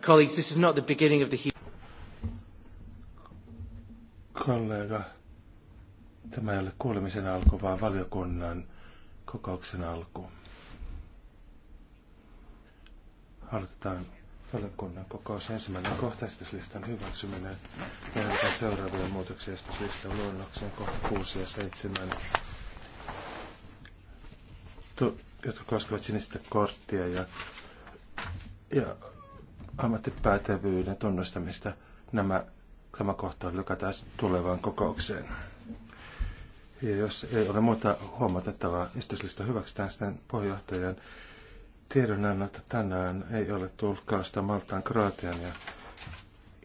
Colleagues, this is not the beginning of the heat. Kollega, tämä ei ole kuulemisen alku, vaan valiokunnan kokouksen alku. Aloitetaan valiokunnan kokous ensimmäinen kohta esityslistan hyväksyminen. Tehdään seuraavia muutoksia esityslistan luonnokseen kohta 6 ja 7 jotka koskevat sinistä korttia ja, ja ammattipäätävyyden tunnustamista. Nämä, tämä kohta lykätään tulevaan kokoukseen. Ja jos ei ole muuta huomautettavaa, esityslista hyväksytään sitten puheenjohtajan tiedonannot tänään ei ole tulkkausta Maltaan, Kroatian ja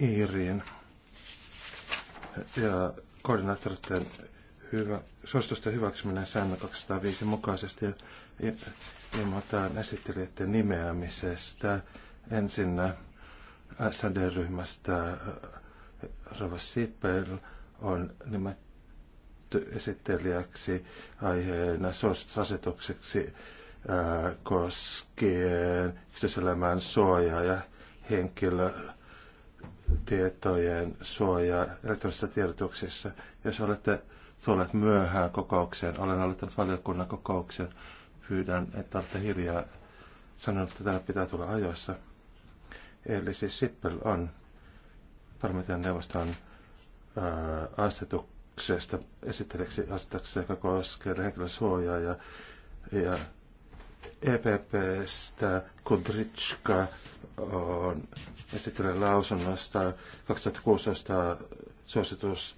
Iiriin. Ja koordinaattoreiden hyvä, suositusten hyväksyminen säännön 205 mukaisesti ilmoitetaan esittelijöiden nimeämisestä. Ensin sd ryhmästä eh, Rova Sipel on nimetty esittelijäksi aiheena suositusasetukseksi eh, koskien yksityiselämän suojaa ja henkilötietojen suoja elektronisissa tiedotuksissa. Jos olette tulleet myöhään kokoukseen, olen aloittanut valiokunnan kokouksen pyydän, että tarvitse hiljaa. sanoa, että täällä pitää tulla ajoissa. Eli siis Sippel on parlamentin neuvoston ää, asetuksesta esitteleksi asetuksesta, joka koskee henkilösuojaa ja, ja EPPstä Kudritska on esittelen lausunnosta 2016 suositus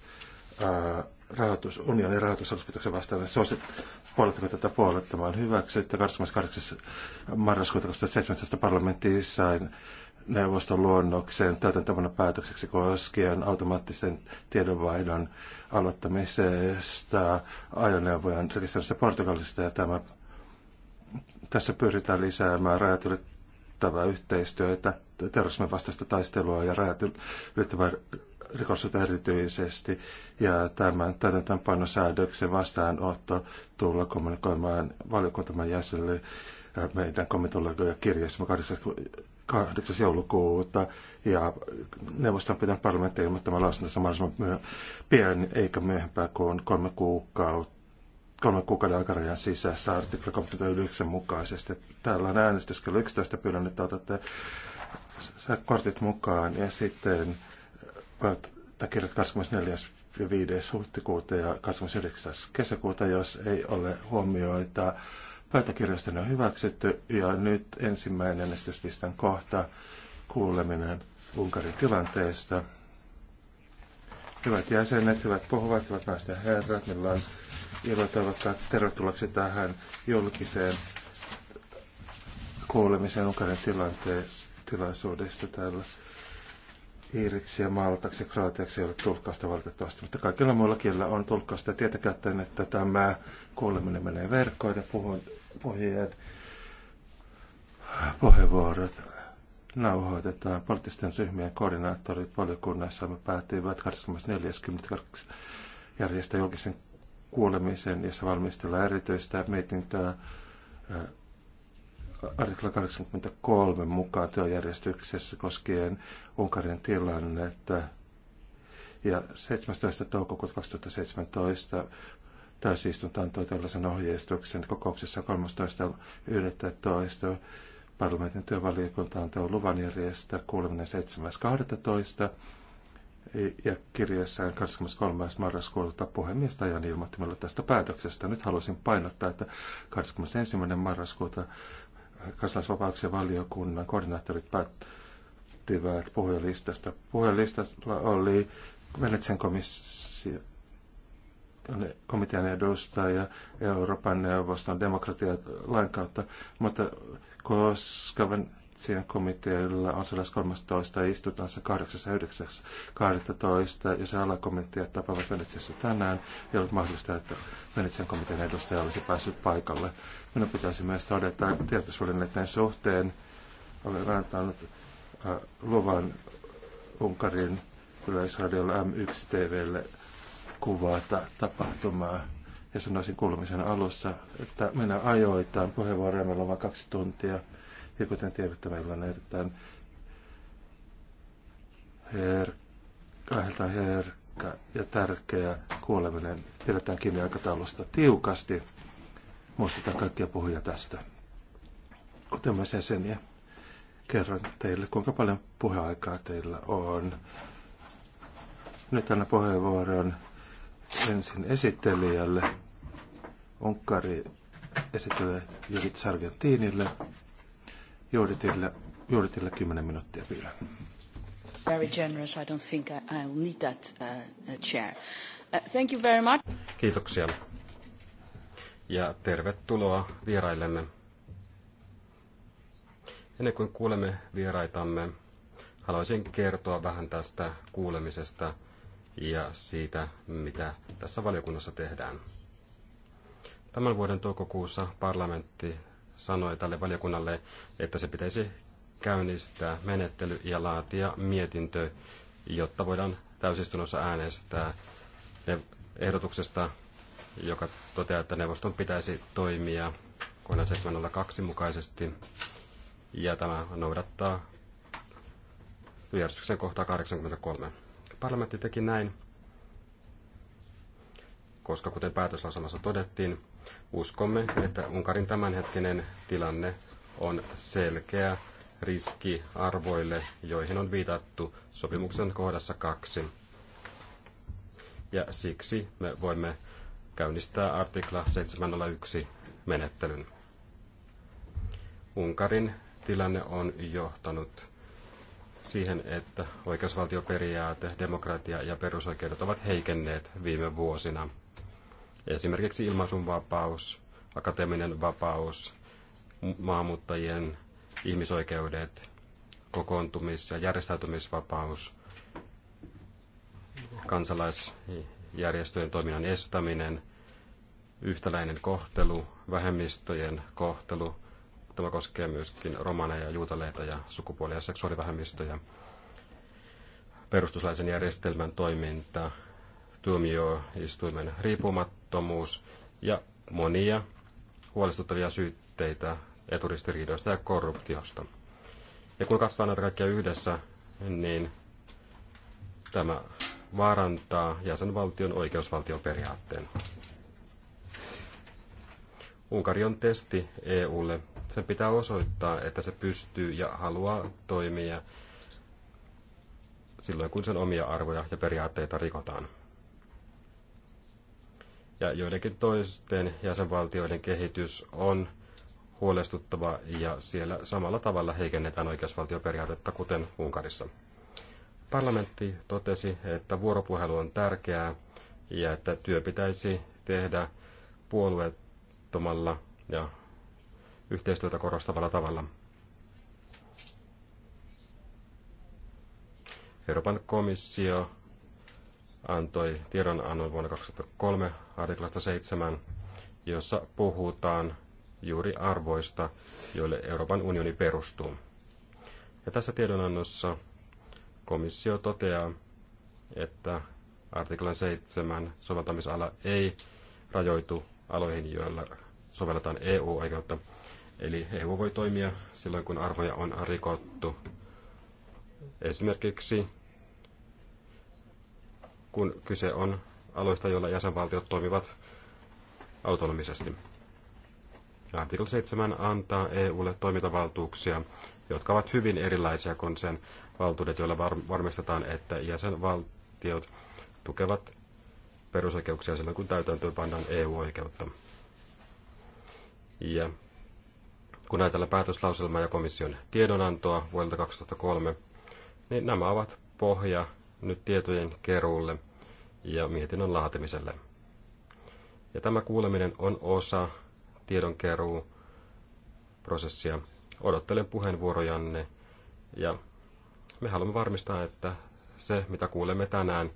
ää, rahoitus, unionin rahoitusaluspitoksen vastaan suosit, Puoletteko tätä puolettamaan hyväksi, että 28. marraskuuta 2017 parlamentti sai neuvoston luonnoksen täytäntävänä päätökseksi koskien automaattisen tiedonvaihdon aloittamisesta ajoneuvojen rekisteröinnistä Portugalista ja tämä, tässä pyritään lisäämään rajat ylittävää yhteistyötä, terrorismin vastaista taistelua ja rajat ylittävää rikossuutta erityisesti, ja tämän painosäädöksen vastaanotto tulla kommunikoimaan valiokuntaman jäsenille meidän komitologia kirjassa 8. 8. joulukuuta, ja neuvosto on pitänyt parlamenttia ilmoittamaan lausunnosta mahdollisimman myö- pian, eikä myöhempää kuin kolme kuukautta kolmen kuukauden aikarajan sisässä artikla 39 mukaisesti. Täällä on äänestys kello 11 pyydän, että otatte kortit mukaan ja sitten kirjat 24. ja 5. huhtikuuta ja 29. kesäkuuta, jos ei ole huomioita. Pöytäkirjoista ne on hyväksytty ja nyt ensimmäinen esityslistan kohta kuuleminen Unkarin tilanteesta. Hyvät jäsenet, hyvät puhuvat, hyvät naiset ja herrat, minulla on ilo toivottaa tervetulleeksi tähän julkiseen kuulemiseen Unkarin tilanteesta tilaisuudesta täällä Iiriksi ja maltaksi ja kroatiaksi ei ole tulkkausta valitettavasti, mutta kaikilla muilla kielillä on tulkkausta. Ja tietäkää, että tämä kuuleminen menee verkkoon ja puhun, puhujien puheenvuorot nauhoitetaan. Poliittisten ryhmien koordinaattorit valiokunnassa me päättivät 24.42 järjestää julkisen kuulemisen, jossa valmistellaan erityistä mietintöä artikla 83 mukaan työjärjestyksessä koskien Unkarin tilannetta. Ja 17. toukokuuta 2017 täysistunto antoi tällaisen ohjeistuksen kokouksessa 13.11. Parlamentin työvaliokunta antoi luvan järjestää kuuleminen 7.12. Ja kirjassaan 23. marraskuuta puhemies Tajan ilmoittimella tästä päätöksestä. Nyt haluaisin painottaa, että 21. marraskuuta kansalaisvapauksien valiokunnan koordinaattorit päättivät puhujalistasta. Puhujalistalla oli Venetsen komissio, komitean edustaja Euroopan neuvoston demokratialain kautta, mutta koska siinä komitealla on sellaisessa 13. istutansa 8.9.12. ja se alakomitea tapaavat Venetsiassa tänään. Ei ollut mahdollista, että Venetsian komitean edustaja olisi päässyt paikalle. Minun pitäisi myös todeta tiedotusvälineiden suhteen. Olen antanut äh, luvan Unkarin yleisradiolla M1 TVlle kuvata tapahtumaa. Ja sanoisin kuulumisen alussa, että minä ajoitan puheenvuoroja, meillä on vain kaksi tuntia – ja kuten tiedätte, meillä on erittäin herkka, ja tärkeä kuoleminen. Pidetään kiinni aikataulusta tiukasti. Muistetaan kaikkia puhuja tästä. Kuten myös jäseniä. Kerron teille, kuinka paljon puheaikaa teillä on. Nyt annan puheenvuoron ensin esittelijälle, Onkari esittelee Judith Sargentinille. Juuritille, juuritille 10 minuuttia pyydän. Very generous. I don't think I, I'll need that uh, uh, chair. Uh, thank you very much. Kiitoksia. Ja tervetuloa vieraillemme. Ennen kuin kuulemme vieraitamme, haluaisin kertoa vähän tästä kuulemisesta ja siitä, mitä tässä valiokunnassa tehdään. Tämän vuoden toukokuussa parlamentti sanoi tälle valiokunnalle, että se pitäisi käynnistää menettely ja laatia mietintö, jotta voidaan täysistunnossa äänestää ehdotuksesta, joka toteaa, että neuvoston pitäisi toimia kohdan 702 mukaisesti ja tämä noudattaa järjestyksen kohtaa 83. Parlamentti teki näin, koska kuten päätöslausumassa todettiin, Uskomme, että Unkarin tämänhetkinen tilanne on selkeä riski arvoille, joihin on viitattu sopimuksen kohdassa kaksi. Ja siksi me voimme käynnistää artikla 701 menettelyn. Unkarin tilanne on johtanut siihen, että oikeusvaltioperiaate, demokratia ja perusoikeudet ovat heikenneet viime vuosina – Esimerkiksi ilmaisunvapaus, akateeminen vapaus, maahanmuuttajien ihmisoikeudet, kokoontumis- ja järjestäytymisvapaus, kansalaisjärjestöjen toiminnan estäminen, yhtäläinen kohtelu, vähemmistöjen kohtelu. Tämä koskee myöskin romaneja, juutaleita ja sukupuoli- ja seksuaalivähemmistöjä. Perustuslaisen järjestelmän toiminta, tuomioistuimen riippumattomuus, avoimuus ja monia huolestuttavia syytteitä eturistiriidoista ja korruptiosta. Ja kun katsotaan näitä kaikkia yhdessä, niin tämä vaarantaa jäsenvaltion oikeusvaltioperiaatteen. Unkari on testi EUlle. Sen pitää osoittaa, että se pystyy ja haluaa toimia silloin, kun sen omia arvoja ja periaatteita rikotaan ja joidenkin toisten jäsenvaltioiden kehitys on huolestuttava ja siellä samalla tavalla heikennetään oikeusvaltioperiaatetta kuten Unkarissa. Parlamentti totesi, että vuoropuhelu on tärkeää ja että työ pitäisi tehdä puolueettomalla ja yhteistyötä korostavalla tavalla. Euroopan komissio antoi tiedonannon vuonna 2003 artiklasta 7, jossa puhutaan juuri arvoista, joille Euroopan unioni perustuu. Ja tässä tiedonannossa komissio toteaa, että artiklan 7 soveltamisala ei rajoitu aloihin, joilla sovelletaan EU-oikeutta. Eli EU voi toimia silloin, kun arvoja on rikottu. Esimerkiksi kun kyse on aloista, joilla jäsenvaltiot toimivat autonomisesti. Artikla 7 antaa EUlle toimintavaltuuksia, jotka ovat hyvin erilaisia kuin sen valtuudet, joilla varmistetaan, että jäsenvaltiot tukevat perusoikeuksia silloin, kun täytäntöön pannaan EU-oikeutta. Ja kun ajatellaan päätöslauselmaa ja komission tiedonantoa vuodelta 2003, niin nämä ovat pohja nyt tietojen keruulle, ja mietinnön laatimiselle. Ja tämä kuuleminen on osa tiedonkeruu prosessia. Odottelen puheenvuorojanne ja me haluamme varmistaa, että se, mitä kuulemme tänään,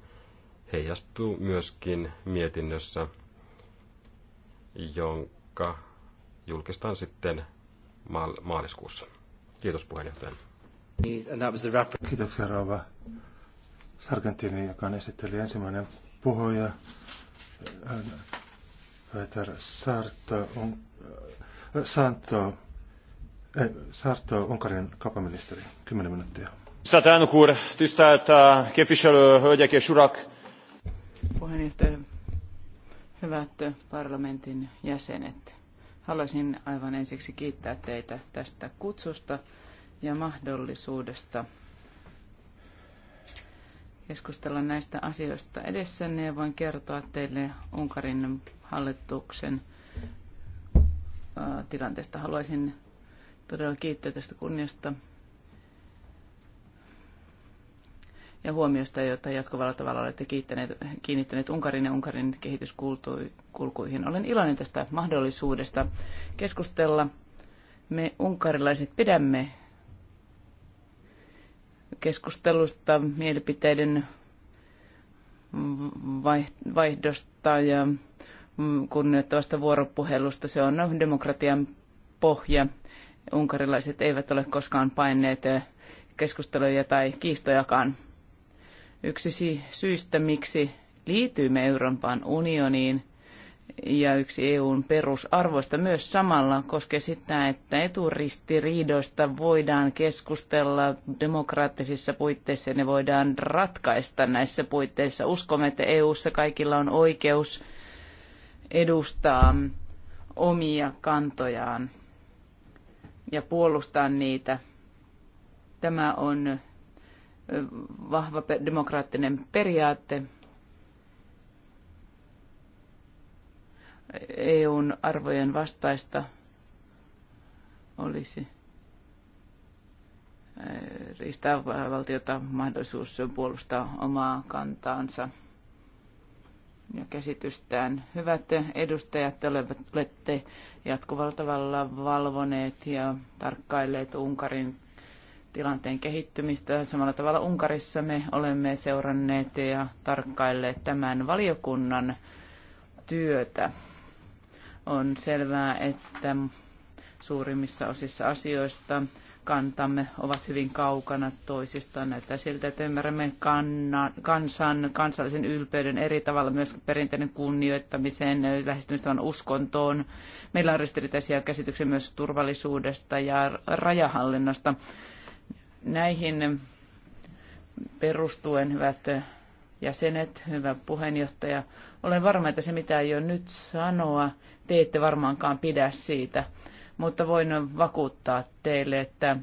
heijastuu myöskin mietinnössä, jonka julkistan sitten maaliskuussa. Kiitos puheenjohtaja. Kiitoksia Rova. Sargentini, joka on esitteli ensimmäinen puhuja. Peter Sarto, on, äh, Santo, ei, Sarto, Unkarin kapaministeri, 10 minuuttia. Tisztelt elnök úr, tisztelt äh, képviselő, hölgyek és urak! Puheenjohtaja, hyvät parlamentin jäsenet. Haluaisin aivan ensiksi kiittää teitä tästä kutsusta ja mahdollisuudesta keskustella näistä asioista edessänne ja voin kertoa teille Unkarin hallituksen tilanteesta. Haluaisin todella kiittää tästä kunniasta ja huomiosta, jota jatkuvalla tavalla olette kiinnittäneet Unkarin ja Unkarin kehityskulkuihin. Olen iloinen tästä mahdollisuudesta keskustella. Me unkarilaiset pidämme keskustelusta, mielipiteiden vaihdosta ja kunnioittavasta vuoropuhelusta. Se on demokratian pohja. Unkarilaiset eivät ole koskaan paineet keskusteluja tai kiistojakaan. Yksi syistä, miksi liityimme Euroopan unioniin, ja yksi EUn perusarvoista myös samalla koskee sitä, että eturistiriidoista voidaan keskustella demokraattisissa puitteissa ja ne voidaan ratkaista näissä puitteissa. Uskomme, että EUssa kaikilla on oikeus edustaa omia kantojaan ja puolustaa niitä. Tämä on vahva demokraattinen periaate, EUn arvojen vastaista olisi eh, riistää valtiota mahdollisuus puolustaa omaa kantaansa ja käsitystään. Hyvät edustajat, te olette jatkuvalla tavalla valvoneet ja tarkkailleet Unkarin tilanteen kehittymistä. Samalla tavalla Unkarissa me olemme seuranneet ja tarkkailleet tämän valiokunnan työtä. On selvää, että suurimmissa osissa asioista kantamme ovat hyvin kaukana toisistaan. Näyttää siltä, että ymmärrämme kannan, kansan, kansallisen ylpeyden eri tavalla, myös perinteiden kunnioittamiseen, lähestymistavan uskontoon. Meillä on ristiriitaisia käsityksiä myös turvallisuudesta ja rajahallinnasta. Näihin perustuen, hyvät jäsenet, hyvä puheenjohtaja, olen varma, että se mitä jo nyt sanoa, te ette varmaankaan pidä siitä, mutta voin vakuuttaa teille, että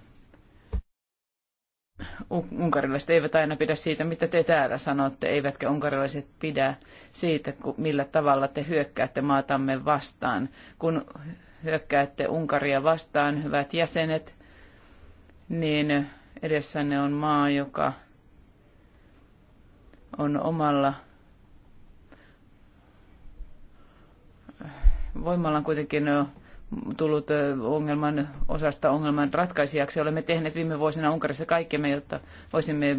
unkarilaiset eivät aina pidä siitä, mitä te täällä sanotte, eivätkä unkarilaiset pidä siitä, millä tavalla te hyökkäätte maatamme vastaan. Kun hyökkäätte Unkaria vastaan, hyvät jäsenet, niin edessänne on maa, joka on omalla Voimalla on kuitenkin tullut ongelman osasta ongelman ratkaisijaksi. Olemme tehneet viime vuosina Unkarissa kaikkemme, jotta voisimme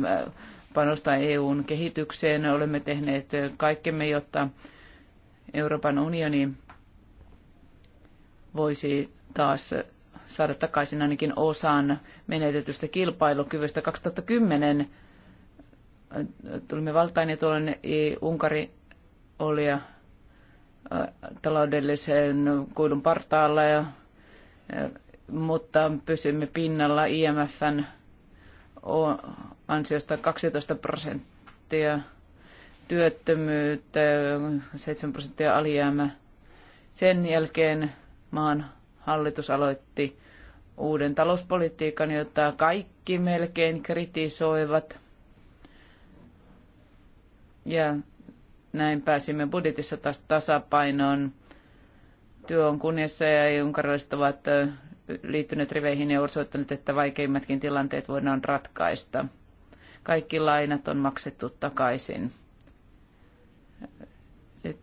panostaa EUn kehitykseen. Olemme tehneet kaikkemme, jotta Euroopan unioni voisi taas saada takaisin ainakin osan menetetystä kilpailukyvystä. 2010 tulimme valtaan ja tuolloin Unkari oli Äh, taloudellisen kuilun partaalla, ja, äh, mutta pysymme pinnalla IMFn ansiosta 12 prosenttia työttömyyttä, 7 prosenttia alijäämä. Sen jälkeen maan hallitus aloitti uuden talouspolitiikan, jota kaikki melkein kritisoivat. Ja näin pääsimme budjetissa taas tasapainoon. Työ on kunnissa ja unkarilaiset ovat liittyneet riveihin ja osoittaneet, että vaikeimmatkin tilanteet voidaan ratkaista. Kaikki lainat on maksettu takaisin.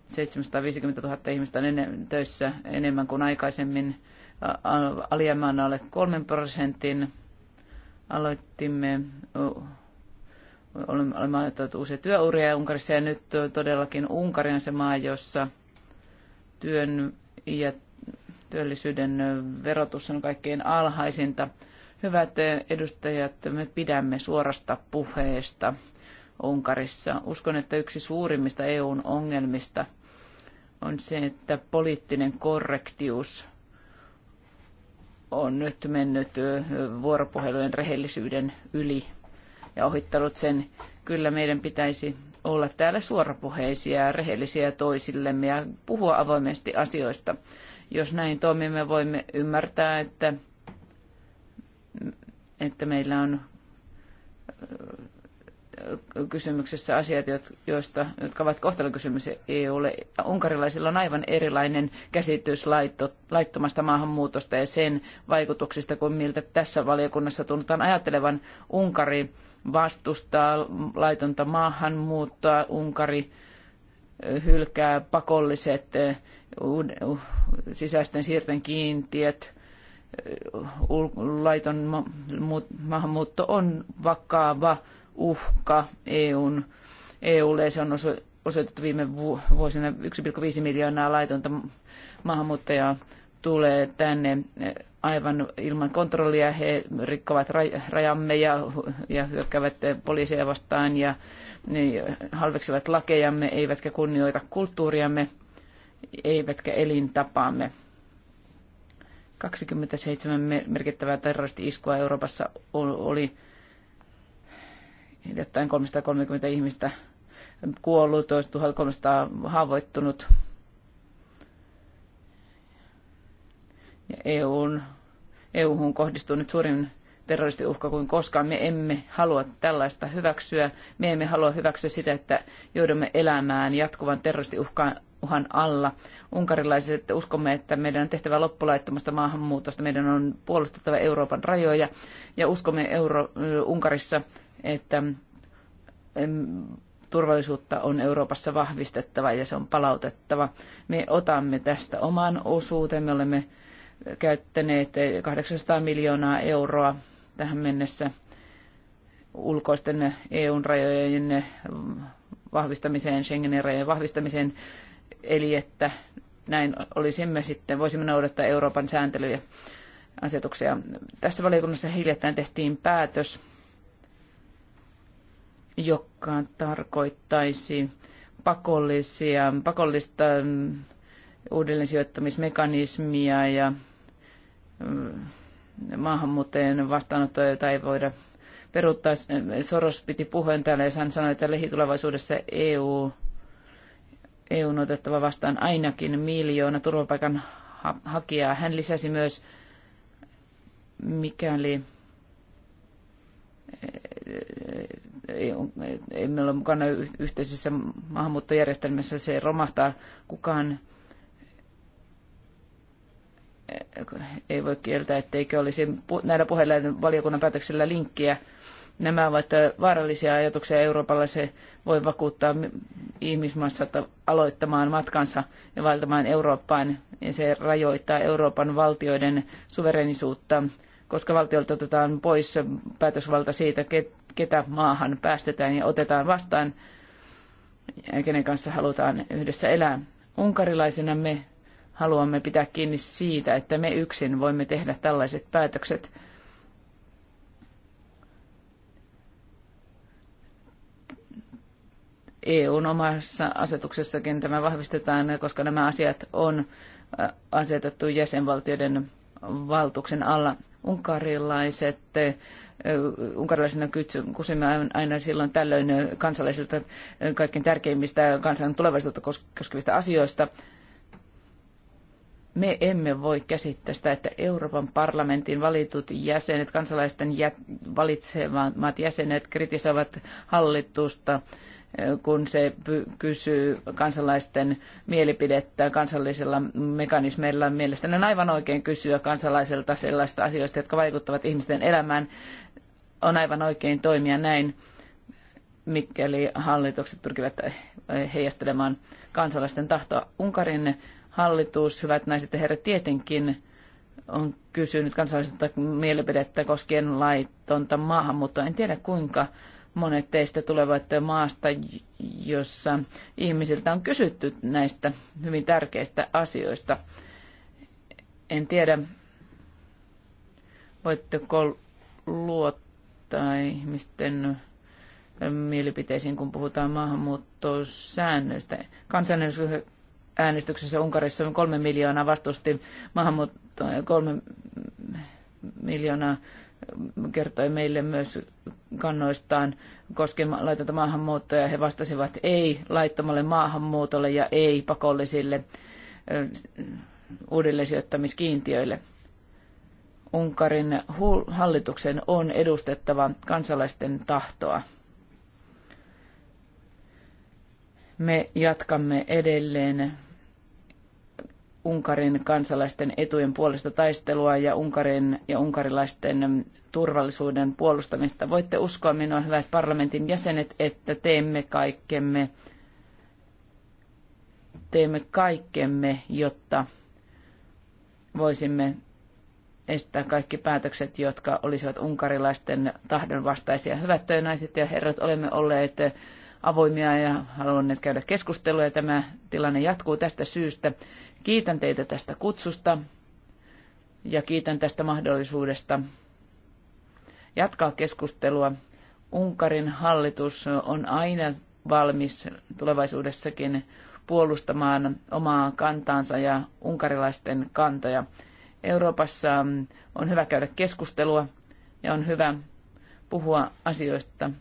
750 000 ihmistä on töissä enemmän kuin aikaisemmin. Alijäämä on alle 3 prosentin. Aloitimme olemme, aloittaneet uusia työuria Unkarissa ja nyt todellakin Unkari on se maa, jossa työn ja työllisyyden verotus on kaikkein alhaisinta. Hyvät edustajat, me pidämme suorasta puheesta Unkarissa. Uskon, että yksi suurimmista EUn ongelmista on se, että poliittinen korrektius on nyt mennyt vuoropuhelujen rehellisyyden yli ja ohittanut sen. Kyllä meidän pitäisi olla täällä suorapuheisia ja rehellisiä toisillemme ja puhua avoimesti asioista. Jos näin toimimme, voimme ymmärtää, että, että meillä on äh, kysymyksessä asiat, joista, jotka ovat kohtalokysymys EUlle. Unkarilaisilla on aivan erilainen käsitys laitto, laittomasta maahanmuutosta ja sen vaikutuksista kuin miltä tässä valiokunnassa tunnutaan ajattelevan Unkari vastustaa laitonta maahanmuuttoa. Unkari hylkää pakolliset sisäisten siirten kiintiöt. Laiton maahanmuutto on vakava uhka EUn, EUlle. Se on osoitettu viime vuosina 1,5 miljoonaa laitonta maahanmuuttajaa tulee tänne aivan ilman kontrollia. He rikkovat rajamme ja, ja hyökkäävät eh, poliiseja vastaan ja niin, halveksivat lakejamme, eivätkä kunnioita kulttuuriamme, eivätkä elintapaamme. 27 merkittävää terroristi-iskua Euroopassa oli hiljattain 330 ihmistä kuollut, 1300 haavoittunut. ja EUn, EUhun kohdistuu nyt suurin terroristiuhka kuin koskaan. Me emme halua tällaista hyväksyä. Me emme halua hyväksyä sitä, että joudumme elämään jatkuvan terroristiuhkan alla. Unkarilaiset uskomme, että meidän on tehtävä loppulaittomasta maahanmuutosta, meidän on puolustettava Euroopan rajoja ja uskomme Euro- Unkarissa, että turvallisuutta on Euroopassa vahvistettava ja se on palautettava. Me otamme tästä oman osuutemme, olemme käyttäneet 800 miljoonaa euroa tähän mennessä ulkoisten eu rajojen vahvistamiseen, Schengenin rajojen vahvistamiseen, eli että näin olisimme sitten, voisimme noudattaa Euroopan sääntelyjä asetuksia. Tässä valiokunnassa hiljattain tehtiin päätös, joka tarkoittaisi pakollisia, pakollista mm, uudelleensijoittamismekanismia ja Mm, maahanmuuttajien vastaanottoa, jota ei voida peruuttaa. Soros piti puheen täällä, ja hän sanoi, että lähitulevaisuudessa EU, EU on otettava vastaan ainakin miljoona turvapaikan hakijaa. Hän lisäsi myös, mikäli emme ole mukana yhteisessä maahanmuuttojärjestelmässä, se romahtaa. Kukaan ei voi kieltää, etteikö olisi näillä puheilla valiokunnan päätöksellä linkkiä. Nämä ovat vaarallisia ajatuksia Euroopalla. Se voi vakuuttaa ihmismassa aloittamaan matkansa ja valtamaan Eurooppaan. Ja se rajoittaa Euroopan valtioiden suverenisuutta, koska valtiolta otetaan pois päätösvalta siitä, ketä maahan päästetään ja otetaan vastaan ja kenen kanssa halutaan yhdessä elää. Unkarilaisena me haluamme pitää kiinni siitä, että me yksin voimme tehdä tällaiset päätökset. EUn omassa asetuksessakin tämä vahvistetaan, koska nämä asiat on äh, asetettu jäsenvaltioiden valtuuksen alla. Unkarilaiset, äh, unkarilaisena kysymme aina silloin tällöin kansalaisilta kaikkein tärkeimmistä kansan tulevaisuutta koskevista asioista – me emme voi käsittää sitä, että Euroopan parlamentin valitut jäsenet, kansalaisten jä, valitsemat jäsenet kritisoivat hallitusta, eh, kun se kysyy kansalaisten mielipidettä kansallisilla mekanismeilla. Mielestäni on aivan oikein kysyä kansalaiselta sellaista asioista, jotka vaikuttavat ihmisten elämään. On aivan oikein toimia näin, mikäli hallitukset pyrkivät eh, heijastelemaan kansalaisten tahtoa. Unkarin hallitus, hyvät naiset ja herrat, tietenkin on kysynyt kansalaisilta mielipidettä koskien laitonta maahanmuuttoa. En tiedä kuinka monet teistä tulevat maasta, jossa ihmisiltä on kysytty näistä hyvin tärkeistä asioista. En tiedä, voitteko luottaa ihmisten mielipiteisiin, kun puhutaan maahanmuuttosäännöistä. Kansainvälisellä äänestyksessä Unkarissa kolme miljoonaa vastusti maahanmuuttoa ja kolme miljoonaa kertoi meille myös kannoistaan koskien laitonta maahanmuuttoa ja he vastasivat ei laittomalle maahanmuutolle ja ei pakollisille uudelleensijoittamiskiintiöille. Unkarin hallituksen on edustettava kansalaisten tahtoa. Me jatkamme edelleen Unkarin kansalaisten etujen puolesta taistelua ja Unkarin ja unkarilaisten turvallisuuden puolustamista. Voitte uskoa minua, hyvät parlamentin jäsenet, että teemme kaikkemme, teemme kaikkemme, jotta voisimme estää kaikki päätökset, jotka olisivat unkarilaisten tahdon vastaisia. Hyvät naiset ja herrat, olemme olleet avoimia ja halunneet käydä keskustelua ja tämä tilanne jatkuu tästä syystä. Kiitän teitä tästä kutsusta ja kiitän tästä mahdollisuudesta jatkaa keskustelua. Unkarin hallitus on aina valmis tulevaisuudessakin puolustamaan omaa kantaansa ja unkarilaisten kantoja. Euroopassa on hyvä käydä keskustelua ja on hyvä puhua asioista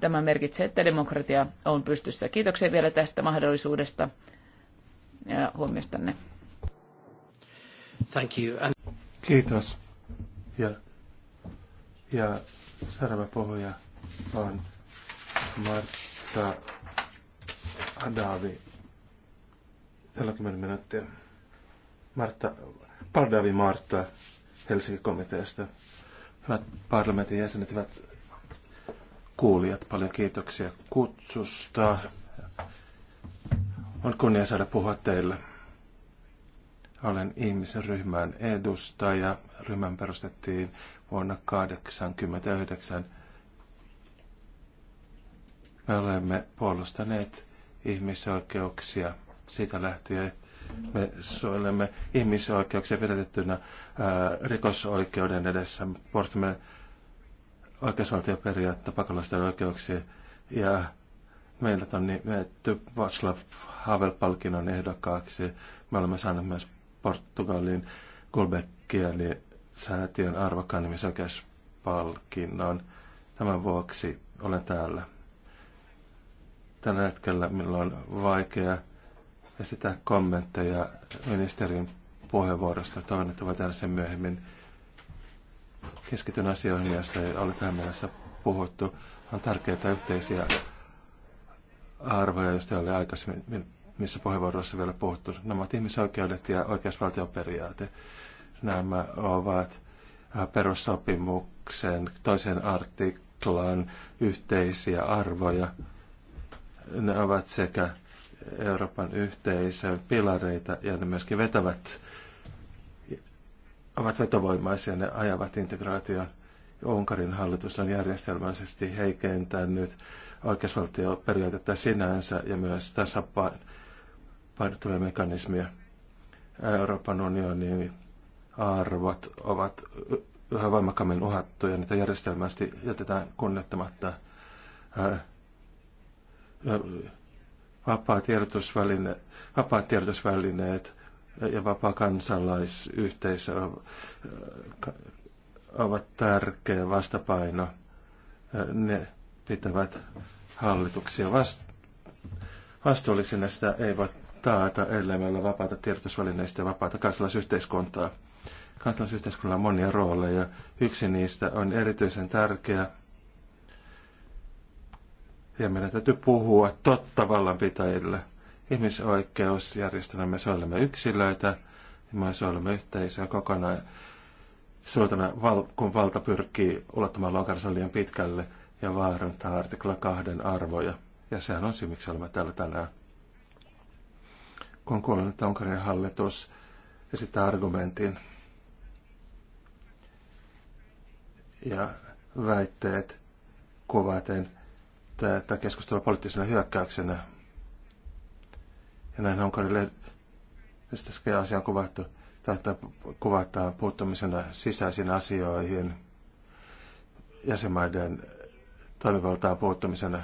Tämä merkitsee, että demokratia on pystyssä. Kiitoksia vielä tästä mahdollisuudesta ja huomiostanne. Thank you. And... Kiitos. Ja, ja seuraava puhuja on Marta Adavi. 40 minuuttia. Marta Pardavi Martta Helsingin komiteasta. Hyvät parlamentin jäsenet, hyvät kuulijat, paljon kiitoksia kutsusta. On kunnia saada puhua teille. Olen ihmisen ryhmän edustaja. Ryhmän perustettiin vuonna 1989. Me olemme puolustaneet ihmisoikeuksia siitä lähtien. Me suojelemme ihmisoikeuksia pidätettynä ää, rikosoikeuden edessä. Puolustamme oikeusvaltioperiaatte, pakolaisten oikeuksia ja meillä on nimetty Václav Havel-palkinnon ehdokkaaksi. Me olemme saaneet myös Portugalin Gulbekkieli säätiön arvokkaan nimisoikeuspalkinnon. Tämän vuoksi olen täällä. Tällä hetkellä minulla on vaikea esittää kommentteja ministerin puheenvuorosta. Toivon, että voi tehdä sen myöhemmin keskityn asioihin, joista ei ole tähän mielessä puhuttu. On tärkeitä yhteisiä arvoja, joista oli aikaisemmin missä puheenvuorossa vielä puhuttu. Nämä ovat ihmisoikeudet ja periaate. Nämä ovat äh, perussopimuksen toisen artiklan yhteisiä arvoja. Ne ovat sekä Euroopan yhteisön pilareita ja ne myöskin vetävät ovat vetovoimaisia, ne ajavat integraation. Unkarin hallitus on järjestelmällisesti heikentänyt oikeusvaltioperiaatetta sinänsä ja myös tasapainottavia mekanismia. Euroopan unionin arvot ovat yhä voimakkaammin uhattuja, niitä järjestelmästi jätetään kunnettamatta. Vapaat tiedotusvälineet, vapaat tiedotusvälineet ja vapaa kansalaisyhteisö äh, ovat tärkeä vastapaino. Äh, ne pitävät hallituksia vast- vastuullisina. Sitä ei voi taata, ellei meillä ole vapaata tiedotusvälineistä ja vapaata kansalaisyhteiskuntaa. Kansalaisyhteiskunnalla on monia rooleja. Yksi niistä on erityisen tärkeä. Ja meidän täytyy puhua totta vallanpitäjille – ihmisoikeusjärjestelmä, me olemme yksilöitä ja me olemme yhteisöä kokonaan suotana, kun valta pyrkii ulottamaan lonkansa liian pitkälle ja vaarantaa artikla kahden arvoja. Ja sehän on syy, miksi olemme täällä tänään. Kun kuulen, että Unkarin hallitus esittää argumentin ja väitteet kuvaten tätä keskustelua poliittisena hyökkäyksenä, ja näin Honkarille tässäkin asia on kuvattu, tai kuvataan puuttumisena sisäisiin asioihin, jäsenmaiden toimivaltaan puuttumisena.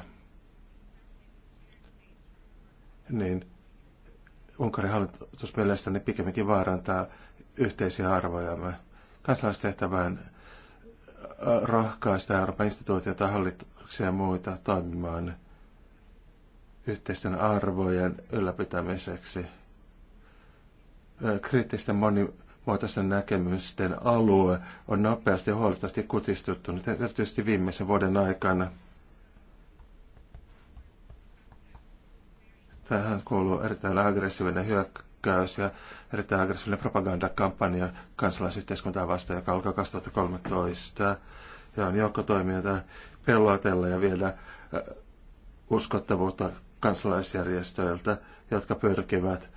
Niin Unkarin hallitus mielestäni pikemminkin vaarantaa yhteisiä arvojamme. Kansalaistehtävään äh, rohkaista Euroopan instituutioita, hallituksia ja muita toimimaan – yhteisten arvojen ylläpitämiseksi, kriittisten monimuotoisten näkemysten alue on nopeasti ja huolettavasti kutistuttunut, erityisesti viimeisen vuoden aikana. Tähän kuuluu erittäin aggressiivinen hyökkäys ja erittäin aggressiivinen propagandakampanja kansalaisyhteiskuntaa vastaan, joka alkoi 2013. Ja on joukko toimijoita pelotella ja viedä uskottavuutta kansalaisjärjestöiltä, jotka pyrkivät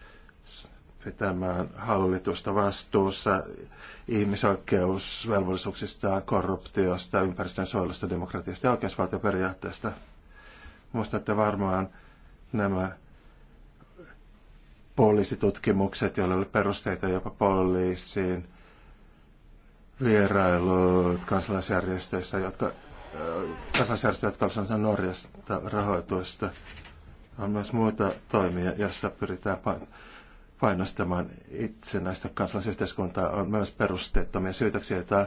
pitämään hallitusta vastuussa ihmisoikeusvelvollisuuksista, korruptiosta, ympäristön suojelusta, demokratiasta ja oikeusvaltioperiaatteesta. Muistatte varmaan nämä poliisitutkimukset, joilla oli perusteita jopa poliisiin, vierailut kansalaisjärjestöissä, jotka, kansalaisjärjestöt, jotka olivat Norjasta rahoituista, on myös muita toimia, joissa pyritään painostamaan itsenäistä kansalaisyhteiskuntaa. On myös perusteettomia syytöksiä, joita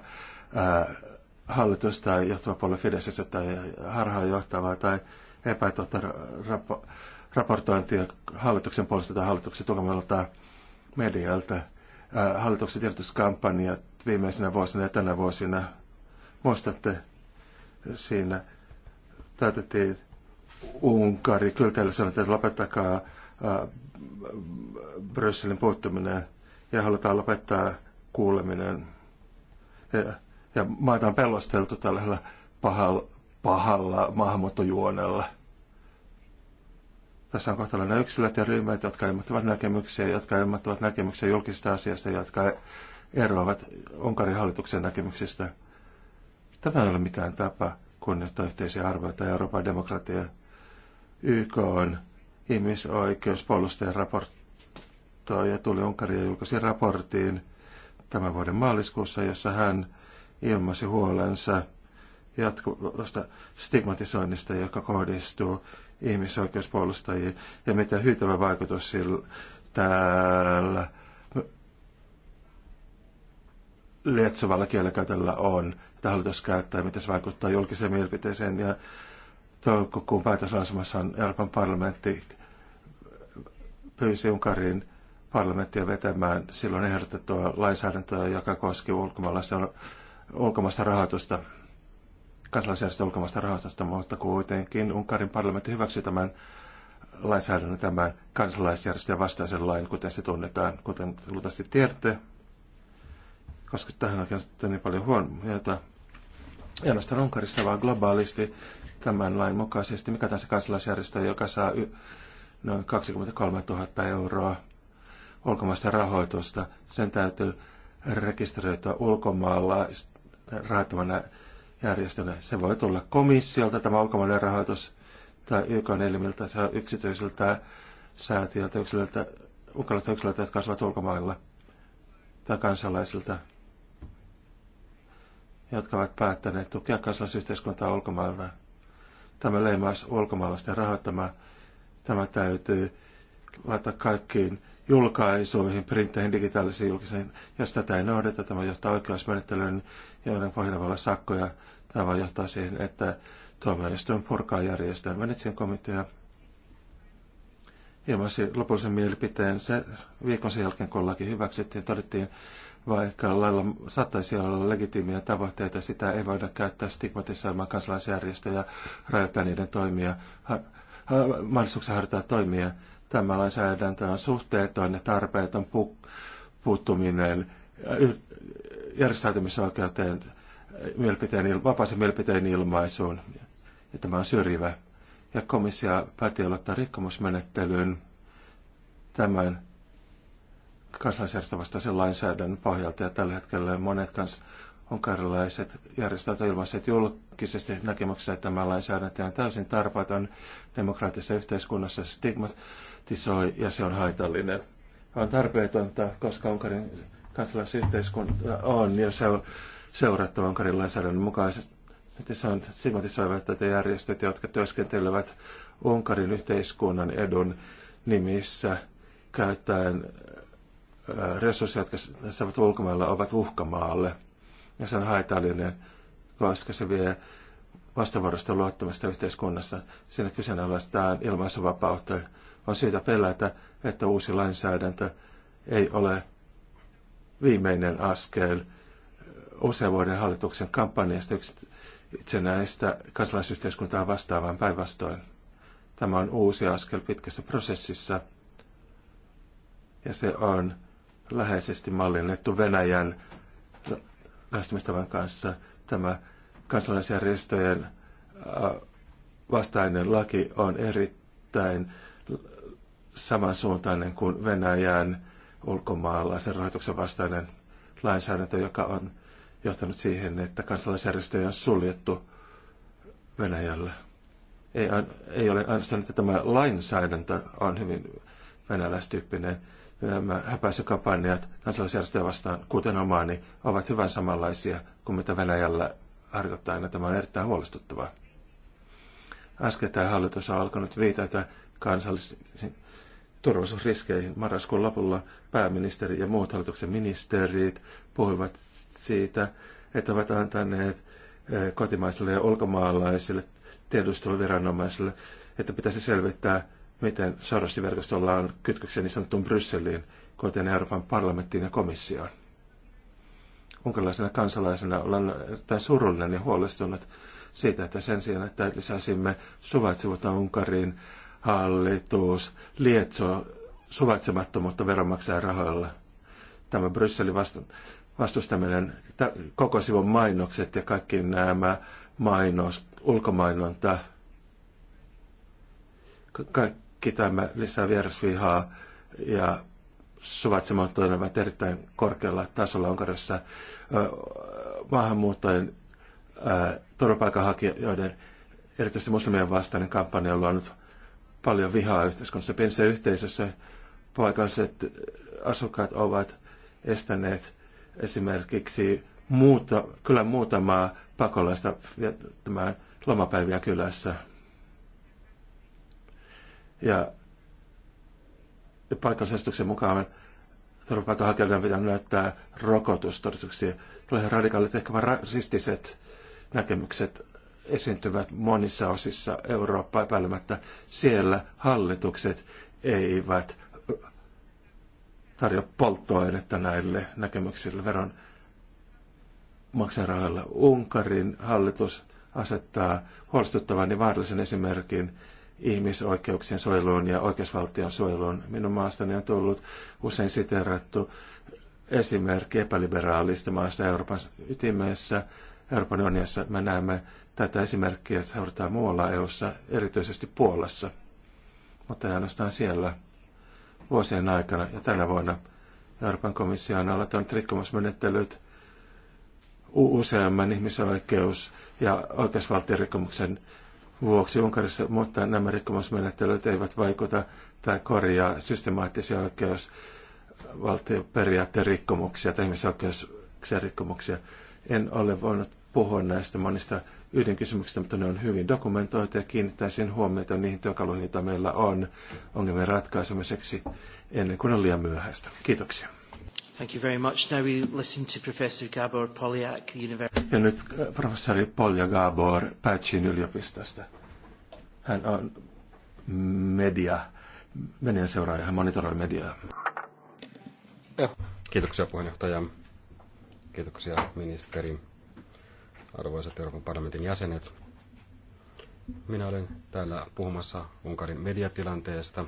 hallitus tai johtava puolue Fidesz tai harhaanjohtavaa tai epätotta rapo- raportointia hallituksen puolesta tai hallituksen tukemalta medialta, hallituksen tiedotuskampanjat viimeisenä vuosina ja tänä vuosina. Muistatte, siinä täytettiin Unkari kyltäjällä sanotaan, että lopettakaa Brysselin puuttuminen ja halutaan lopettaa kuuleminen. Ja, ja maita on pelosteltu tällä pahalla, pahalla maahanmuuttojuonella. Tässä on kohtalainen yksilöt ja ryhmät, jotka ilmoittavat näkemyksiä, jotka ilmoittavat näkemyksiä julkisista asiasta, jotka eroavat Unkarin hallituksen näkemyksistä. Tämä ei ole mikään tapa kunnioittaa yhteisiä arvoja ja Euroopan demokratiaa. YK on ihmisoikeuspuolustajan ja tuli Unkaria julkaisi raportin tämän vuoden maaliskuussa, jossa hän ilmaisi huolensa jatkuvasta stigmatisoinnista, joka kohdistuu ihmisoikeuspuolustajiin ja mitä hyytävä vaikutus sillä täällä lietsovalla kielellä on, että hallitus käyttää, miten se vaikuttaa julkiseen mielipiteeseen ja toukokuun päätöslausumassaan Euroopan parlamentti pyysi Unkarin parlamenttia vetämään silloin ehdotettua lainsäädäntöä, joka koski ulkomaalaista, ulkomaista rahoitusta, kansalaisjärjestöä ulkomaista rahoitusta, mutta kuitenkin Unkarin parlamentti hyväksyi tämän lainsäädännön tämän kansalaisjärjestöjen vastaisen lain, kuten se tunnetaan, kuten luultavasti tiedätte, koska tähän on niin paljon huomiota, ei ainoastaan Unkarissa, vaan globaalisti tämän lain mukaisesti mikä tahansa kansalaisjärjestö, joka saa noin 23 000 euroa ulkomaista rahoitusta, sen täytyy rekisteröityä ulkomailla rahoittamana järjestönä. Se voi tulla komissiolta tämä ulkomainen rahoitus tai YK elimiltä, se on yksityisiltä säätiöltä, yksilöltä, ukrainalaisilta yksilöltä, jotka asuvat ulkomailla tai kansalaisilta, jotka ovat päättäneet tukea kansalaisyhteiskuntaa ulkomailta tämä leimaus ulkomaalaisten rahoittama. Tämä täytyy laittaa kaikkiin julkaisuihin, printteihin, digitaalisiin julkisiin. Jos tätä ei noudata, tämä johtaa oikeusmenettelyyn, joiden pohjana voi olla sakkoja. Tämä johtaa siihen, että tuomioistuin purkaa järjestön Venetsian komitea ilmaisi lopullisen mielipiteen se viikon sen jälkeen, kun laki hyväksyttiin, todettiin, vaikka lailla saattaisi olla legitiimiä tavoitteita, sitä ei voida käyttää stigmatisoimaan kansalaisjärjestöjä, rajoittaa niiden toimia, ha, ha, mahdollisuuksia harjoittaa toimia. Tämä lainsäädäntö on suhteeton ja tarpeeton pu, puuttuminen järjestäytymisoikeuteen, mielipiteen, vapaaseen mielipiteen ilmaisuun. Ja tämä on syrjivä. Ja komissio päätti aloittaa rikkomusmenettelyyn tämän kansalaisjärjestö vastaisen lainsäädännön pohjalta ja tällä hetkellä monet kans unkarilaiset järjestöt ilmaiset julkisesti näkemyksessä, että tämä lainsäädäntö on täysin tarpeeton demokraattisessa yhteiskunnassa, se stigmatisoi ja se on haitallinen. On tarpeetonta, koska Unkarin kansalaisyhteiskunta on ja se on seurattava Unkarin lainsäädännön mukaisesti. Se on stigmatisoivat tätä järjestöt, jotka työskentelevät Unkarin yhteiskunnan edun nimissä käyttäen resursseja, jotka saavat ulkomailla, ovat uhkamaalle. Ja se on haitallinen, koska se vie vastavuorosta luottamasta yhteiskunnassa. Siinä kyseenalaistaan ilmaisuvapautta. On syytä pelätä, että uusi lainsäädäntö ei ole viimeinen askel usean vuoden hallituksen kampanjasta itsenäistä kansalaisyhteiskuntaa vastaavaan päinvastoin. Tämä on uusi askel pitkässä prosessissa ja se on läheisesti mallinnettu Venäjän lähestymistavan kanssa. Tämä kansalaisjärjestöjen äh, vastainen laki on erittäin samansuuntainen kuin Venäjän ulkomaalaisen rahoituksen vastainen lainsäädäntö, joka on johtanut siihen, että kansalaisjärjestöjä on suljettu Venäjällä. Ei, ei ole ainoastaan, että tämä lainsäädäntö on hyvin venäläistyyppinen, häpäisykampanjat kansalaisjärjestöjä vastaan, kuten omaani, ovat hyvän samanlaisia kuin mitä Venäjällä harjoitetaan, ja tämä on erittäin huolestuttavaa. Äskettäin hallitus on alkanut viitata kansallisiin turvallisuusriskeihin. Marraskuun lopulla pääministeri ja muut hallituksen ministerit puhuivat siitä, että ovat antaneet eh, kotimaisille ja ulkomaalaisille tiedusteluviranomaisille, että pitäisi selvittää miten Sorosin verkostolla on kytköksiä niin sanottuun Brysseliin, kuten Euroopan parlamenttiin ja komissioon. Unkarilaisena kansalaisena olen tai surullinen ja huolestunut siitä, että sen sijaan, että lisäisimme suvaitsevuutta Unkariin, hallitus lietsoo suvaitsemattomuutta veronmaksajan rahoilla. Tämä Brysselin vastustaminen, koko sivun mainokset ja kaikki nämä mainos, ulkomainonta, ka- kitämme lisää vierasvihaa ja suvaitsemattomat ovat erittäin korkealla tasolla Unkarissa maahanmuuttajien turvapaikanhakijoiden, erityisesti muslimien vastainen kampanja on luonut paljon vihaa yhteiskunnassa. Pienessä yhteisössä paikalliset asukkaat ovat estäneet esimerkiksi muuta, kyllä muutamaa pakolaista viettämään lomapäiviä kylässä. Ja paikallisestuksen mukaan turvapaikanhakijoiden pitää näyttää rokotustodistuksia. Tulee radikaalit, ehkä rasistiset näkemykset esiintyvät monissa osissa Eurooppaa epäilemättä. Siellä hallitukset eivät tarjoa polttoainetta näille näkemyksille veron maksarahoilla. Unkarin hallitus asettaa huolestuttavan ja vaarallisen esimerkin ihmisoikeuksien suojeluun ja oikeusvaltion suojeluun. Minun maastani on tullut usein siterattu esimerkki epäliberaalista maasta Euroopan ytimessä. Euroopan unionissa me näemme tätä esimerkkiä seurataan muualla EUssa, erityisesti Puolassa, mutta ei ainoastaan siellä. Vuosien aikana ja tänä vuonna Euroopan komissio on aloittanut rikkomusmenettelyt useamman ihmisoikeus- ja oikeusvaltiorikkomuksen vuoksi Unkarissa, mutta nämä rikkomusmenettelyt eivät vaikuta tai korjaa systemaattisia oikeusvaltioperiaatteen rikkomuksia tai ihmisoikeuksien rikkomuksia. En ole voinut puhua näistä monista ydinkysymyksistä, mutta ne on hyvin dokumentoitu ja kiinnittäisin huomiota niihin työkaluihin, joita meillä on ongelmien ratkaisemiseksi ennen kuin on liian myöhäistä. Kiitoksia. Thank you very much. Now we listen to Professor Gabor Poliak, University. Ja nyt äh, professori Polja Gabor Pätsin yliopistosta. Hän on media, median seuraaja, hän monitoroi mediaa. Eh. Kiitoksia puheenjohtaja. Kiitoksia ministeri. Arvoisat Euroopan parlamentin jäsenet. Minä olen täällä puhumassa Unkarin mediatilanteesta,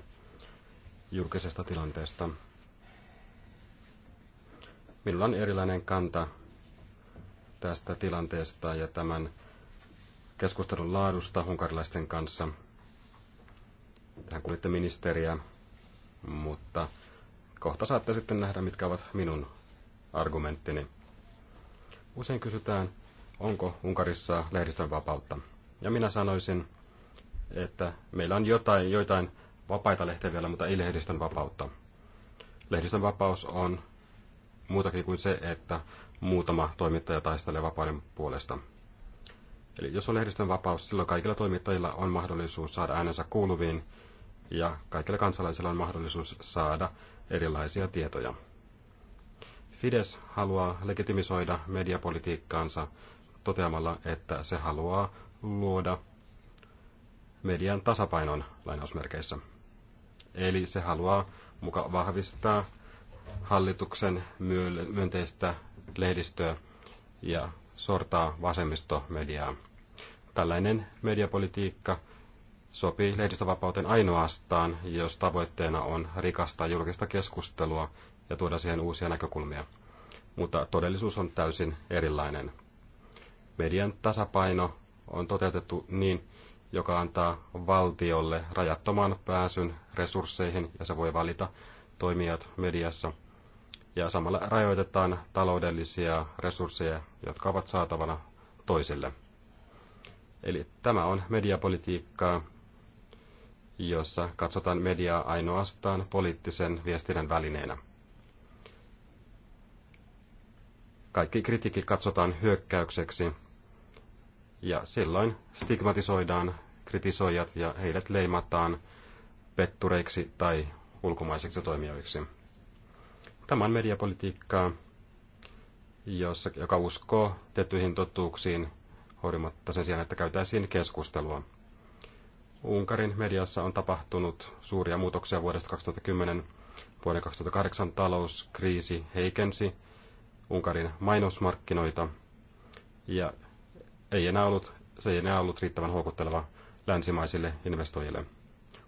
julkisesta tilanteesta – Millä on erilainen kanta tästä tilanteesta ja tämän keskustelun laadusta unkarilaisten kanssa. Tähän kuulitte ministeriä, mutta kohta saatte sitten nähdä, mitkä ovat minun argumenttini. Usein kysytään, onko Unkarissa lehdistön vapautta. Ja minä sanoisin, että meillä on jotain, joitain vapaita lehtiä vielä, mutta ei lehdistön vapautta. Lehdistön vapaus on muutakin kuin se, että muutama toimittaja taistelee vapauden puolesta. Eli jos on lehdistön vapaus, silloin kaikilla toimittajilla on mahdollisuus saada äänensä kuuluviin ja kaikilla kansalaisilla on mahdollisuus saada erilaisia tietoja. Fides haluaa legitimisoida mediapolitiikkaansa toteamalla, että se haluaa luoda median tasapainon lainausmerkeissä. Eli se haluaa muka vahvistaa hallituksen myönteistä lehdistöä ja sortaa vasemmistomediaa. Tällainen mediapolitiikka sopii lehdistövapauteen ainoastaan, jos tavoitteena on rikastaa julkista keskustelua ja tuoda siihen uusia näkökulmia. Mutta todellisuus on täysin erilainen. Median tasapaino on toteutettu niin, joka antaa valtiolle rajattoman pääsyn resursseihin ja se voi valita toimijat mediassa, ja samalla rajoitetaan taloudellisia resursseja, jotka ovat saatavana toisille. Eli tämä on mediapolitiikkaa, jossa katsotaan mediaa ainoastaan poliittisen viestinnän välineenä. Kaikki kritiikki katsotaan hyökkäykseksi ja silloin stigmatisoidaan kritisoijat ja heidät leimataan pettureiksi tai ulkomaisiksi toimijoiksi. Tämä on mediapolitiikkaa, jossa, joka uskoo tiettyihin totuuksiin horimatta sen sijaan, että käytäisiin keskustelua. Unkarin mediassa on tapahtunut suuria muutoksia vuodesta 2010. Vuoden 2008 talouskriisi heikensi Unkarin mainosmarkkinoita ja ei enää ollut, se ei enää ollut riittävän houkutteleva länsimaisille investoijille.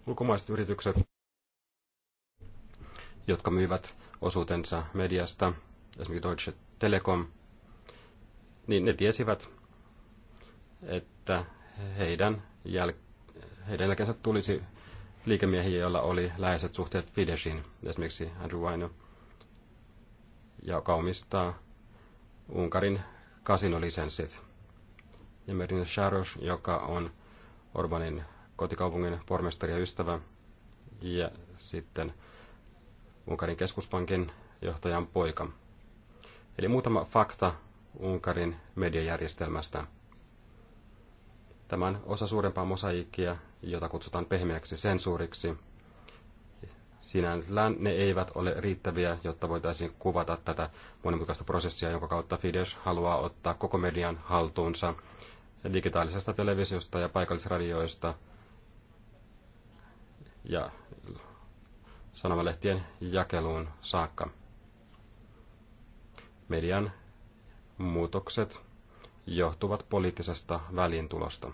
Ulkomaiset yritykset jotka myivät osuutensa mediasta, esimerkiksi Deutsche Telekom, niin ne tiesivät, että heidän, jäl- heidän jälkeensä tulisi liikemiehiä, joilla oli läheiset suhteet Fideshin, esimerkiksi Andrew Waino, joka omistaa Unkarin kasinolisenssit. Ja Merin Sharos, joka on Orbanin kotikaupungin pormestari ja ystävä, ja sitten Unkarin keskuspankin johtajan poika. Eli muutama fakta Unkarin mediajärjestelmästä. Tämän osa suurempaa mosaikkia, jota kutsutaan pehmeäksi sensuuriksi. sinänsä ne eivät ole riittäviä, jotta voitaisiin kuvata tätä monimutkaista prosessia, jonka kautta Fidesz haluaa ottaa koko median haltuunsa digitaalisesta televisiosta ja paikallisradioista ja sanomalehtien jakeluun saakka. Median muutokset johtuvat poliittisesta väliintulosta.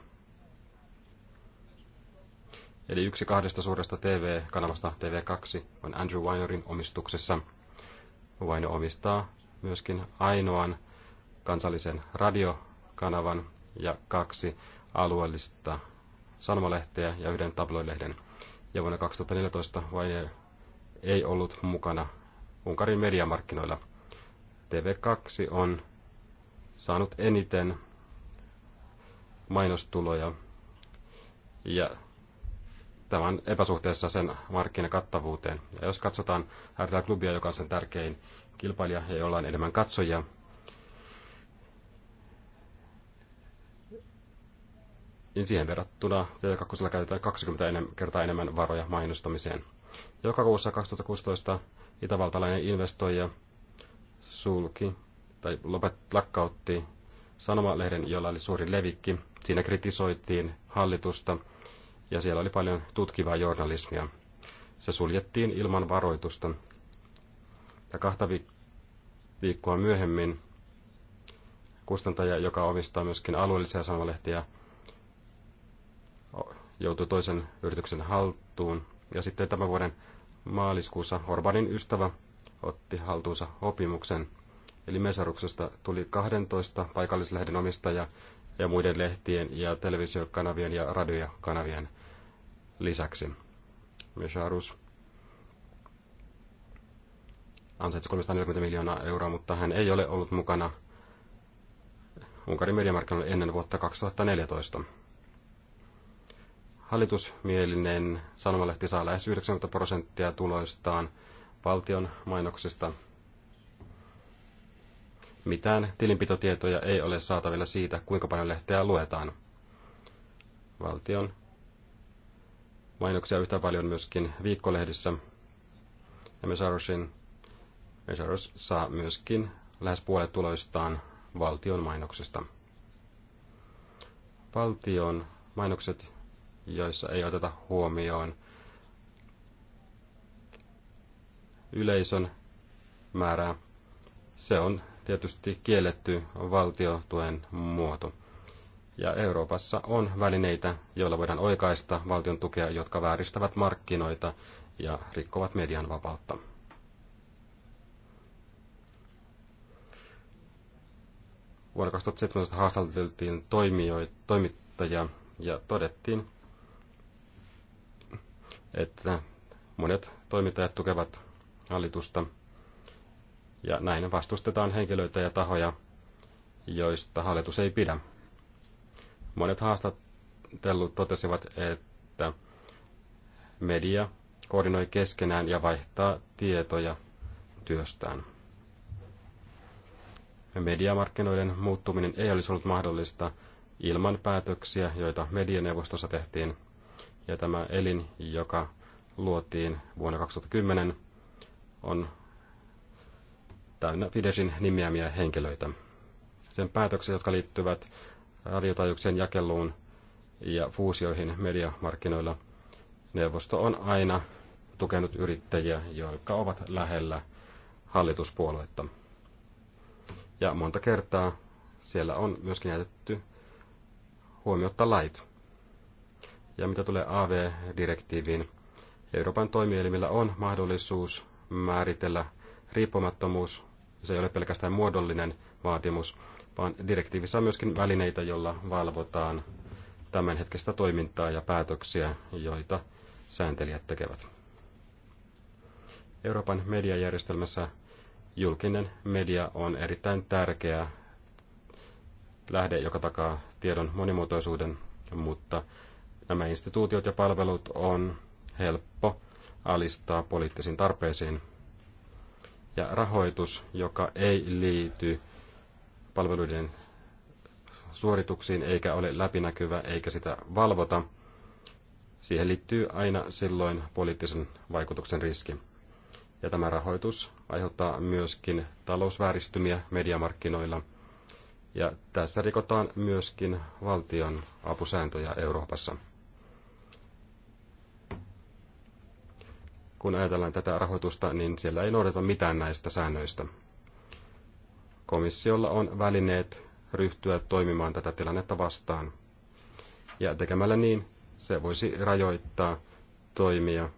Eli yksi kahdesta suuresta TV-kanavasta TV2 on Andrew Weinerin omistuksessa. Weiner omistaa myöskin ainoan kansallisen radiokanavan ja kaksi alueellista sanomalehteä ja yhden tabloilehden. Ja vuonna 2014 Weiner ei ollut mukana Unkarin mediamarkkinoilla. TV2 on saanut eniten mainostuloja ja tämä on epäsuhteessa sen markkinakattavuuteen. Ja jos katsotaan RTL Klubia, joka on sen tärkein kilpailija ja jolla on enemmän katsojia, niin siihen verrattuna TV2 käytetään 20 kertaa enemmän varoja mainostamiseen. Joka kuussa 2016 itävaltalainen investoija sulki tai lopet, lakkautti sanomalehden, jolla oli suuri levikki. Siinä kritisoitiin hallitusta ja siellä oli paljon tutkivaa journalismia. Se suljettiin ilman varoitusta. Ja kahta viikkoa myöhemmin kustantaja, joka omistaa myöskin alueellisia sanomalehtiä, joutui toisen yrityksen haltuun ja sitten tämän vuoden maaliskuussa Orbanin ystävä otti haltuunsa opimuksen. Eli Mesaruksesta tuli 12 paikallislehden omistaja ja muiden lehtien ja televisiokanavien ja radiokanavien lisäksi. Mesarus ansaitsi 340 miljoonaa euroa, mutta hän ei ole ollut mukana Unkarin mediamarkkinoilla ennen vuotta 2014 hallitusmielinen sanomalehti saa lähes 90 prosenttia tuloistaan valtion mainoksista. Mitään tilinpitotietoja ei ole saatavilla siitä, kuinka paljon lehteä luetaan. Valtion mainoksia yhtä paljon myöskin viikkolehdissä. Ja Mesarosin, Mesaros saa myöskin lähes puolet tuloistaan valtion mainoksista. Valtion mainokset joissa ei oteta huomioon yleisön määrää. Se on tietysti kielletty valtiotuen muoto. Ja Euroopassa on välineitä, joilla voidaan oikaista valtion tukea, jotka vääristävät markkinoita ja rikkovat median vapautta. Vuonna 2017 haastateltiin toimittajia ja todettiin, että monet toimittajat tukevat hallitusta ja näin vastustetaan henkilöitä ja tahoja, joista hallitus ei pidä. Monet haastattelut totesivat, että media koordinoi keskenään ja vaihtaa tietoja työstään. Mediamarkkinoiden muuttuminen ei olisi ollut mahdollista ilman päätöksiä, joita medianeuvostossa tehtiin, ja tämä elin, joka luotiin vuonna 2010, on täynnä Fidesin nimeämiä henkilöitä. Sen päätökset, jotka liittyvät radiotajuuksien jakeluun ja fuusioihin mediamarkkinoilla, neuvosto on aina tukenut yrittäjiä, jotka ovat lähellä hallituspuoluetta. Ja monta kertaa siellä on myöskin jätetty huomiota lait. Ja mitä tulee AV-direktiiviin, Euroopan toimielimillä on mahdollisuus määritellä riippumattomuus. Se ei ole pelkästään muodollinen vaatimus, vaan direktiivissä on myöskin välineitä, joilla valvotaan tämänhetkistä toimintaa ja päätöksiä, joita sääntelijät tekevät. Euroopan mediajärjestelmässä julkinen media on erittäin tärkeä lähde, joka takaa tiedon monimuotoisuuden, mutta Nämä instituutiot ja palvelut on helppo alistaa poliittisiin tarpeisiin. Ja rahoitus, joka ei liity palveluiden suorituksiin eikä ole läpinäkyvä eikä sitä valvota, siihen liittyy aina silloin poliittisen vaikutuksen riski. Ja tämä rahoitus aiheuttaa myöskin talousvääristymiä mediamarkkinoilla. Ja tässä rikotaan myöskin valtion apusääntöjä Euroopassa. kun ajatellaan tätä rahoitusta, niin siellä ei noudata mitään näistä säännöistä. Komissiolla on välineet ryhtyä toimimaan tätä tilannetta vastaan. Ja tekemällä niin, se voisi rajoittaa toimia,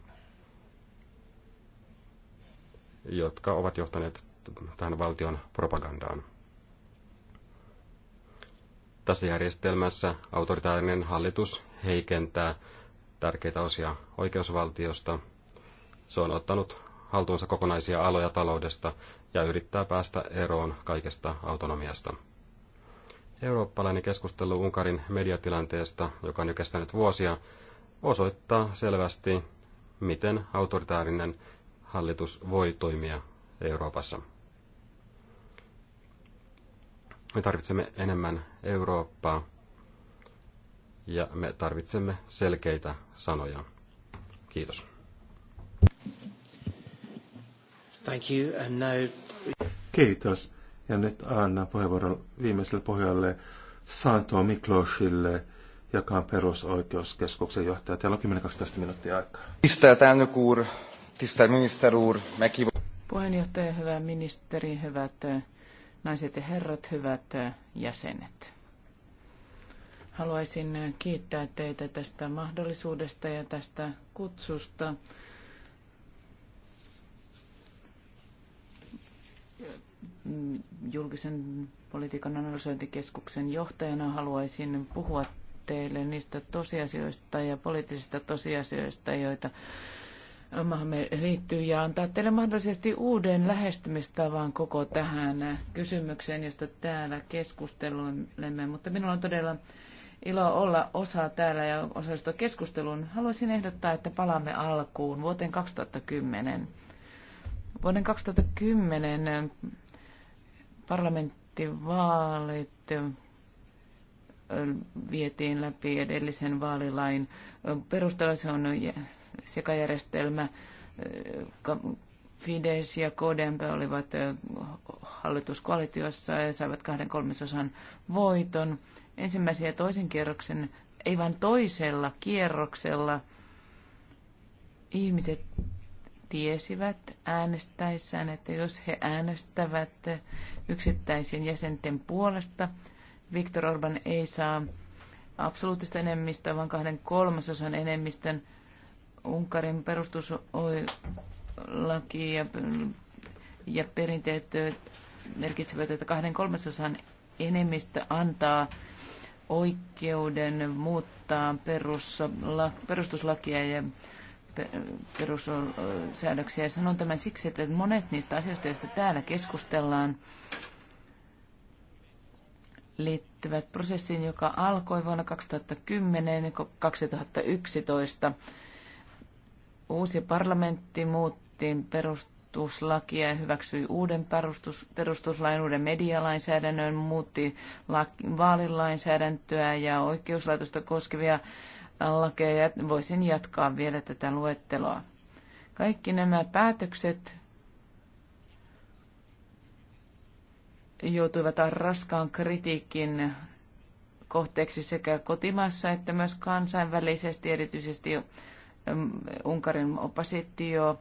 jotka ovat johtaneet tähän valtion propagandaan. Tässä järjestelmässä autoritaarinen hallitus heikentää tärkeitä osia oikeusvaltiosta – se on ottanut haltuunsa kokonaisia aloja taloudesta ja yrittää päästä eroon kaikesta autonomiasta. Eurooppalainen keskustelu Unkarin mediatilanteesta, joka on jo kestänyt vuosia, osoittaa selvästi, miten autoritaarinen hallitus voi toimia Euroopassa. Me tarvitsemme enemmän Eurooppaa ja me tarvitsemme selkeitä sanoja. Kiitos. Thank you. And now... Kiitos. Ja nyt annan puheenvuoron viimeiselle pohjalle Santo Miklosille, joka on perusoikeuskeskuksen johtaja. Täällä on 10-12 minuuttia aikaa. Tisztelt elnök úr, tisztelt miniszter úr, Puheenjohtaja, hyvä ministeri, hyvät naiset ja herrat, hyvät jäsenet. Haluaisin kiittää teitä tästä mahdollisuudesta ja tästä kutsusta julkisen politiikan analysointikeskuksen johtajana haluaisin puhua teille niistä tosiasioista ja poliittisista tosiasioista, joita maahamme liittyy ja antaa teille mahdollisesti uuden lähestymistavan koko tähän kysymykseen, josta täällä keskustelemme. Mutta minulla on todella ilo olla osa täällä ja osallistua keskusteluun. Haluaisin ehdottaa, että palaamme alkuun vuoteen 2010. Vuoden 2010 parlamenttivaalit vietiin läpi edellisen vaalilain perusteella. Se on sekajärjestelmä. Fides ja KDMP olivat hallituskoalitiossa ja saivat kahden kolmasosan voiton. Ensimmäisen ja toisen kierroksen, ei vain toisella kierroksella, ihmiset tiesivät äänestäessään, että jos he äänestävät yksittäisien jäsenten puolesta, Viktor Orban ei saa absoluuttista enemmistöä, vaan kahden kolmasosan enemmistön Unkarin perustuslaki ja, ja perinteet merkitsevät, että kahden kolmasosan enemmistö antaa oikeuden muuttaa perustuslakia ja perussäädöksiä. Sanon tämän siksi, että monet niistä asioista, joista täällä keskustellaan, liittyvät prosessiin, joka alkoi vuonna 2010 2011. Uusi parlamentti muutti perustuslakia ja hyväksyi uuden perustus, perustuslain, uuden medialainsäädännön, muutti laki, vaalilainsäädäntöä ja oikeuslaitosta koskevia lakeja. Voisin jatkaa vielä tätä luetteloa. Kaikki nämä päätökset joutuivat raskaan kritiikin kohteeksi sekä kotimaassa että myös kansainvälisesti, erityisesti mm, Unkarin oppositio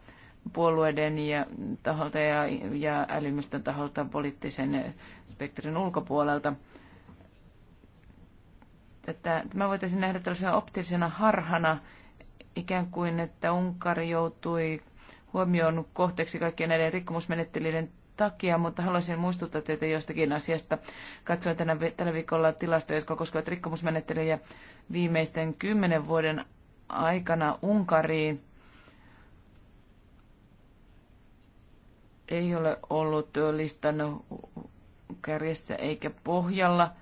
puolueiden ja taholta ja, ja älymystön taholta poliittisen spektrin ulkopuolelta että tämä voitaisiin nähdä tällaisena optisena harhana, ikään kuin että Unkari joutui huomioon kohteeksi kaikkien näiden rikkomusmenettelyiden takia, mutta haluaisin muistuttaa teitä jostakin asiasta. Katsoin tänä, tällä viikolla tilastoja, jotka koskevat rikkomusmenettelyjä viimeisten kymmenen vuoden aikana Unkariin. Ei ole ollut listan kärjessä eikä pohjalla –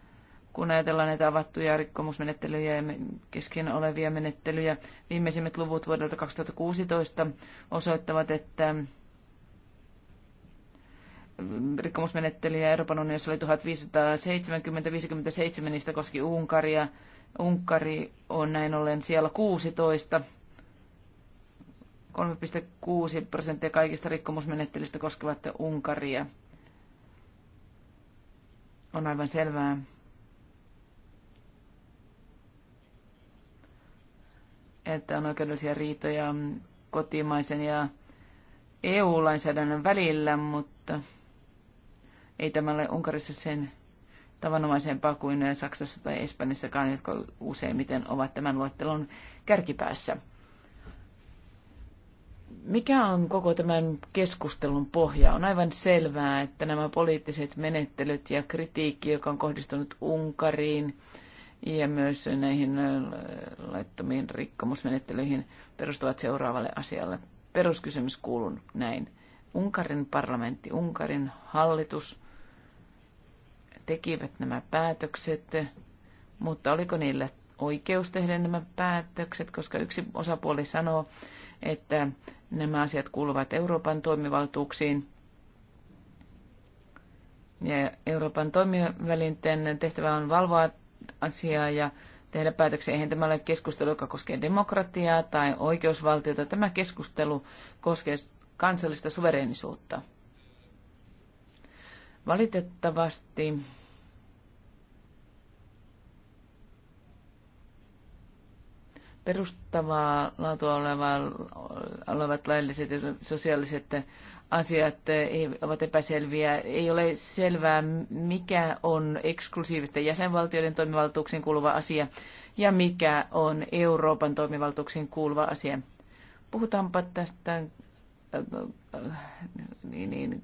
kun ajatellaan näitä avattuja rikkomusmenettelyjä ja kesken olevia menettelyjä. Viimeisimmät luvut vuodelta 2016 osoittavat, että mm, rikkomusmenettelyjä Euroopan unionissa oli 1570, 57 niistä koski Unkaria. Unkari on näin ollen siellä 16. 3,6 prosenttia kaikista rikkomusmenettelyistä koskevat Unkaria. On aivan selvää, että on oikeudellisia riitoja kotimaisen ja EU-lainsäädännön välillä, mutta ei tämä ole Unkarissa sen tavanomaisempaa kuin Saksassa tai Espanjassakaan, jotka useimmiten ovat tämän luettelon kärkipäässä. Mikä on koko tämän keskustelun pohja? On aivan selvää, että nämä poliittiset menettelyt ja kritiikki, joka on kohdistunut Unkariin, ja myös näihin laittomiin rikkomusmenettelyihin perustuvat seuraavalle asialle. Peruskysymys kuuluu näin. Unkarin parlamentti, Unkarin hallitus tekivät nämä päätökset, mutta oliko niillä oikeus tehdä nämä päätökset, koska yksi osapuoli sanoo, että nämä asiat kuuluvat Euroopan toimivaltuuksiin. Ja Euroopan toimivälinten tehtävä on valvoa asiaa ja tehdä päätöksiä. Eihän tämä ole keskustelu, joka koskee demokratiaa tai oikeusvaltiota. Tämä keskustelu koskee kansallista suvereenisuutta. Valitettavasti perustavaa laatua olevat lailliset ja sosiaaliset asiat eh, ovat epäselviä. Ei ole selvää, mikä on eksklusiivisten jäsenvaltioiden toimivaltuuksiin kuuluva asia ja mikä on Euroopan toimivaltuuksiin kuuluva asia. Puhutaanpa tästä, eh, niin, niin,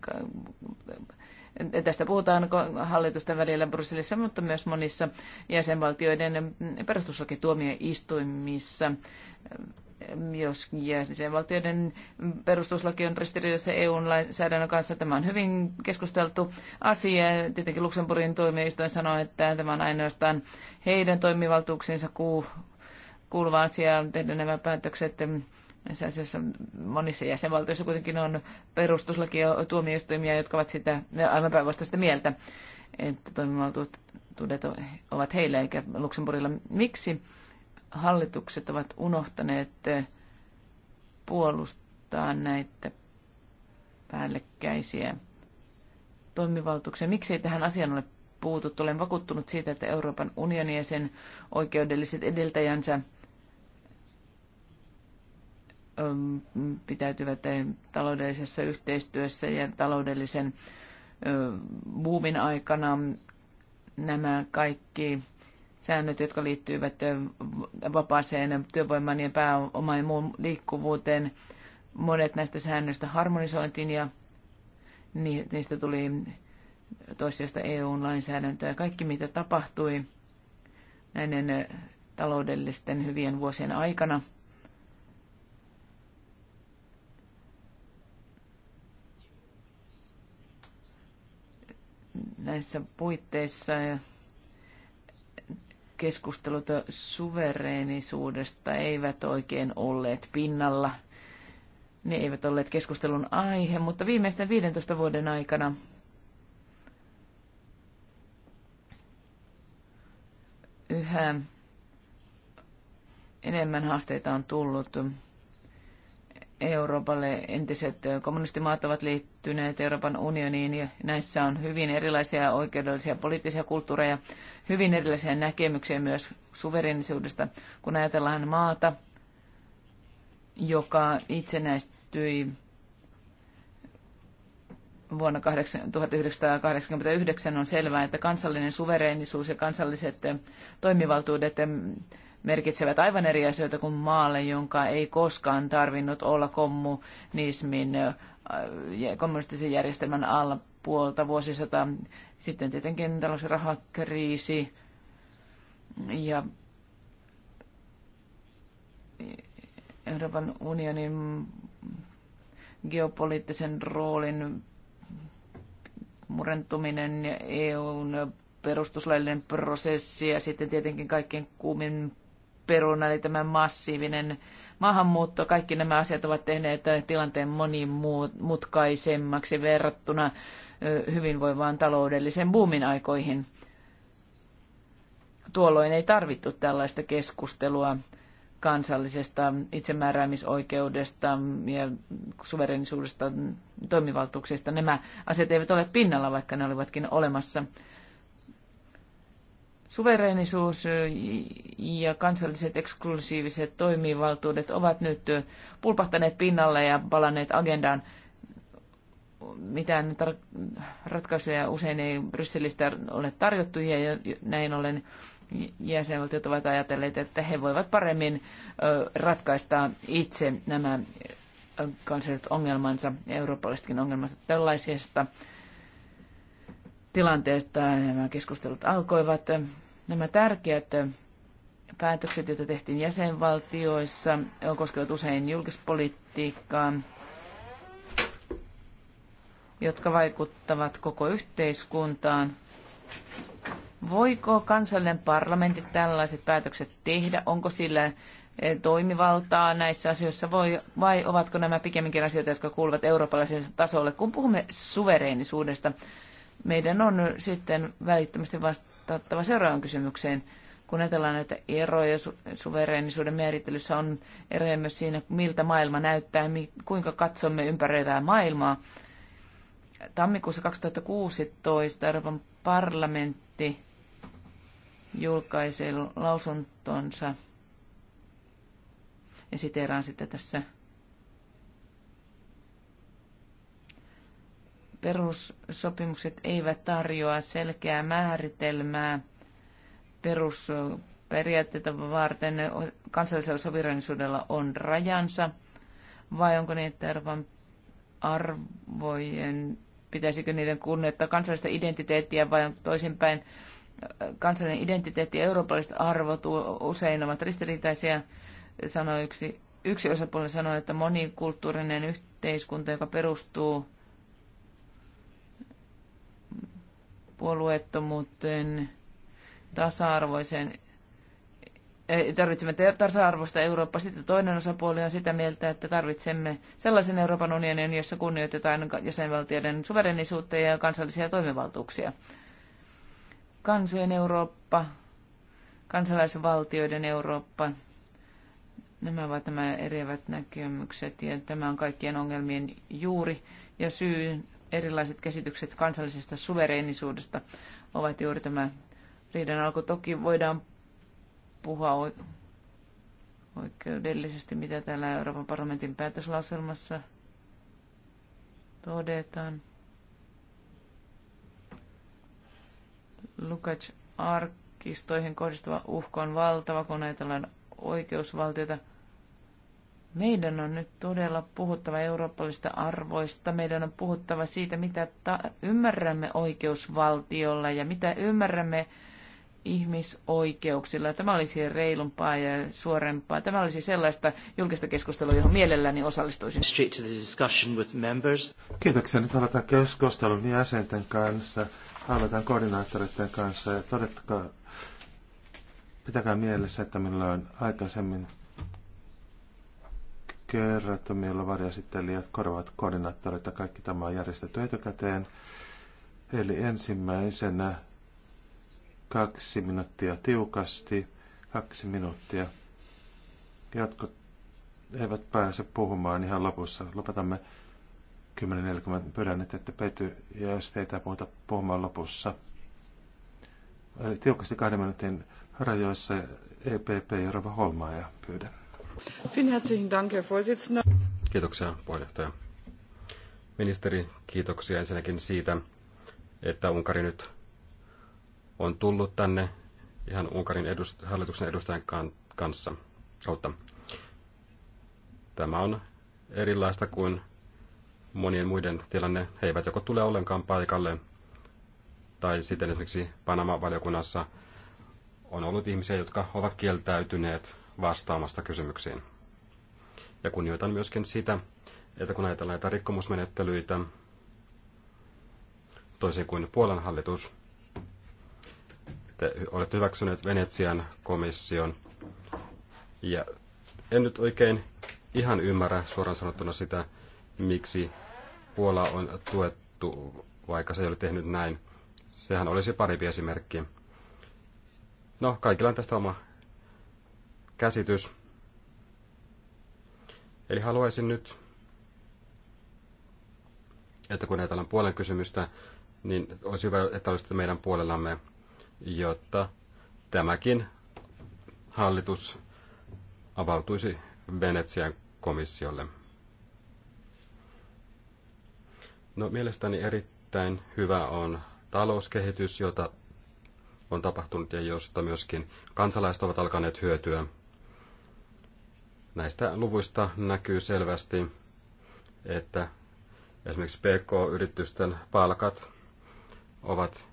tästä puhutaan hallitusten välillä Brysselissä, mutta myös monissa jäsenvaltioiden perustuslakituomioistuimissa jos jäsenvaltioiden perustuslaki on ristiriidassa EU-lainsäädännön kanssa. Tämä on hyvin keskusteltu asia. Tietenkin Luxemburgin tuomioistuin sanoi, että tämä on ainoastaan heidän toimivaltuuksiinsa kuuluva asia tehdä nämä päätökset. Näissä asioissa monissa jäsenvaltioissa kuitenkin on perustuslaki ja tuomioistuimia, jotka ovat sitä aivan päinvastaista mieltä, että toimivaltuudet ovat heillä eikä Luxemburgilla. Miksi? hallitukset ovat unohtaneet eh, puolustaa näitä päällekkäisiä toimivaltuuksia. Miksi ei tähän asiaan ole puutut? Olen vakuuttunut siitä, että Euroopan unioni ja sen oikeudelliset edeltäjänsä ähm, pitäytyvät eh, taloudellisessa yhteistyössä ja taloudellisen äh, buumin aikana nämä kaikki säännöt, jotka liittyvät vapaaseen työvoiman ja pääoman ja muun liikkuvuuteen. Monet näistä säännöistä harmonisointiin ja niistä tuli toisesta EU-lainsäädäntöä. Kaikki, mitä tapahtui näiden taloudellisten hyvien vuosien aikana, näissä puitteissa keskustelut suvereenisuudesta eivät oikein olleet pinnalla. Ne eivät olleet keskustelun aihe, mutta viimeisten 15 vuoden aikana yhä enemmän haasteita on tullut Euroopalle entiset kommunistimaat ovat liittyneet Euroopan unioniin ja näissä on hyvin erilaisia oikeudellisia poliittisia kulttuureja, hyvin erilaisia näkemyksiä myös suverenisuudesta, kun ajatellaan maata, joka itsenäistyi vuonna 1989 on selvää, että kansallinen suvereenisuus ja kansalliset toimivaltuudet merkitsevät aivan eri asioita kuin maalle, jonka ei koskaan tarvinnut olla kommunismin kommunistisen järjestelmän alla puolta vuosisata. Sitten tietenkin tällaisen ja rahakriisi ja Euroopan unionin geopoliittisen roolin murentuminen ja EUn perustuslaillinen prosessi ja sitten tietenkin kaikkein kuumin peruna, eli tämä massiivinen maahanmuutto. Kaikki nämä asiat ovat tehneet tilanteen monimutkaisemmaksi verrattuna hyvinvoivaan taloudellisen boomin aikoihin. Tuolloin ei tarvittu tällaista keskustelua kansallisesta itsemääräämisoikeudesta ja suverenisuudesta toimivaltuuksista. Nämä asiat eivät ole pinnalla, vaikka ne olivatkin olemassa – Suvereenisuus ja kansalliset eksklusiiviset toimivaltuudet ovat nyt pulpahtaneet pinnalle ja palanneet agendaan. Mitään ratkaisuja usein ei Brysselistä ole tarjottu ja näin ollen jäsenvaltiot ovat ajatelleet, että he voivat paremmin ratkaista itse nämä kansalliset ongelmansa ja eurooppalaisetkin ongelmansa tällaisesta tilanteesta nämä keskustelut alkoivat. Nämä tärkeät päätökset, joita tehtiin jäsenvaltioissa, koskevat usein julkispolitiikkaa, jotka vaikuttavat koko yhteiskuntaan. Voiko kansallinen parlamentti tällaiset päätökset tehdä? Onko sillä eh, toimivaltaa näissä asioissa voi, vai ovatko nämä pikemminkin asioita, jotka kuuluvat eurooppalaiselle tasolle, kun puhumme suvereenisuudesta? meidän on sitten välittömästi vastattava seuraavaan kysymykseen. Kun ajatellaan näitä eroja suvereenisuuden määrittelyssä, on eroja myös siinä, miltä maailma näyttää, kuinka katsomme ympäröivää maailmaa. Tammikuussa 2016 Euroopan parlamentti julkaisi lausuntonsa ja siteeraan sitä tässä Perussopimukset eivät tarjoa selkeää määritelmää perusperiaatteita varten. Kansallisella sovereigniisuudella on rajansa, vai onko niin, että Euroopan arvojen, pitäisikö niiden kunnioittaa kansallista identiteettiä vai on toisinpäin? Kansallinen identiteetti ja eurooppalaiset arvot usein ovat ristiriitaisia, sanoi yksi, yksi osapuoli sanoi, että monikulttuurinen yhteiskunta, joka perustuu puolueettomuuteen, tasa-arvoiseen tarvitsemme tasa-arvoista Eurooppaa. Sitten toinen osapuoli on sitä mieltä, että tarvitsemme sellaisen Euroopan unionin, jossa kunnioitetaan jäsenvaltioiden suverenisuutta ja kansallisia toimivaltuuksia. Kansojen Eurooppa, kansalaisvaltioiden Eurooppa, nämä ovat nämä eriävät näkemykset ja tämä on kaikkien ongelmien juuri ja syy erilaiset käsitykset kansallisesta suvereenisuudesta ovat juuri tämä riidan alku. Toki voidaan puhua oikeudellisesti, mitä täällä Euroopan parlamentin päätöslauselmassa todetaan. Lukács arkistoihin kohdistuva uhka on valtava, kun ajatellaan oikeusvaltiota – meidän on nyt todella puhuttava eurooppalaisista arvoista. Meidän on puhuttava siitä, mitä ymmärrämme oikeusvaltiolla ja mitä ymmärrämme ihmisoikeuksilla. Tämä olisi reilumpaa ja suorempaa. Tämä olisi sellaista julkista keskustelua, johon mielelläni osallistuisin. Straight to the discussion with members. Kiitoksia. Nyt aloitan keskustelun jäsenten kanssa. Aloitan koordinaattoreiden kanssa ja todettakaa, pitäkää mielessä, että meillä on aikaisemmin kerrattomilla varjasittelijat, korvat koordinaattorit ja kaikki tämä on järjestetty etukäteen. Eli ensimmäisenä kaksi minuuttia tiukasti, kaksi minuuttia. Jotkut eivät pääse puhumaan ihan lopussa. Lopetamme 10.40. Pyydän, että pety, ja jos teitä puhuta puhumaan lopussa. Eli tiukasti kahden minuutin rajoissa EPP ja Rova Holmaa ja pyydän. Kiitoksia, puheenjohtaja. Ministeri, kiitoksia ensinnäkin siitä, että Unkari nyt on tullut tänne ihan Unkarin edust- hallituksen edustajan kan- kanssa kautta. Tämä on erilaista kuin monien muiden tilanne. He eivät joko tule ollenkaan paikalle, tai sitten esimerkiksi Panama-valiokunnassa on ollut ihmisiä, jotka ovat kieltäytyneet vastaamasta kysymyksiin. Ja kunnioitan myöskin sitä, että kun ajatellaan näitä rikkomusmenettelyitä, toisin kuin Puolan hallitus, te olette hyväksyneet Venetsian komission. Ja en nyt oikein ihan ymmärrä suoraan sanottuna sitä, miksi Puola on tuettu, vaikka se ei ole tehnyt näin. Sehän olisi parempi esimerkki. No, kaikilla on tästä oma käsitys. Eli haluaisin nyt, että kun ajatellaan puolen kysymystä, niin olisi hyvä, että olisitte meidän puolellamme, jotta tämäkin hallitus avautuisi Venetsian komissiolle. No, mielestäni erittäin hyvä on talouskehitys, jota on tapahtunut ja josta myöskin kansalaiset ovat alkaneet hyötyä. Näistä luvuista näkyy selvästi, että esimerkiksi PK-yritysten palkat ovat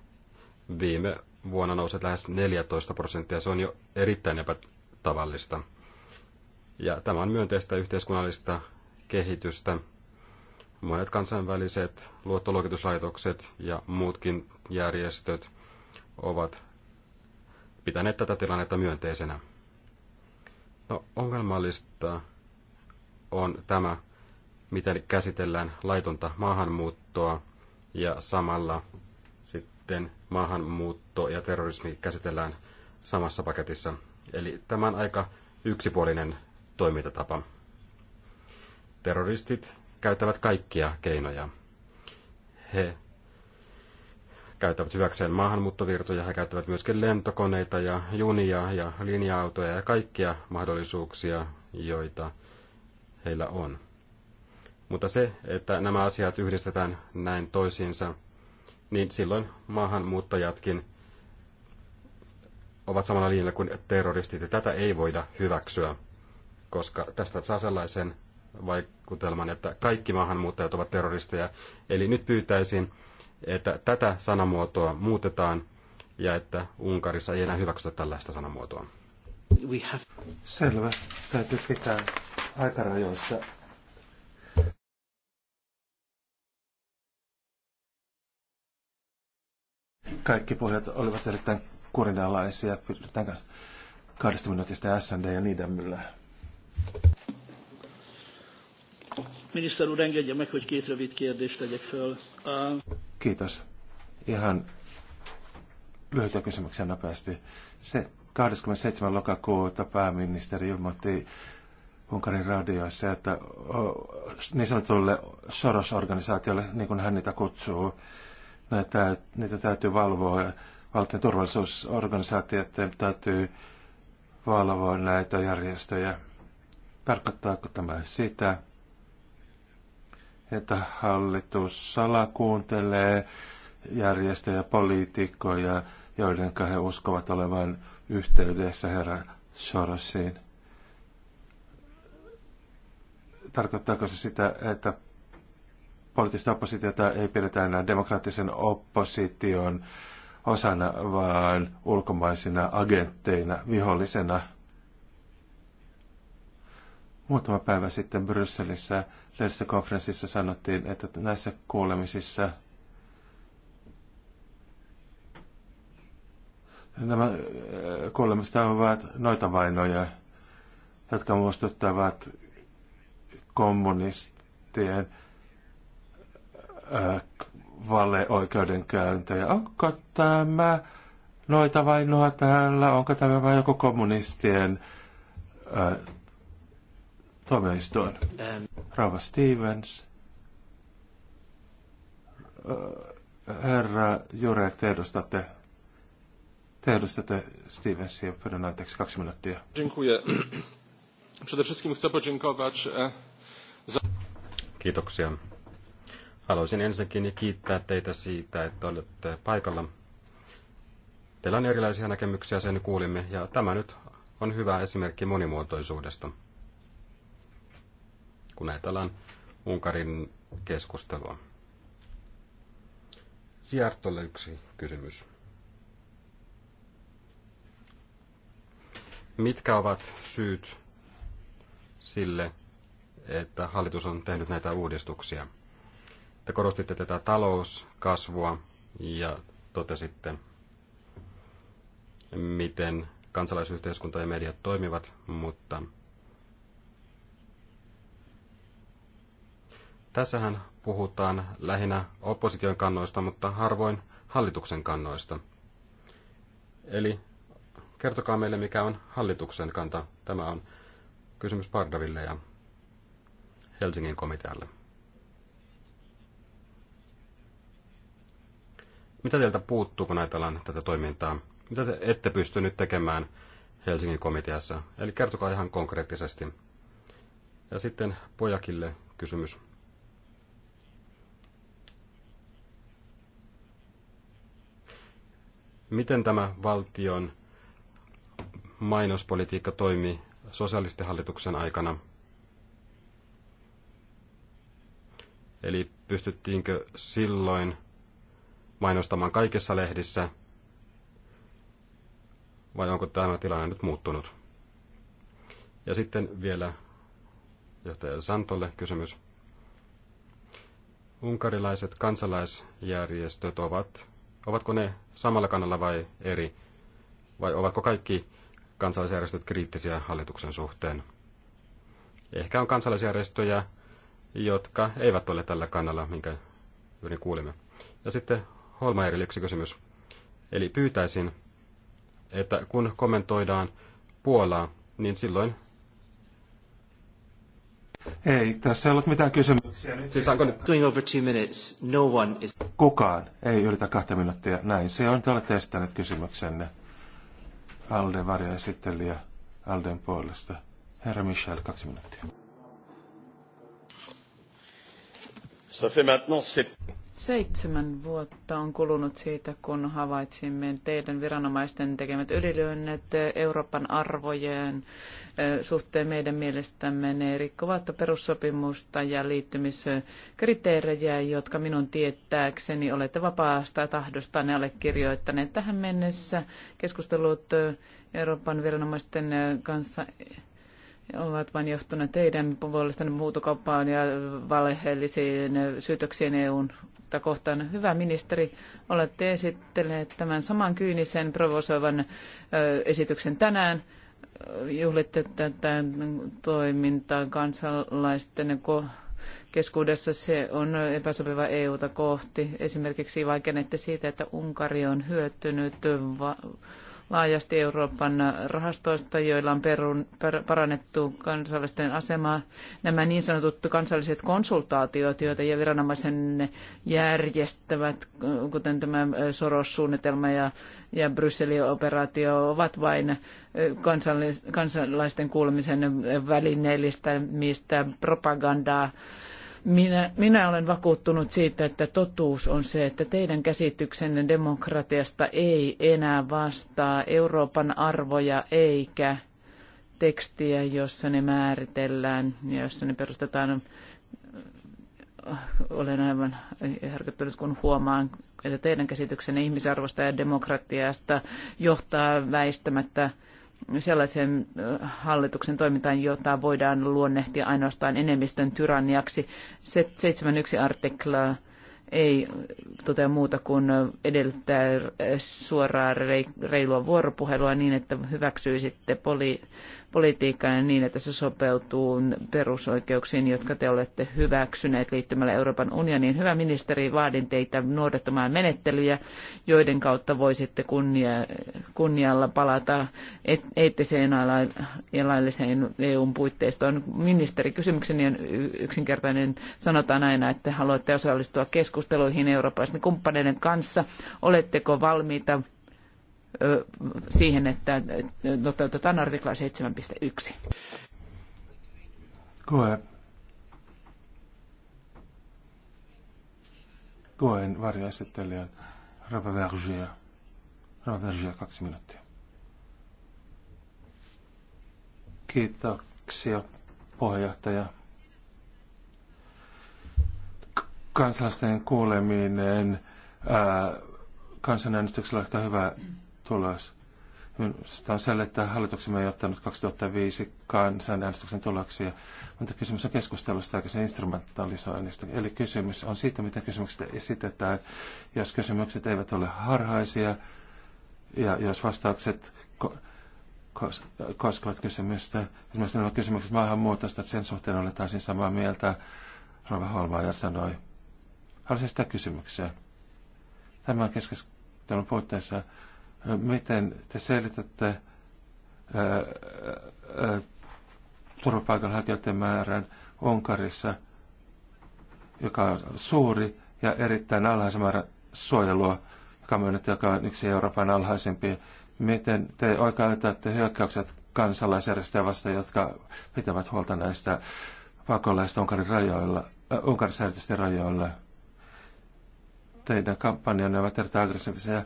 viime vuonna nousseet lähes 14 prosenttia. Se on jo erittäin epätavallista. Ja tämä on myönteistä yhteiskunnallista kehitystä. Monet kansainväliset luottoluokituslaitokset ja muutkin järjestöt ovat pitäneet tätä tilannetta myönteisenä. No, ongelmallista on tämä, miten käsitellään laitonta maahanmuuttoa ja samalla sitten maahanmuutto ja terrorismi käsitellään samassa paketissa. Eli tämä on aika yksipuolinen toimintatapa. Terroristit käyttävät kaikkia keinoja. He käyttävät hyväkseen maahanmuuttovirtoja, he käyttävät myöskin lentokoneita ja junia ja linja-autoja ja kaikkia mahdollisuuksia, joita heillä on. Mutta se, että nämä asiat yhdistetään näin toisiinsa, niin silloin maahanmuuttajatkin ovat samalla linjalla kuin terroristit, ja tätä ei voida hyväksyä, koska tästä saa sellaisen vaikutelman, että kaikki maahanmuuttajat ovat terroristeja. Eli nyt pyytäisin, että tätä sanamuotoa muutetaan ja että Unkarissa ei enää hyväksytä tällaista sanamuotoa. We have... Selvä. Täytyy pitää aikarajoista. Kaikki puheet olivat erittäin kurinalaisia. Pyydetään 20 minuutista SND ja niiden myllää. Miniszter úr, engedje meg, hogy két rövid kérdést tegyek föl. Kiitos. Ihan lyhyitä kysymyksiä nopeasti. Se 27. lokakuuta pääministeri ilmoitti Unkarin radioissa, että niin sanotulle Soros-organisaatiolle, niin kuin hän niitä kutsuu, näitä, niitä täytyy valvoa. Valtion turvallisuusorganisaatioiden täytyy valvoa näitä järjestöjä. Tarkoittaako tämä sitä, että hallitus salakuuntelee järjestöjä, poliitikkoja, joiden he uskovat olevan yhteydessä herra Sorosiin. Tarkoittaako se sitä, että poliittista oppositiota ei pidetä enää demokraattisen opposition osana, vaan ulkomaisina agentteina, vihollisena? Muutama päivä sitten Brysselissä lehdistökonferenssissa sanottiin, että näissä kuulemisissa nämä äh, kuulemiset ovat noita vainoja, jotka muistuttavat kommunistien äh, valeoikeudenkäyntejä. Onko tämä noita vainoa täällä? Onko tämä vain joku kommunistien äh, tuomioistuin? Rauha Stevens, herra Jurek, te edustatte, te edustatte Stevensia, pyydän anteeksi kaksi minuuttia. Dziękuję. Przede wszystkim chcę podziękować e, za... Kiitoksia. Haluaisin ensinnäkin kiittää teitä siitä, että olette paikalla. Teillä on erilaisia näkemyksiä, sen kuulimme, ja tämä nyt on hyvä esimerkki monimuotoisuudesta kun ajatellaan Unkarin keskustelua. Sijartolle yksi kysymys. Mitkä ovat syyt sille, että hallitus on tehnyt näitä uudistuksia? Te korostitte tätä talouskasvua ja totesitte, miten kansalaisyhteiskunta ja mediat toimivat, mutta – Tässähän puhutaan lähinnä opposition kannoista, mutta harvoin hallituksen kannoista. Eli kertokaa meille, mikä on hallituksen kanta. Tämä on kysymys Pardaville ja Helsingin komitealle. Mitä teiltä puuttuu, kun ajatellaan tätä toimintaa? Mitä te ette pysty nyt tekemään Helsingin komiteassa? Eli kertokaa ihan konkreettisesti. Ja sitten pojakille kysymys. miten tämä valtion mainospolitiikka toimi sosialistihallituksen aikana? Eli pystyttiinkö silloin mainostamaan kaikissa lehdissä, vai onko tämä tilanne nyt muuttunut? Ja sitten vielä johtaja Santolle kysymys. Unkarilaiset kansalaisjärjestöt ovat Ovatko ne samalla kannalla vai eri? Vai ovatko kaikki kansalaisjärjestöt kriittisiä hallituksen suhteen? Ehkä on kansalaisjärjestöjä, jotka eivät ole tällä kannalla, minkä juuri kuulimme. Ja sitten Holmaerille yksi kysymys. Eli pyytäisin, että kun kommentoidaan Puolaa, niin silloin ei, tässä ei ollut mitään kysymyksiä. Nyt siis onko going over two minutes? No one is... Kukaan ei ylitä kahta minuuttia. Näin se on. Te olette estäneet kysymyksenne. Alden varjaesittelijä Alden puolesta. Herra Michel, kaksi minuuttia. Seitsemän vuotta on kulunut siitä, kun havaitsimme teidän viranomaisten tekemät ylilyönnet Euroopan arvojen suhteen meidän mielestämme. Ne rikkovat perussopimusta ja liittymiskriteerejä, jotka minun tietääkseni olette vapaasta tahdostanne allekirjoittaneet tähän mennessä. Keskustelut Euroopan viranomaisten kanssa ovat vain johtuneet teidän puolestanne muutokauppaan ja valheellisiin syytöksiin EUn taloutta kohtaan. Hyvä ministeri, olette esittelleet tämän saman kyynisen provosoivan esityksen tänään. Juhlitte tätä toimintaa kansalaisten keskuudessa. Se on epäsopiva EUta kohti. Esimerkiksi vaikenette siitä, että Unkari on hyötynyt laajasti Euroopan rahastoista, joilla on perun, per, parannettu kansallisten asemaa. Nämä niin sanotut kansalliset konsultaatiot, joita ja viranomaisen järjestävät, kuten tämä Soros-suunnitelma ja, ja Brysselin operaatio, ovat vain kansallis, kansalaisten kuulemisen välineellistämistä, propagandaa minä, minä olen vakuuttunut siitä, että totuus on se, että teidän käsityksenne demokratiasta ei enää vastaa Euroopan arvoja eikä tekstiä, jossa ne määritellään ja jossa ne perustetaan. Olen aivan järkyttynyt, kun huomaan, että teidän käsityksenne ihmisarvosta ja demokratiasta johtaa väistämättä sellaisen äh, hallituksen toimintaan, jota voidaan luonnehtia ainoastaan enemmistön tyranniaksi. 71 artikla ei totea muuta kuin edellyttää suoraa reilua vuoropuhelua niin, että hyväksyisitte poli- politiikkaanne niin, että se sopeutuu perusoikeuksiin, jotka te olette hyväksyneet liittymällä Euroopan unioniin. Hyvä ministeri, vaadin teitä noudattamaan menettelyjä, joiden kautta voisitte kunnia, kunnialla palata eettiseen ja lailliseen EUn puitteistoon. Ministeri, kysymykseni on yksinkertainen. Sanotaan aina, että haluatte osallistua keskusteluihin eurooppalaisten kumppaneiden kanssa. Oletteko valmiita siihen, että toteutetaan artikla 7.1. Koe. Koen varjoesittelijän Rava Vergier. Rava kaksi minuuttia. Kiitoksia, puheenjohtaja. Kansalaisten kuuleminen ää, kansanäänestyksellä on ehkä hyvä tulos. Sitä on selle, että hallituksemme ei ottanut 2005 kansanäänestyksen tuloksia, mutta kysymys on keskustelusta eikä sen instrumentalisoinnista. Eli kysymys on siitä, miten kysymykset esitetään. Jos kysymykset eivät ole harhaisia ja jos vastaukset koskevat kysymystä, esimerkiksi nämä kysymykset maahanmuutosta, että sen suhteen olen täysin samaa mieltä, Rova Holmaajan sanoi. Haluaisin sitä kysymykseen. on keskustelun puutteessa. Miten te selitätte turvapaikanhakijoiden määrän Unkarissa, joka on suuri ja erittäin alhaisen määrän suojelua, joka on myönnetty, joka on yksi Euroopan alhaisempi. Miten te oikeutatte hyökkäykset kansalaisjärjestöjä vastaan, jotka pitävät huolta näistä pakolaisista Unkarin rajoilla, äh, Unkarissa rajoilla? Teidän kampanjanne ovat erittäin aggressiivisia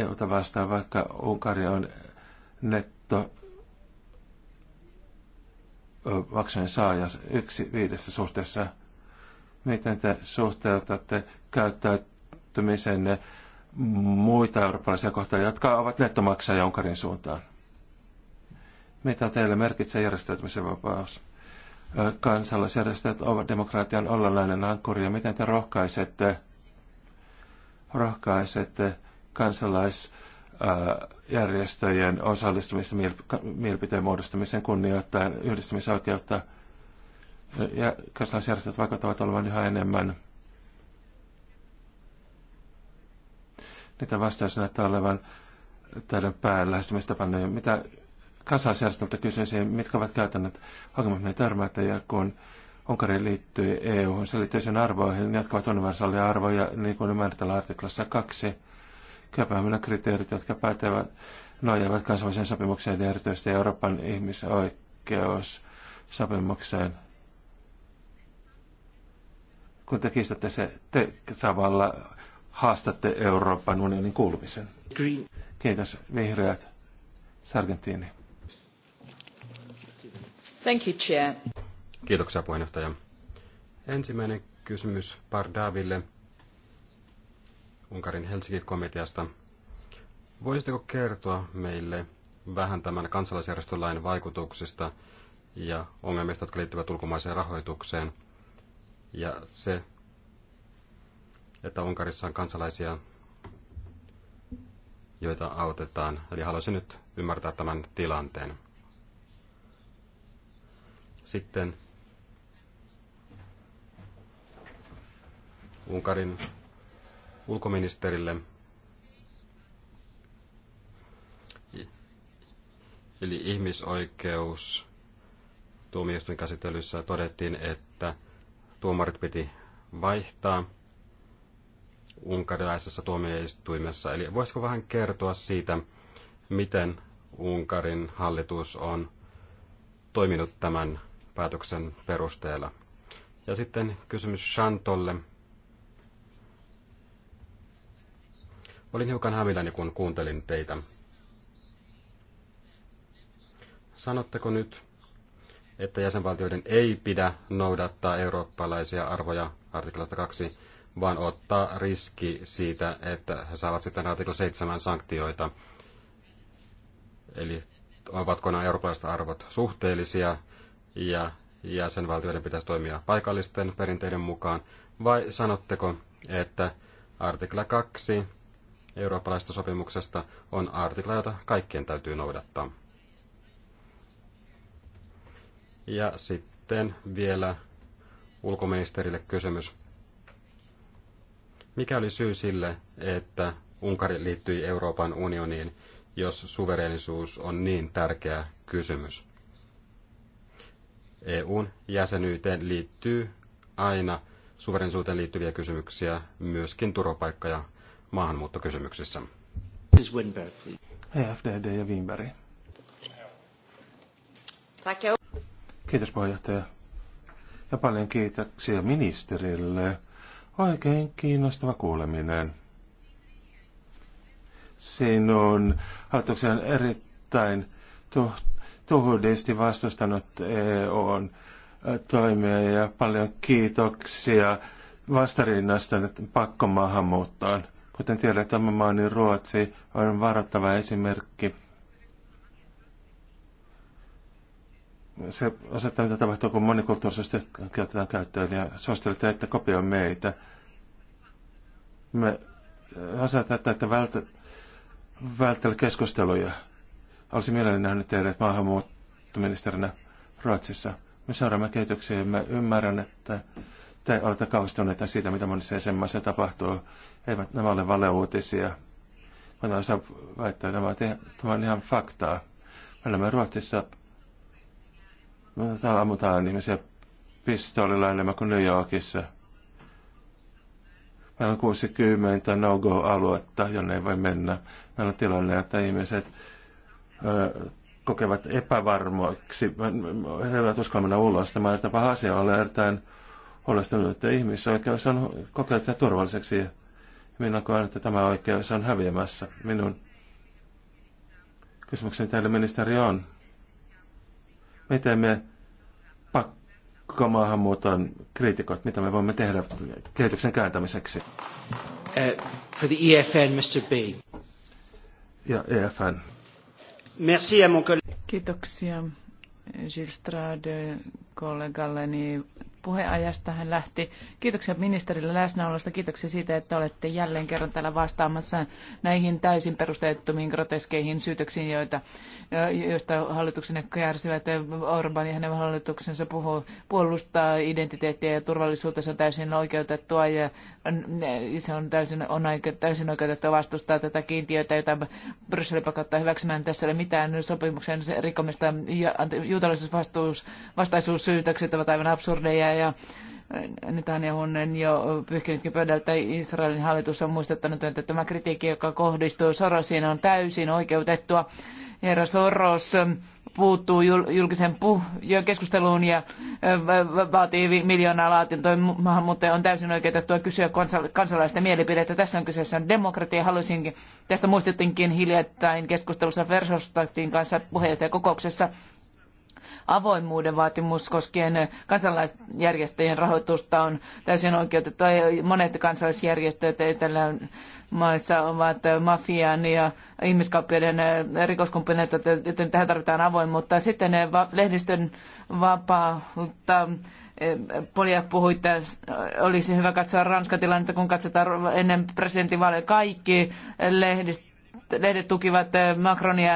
EUta vastaan, vaikka Unkari on netto maksujen saaja yksi viidessä suhteessa. Miten te suhteutatte käyttäytymisen muita eurooppalaisia kohtaan, jotka ovat nettomaksajia Unkarin suuntaan? Mitä teille merkitsee järjestäytymisen vapaus? Kansalaisjärjestöt ovat demokratian ollenlainen ankkuri ja miten te rohkaisette, rohkaisette kansalaisjärjestöjen osallistumista mielipiteen muodostamisen kunnioittain yhdistymisoikeutta. Ja kansalaisjärjestöt vaikuttavat olevan yhä enemmän. Niitä vastaus näyttää olevan tämän pään pannuja. Mitä kansalaisjärjestöltä kysyisin, mitkä ovat käytännöt hakemat meidän törmäyttä ja kun Unkari liittyy EU, se liittyy sen arvoihin, jotka ovat universaalia arvoja, niin kuin ymmärretään artiklassa 2. Kööpenhaminan kriteerit, jotka päätevät nojaavat kansainväliseen sopimukseen ja erityisesti Euroopan ihmisoikeussopimukseen. Kun te kiistätte se, te tavalla haastatte Euroopan unionin kuulumisen. Green. Kiitos vihreät. Sargentini. Thank you, Chair. Kiitoksia puheenjohtaja. Ensimmäinen kysymys Pardaville. Unkarin Helsinki-komiteasta. Voisitteko kertoa meille vähän tämän kansalaisjärjestölain vaikutuksista ja ongelmista, jotka liittyvät ulkomaiseen rahoitukseen? Ja se, että Unkarissa on kansalaisia, joita autetaan. Eli haluaisin nyt ymmärtää tämän tilanteen. Sitten Unkarin ulkoministerille. Eli ihmisoikeus tuomioistuin käsittelyssä todettiin, että tuomarit piti vaihtaa unkarilaisessa tuomioistuimessa. Eli voisiko vähän kertoa siitä, miten Unkarin hallitus on toiminut tämän päätöksen perusteella? Ja sitten kysymys Shantolle – Olin hiukan hämilläni, kun kuuntelin teitä. Sanotteko nyt, että jäsenvaltioiden ei pidä noudattaa eurooppalaisia arvoja artiklasta 2, vaan ottaa riski siitä, että he saavat sitten artikla 7 sanktioita. Eli ovatko nämä eurooppalaiset arvot suhteellisia ja jäsenvaltioiden pitäisi toimia paikallisten perinteiden mukaan, vai sanotteko, että artikla 2 eurooppalaisesta sopimuksesta on artikla, jota kaikkien täytyy noudattaa. Ja sitten vielä ulkoministerille kysymys. Mikä oli syy sille, että Unkari liittyi Euroopan unioniin, jos suvereenisuus on niin tärkeä kysymys? EUn jäsenyyteen liittyy aina suverenisuuteen liittyviä kysymyksiä, myöskin turvapaikka- ja maahanmuuttokysymyksissä. Winberg, e FDD ja Winberg. Kiitos puheenjohtaja. Ja paljon kiitoksia ministerille. Oikein kiinnostava kuuleminen. Siinä on hallituksen erittäin tuhdisti vastustanut EUn toimia ja paljon kiitoksia vastarinnasta pakkomaahanmuuttoon. Kuten tiedät, maa, niin Ruotsi on varattava esimerkki. Se osoittaa, mitä tapahtuu, kun monikulttuurisesti käytetään käyttöön ja suosittelette, että kopioi meitä. Me osoitamme, äh, että välttää keskusteluja. Olisin mielelläni nähnyt teidät maahanmuuttoministerinä Ruotsissa. Me seuraamme kehityksiä ja me ymmärrän, että te olette kauhistuneita siitä, mitä monissa jäsenmaissa tapahtuu. Eivät nämä ole valeuutisia. mutta osaa väittää, nämä tämä on ihan faktaa. Me olemme Ruotsissa, täällä ammutaan ihmisiä pistoolilla enemmän kuin New Yorkissa. Meillä on 60 no-go-aluetta, jonne ei voi mennä. Meillä on tilanne, että ihmiset ö, kokevat epävarmoiksi. He eivät uskalla mennä ulos. Tämä on paha asia. Olen erittäin huolestunut, että ihmisoikeus on kokeillut sitä turvalliseksi ja minä koen, että tämä oikeus on häviämässä. Minun kysymykseni teille ministeri on, miten me pakkomaahanmuuton kriitikot, mitä me voimme tehdä kehityksen kääntämiseksi? Uh, for the EFN, Mr. B. Ja EFN. Merci à mon Kiitoksia Gilles Strade kollegalleni puheajasta hän lähti. Kiitoksia ministerille läsnäolosta. Kiitoksia siitä, että olette jälleen kerran täällä vastaamassa näihin täysin perusteettomiin groteskeihin syytöksiin, joita, joista hallituksen kärsivät. Orban ja hänen hallituksensa puhuu, puolustaa identiteettiä ja turvallisuutta. Se on täysin oikeutettua ja se on täysin, on täysin oikeutettua vastustaa tätä kiintiötä, jota Bryssel pakottaa hyväksymään. Tässä ei ole mitään sopimuksen rikomista. Juutalaisessa vastaisuussyytökset ovat aivan absurdeja Israelia ja on jo pyyhkinytkin pöydältä. Israelin hallitus on muistuttanut, että tämä kritiikki, joka kohdistuu Sorosiin, on täysin oikeutettua. Herra Soros puuttuu julkisen puh- keskusteluun ja vaatii miljoonaa laatintoa maahanmuuttaja on täysin oikeutettua kysyä kansalaisten mielipidettä. Tässä on kyseessä demokratia. Haluaisinkin, tästä muistuttiinkin hiljattain keskustelussa Versostadtin kanssa puheenjohtajakokouksessa avoimuuden vaatimus koskien kansalaisjärjestöjen rahoitusta on täysin oikeutettu. Monet kansalaisjärjestöt etelä maissa ovat mafian ja ihmiskauppiaiden rikoskumppaneita, joten tähän tarvitaan avoimuutta. Sitten lehdistön vapautta Polja puhui, että olisi hyvä katsoa Ranskan tilannetta, kun katsotaan ennen presidentinvaaleja kaikki lehdistö lehdet tukivat eh, Macronia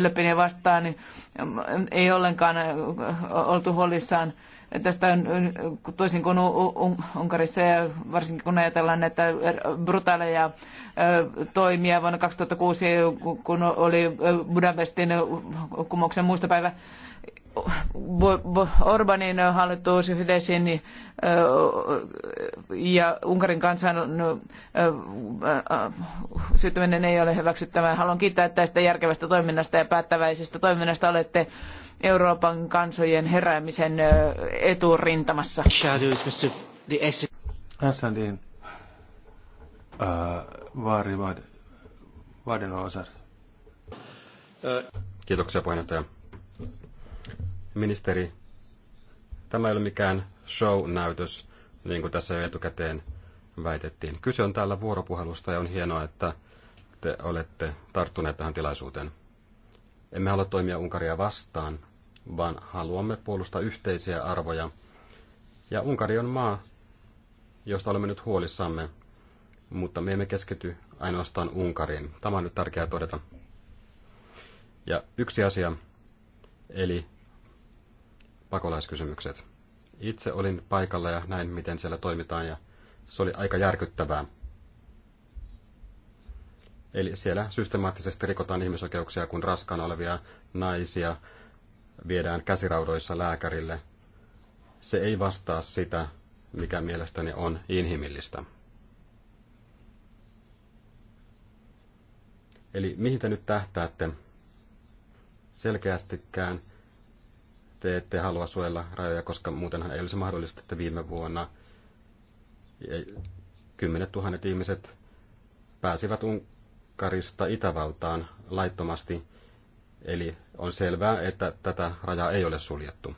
ja Penia vastaan, niin mm, ei ollenkaan eh, oltu huolissaan tästä eh, toisin kuin Unkarissa ja varsinkin kun ajatellaan näitä er-, brutaaleja toimia vuonna 2006, kun oli Budapestin kumouksen muistopäivä, Orbanin hallitus Hydesin ja Unkarin kansan syyttäminen ei ole hyväksyttävää. Haluan kiittää tästä järkevästä toiminnasta ja päättäväisestä toiminnasta. Olette Euroopan kansojen heräämisen eturintamassa. SNDin vaari Vadenhoasar. Kiitoksia puheenjohtaja. Ministeri, tämä ei ole mikään show-näytös, niin kuin tässä jo etukäteen väitettiin. Kyse on täällä vuoropuhelusta ja on hienoa, että te olette tarttuneet tähän tilaisuuteen. Emme halua toimia Unkaria vastaan, vaan haluamme puolustaa yhteisiä arvoja. Ja Unkari on maa, josta olemme nyt huolissamme, mutta me emme keskity ainoastaan Unkariin. Tämä on nyt tärkeää todeta. Ja yksi asia, eli pakolaiskysymykset. Itse olin paikalla ja näin, miten siellä toimitaan ja se oli aika järkyttävää. Eli siellä systemaattisesti rikotaan ihmisoikeuksia, kun raskaana olevia naisia viedään käsiraudoissa lääkärille. Se ei vastaa sitä, mikä mielestäni on inhimillistä. Eli mihin te nyt tähtäätte? Selkeästikään – te ette halua suojella rajoja, koska muutenhan ei olisi mahdollista, että viime vuonna kymmenet tuhannet ihmiset pääsivät Unkarista Itävaltaan laittomasti. Eli on selvää, että tätä rajaa ei ole suljettu.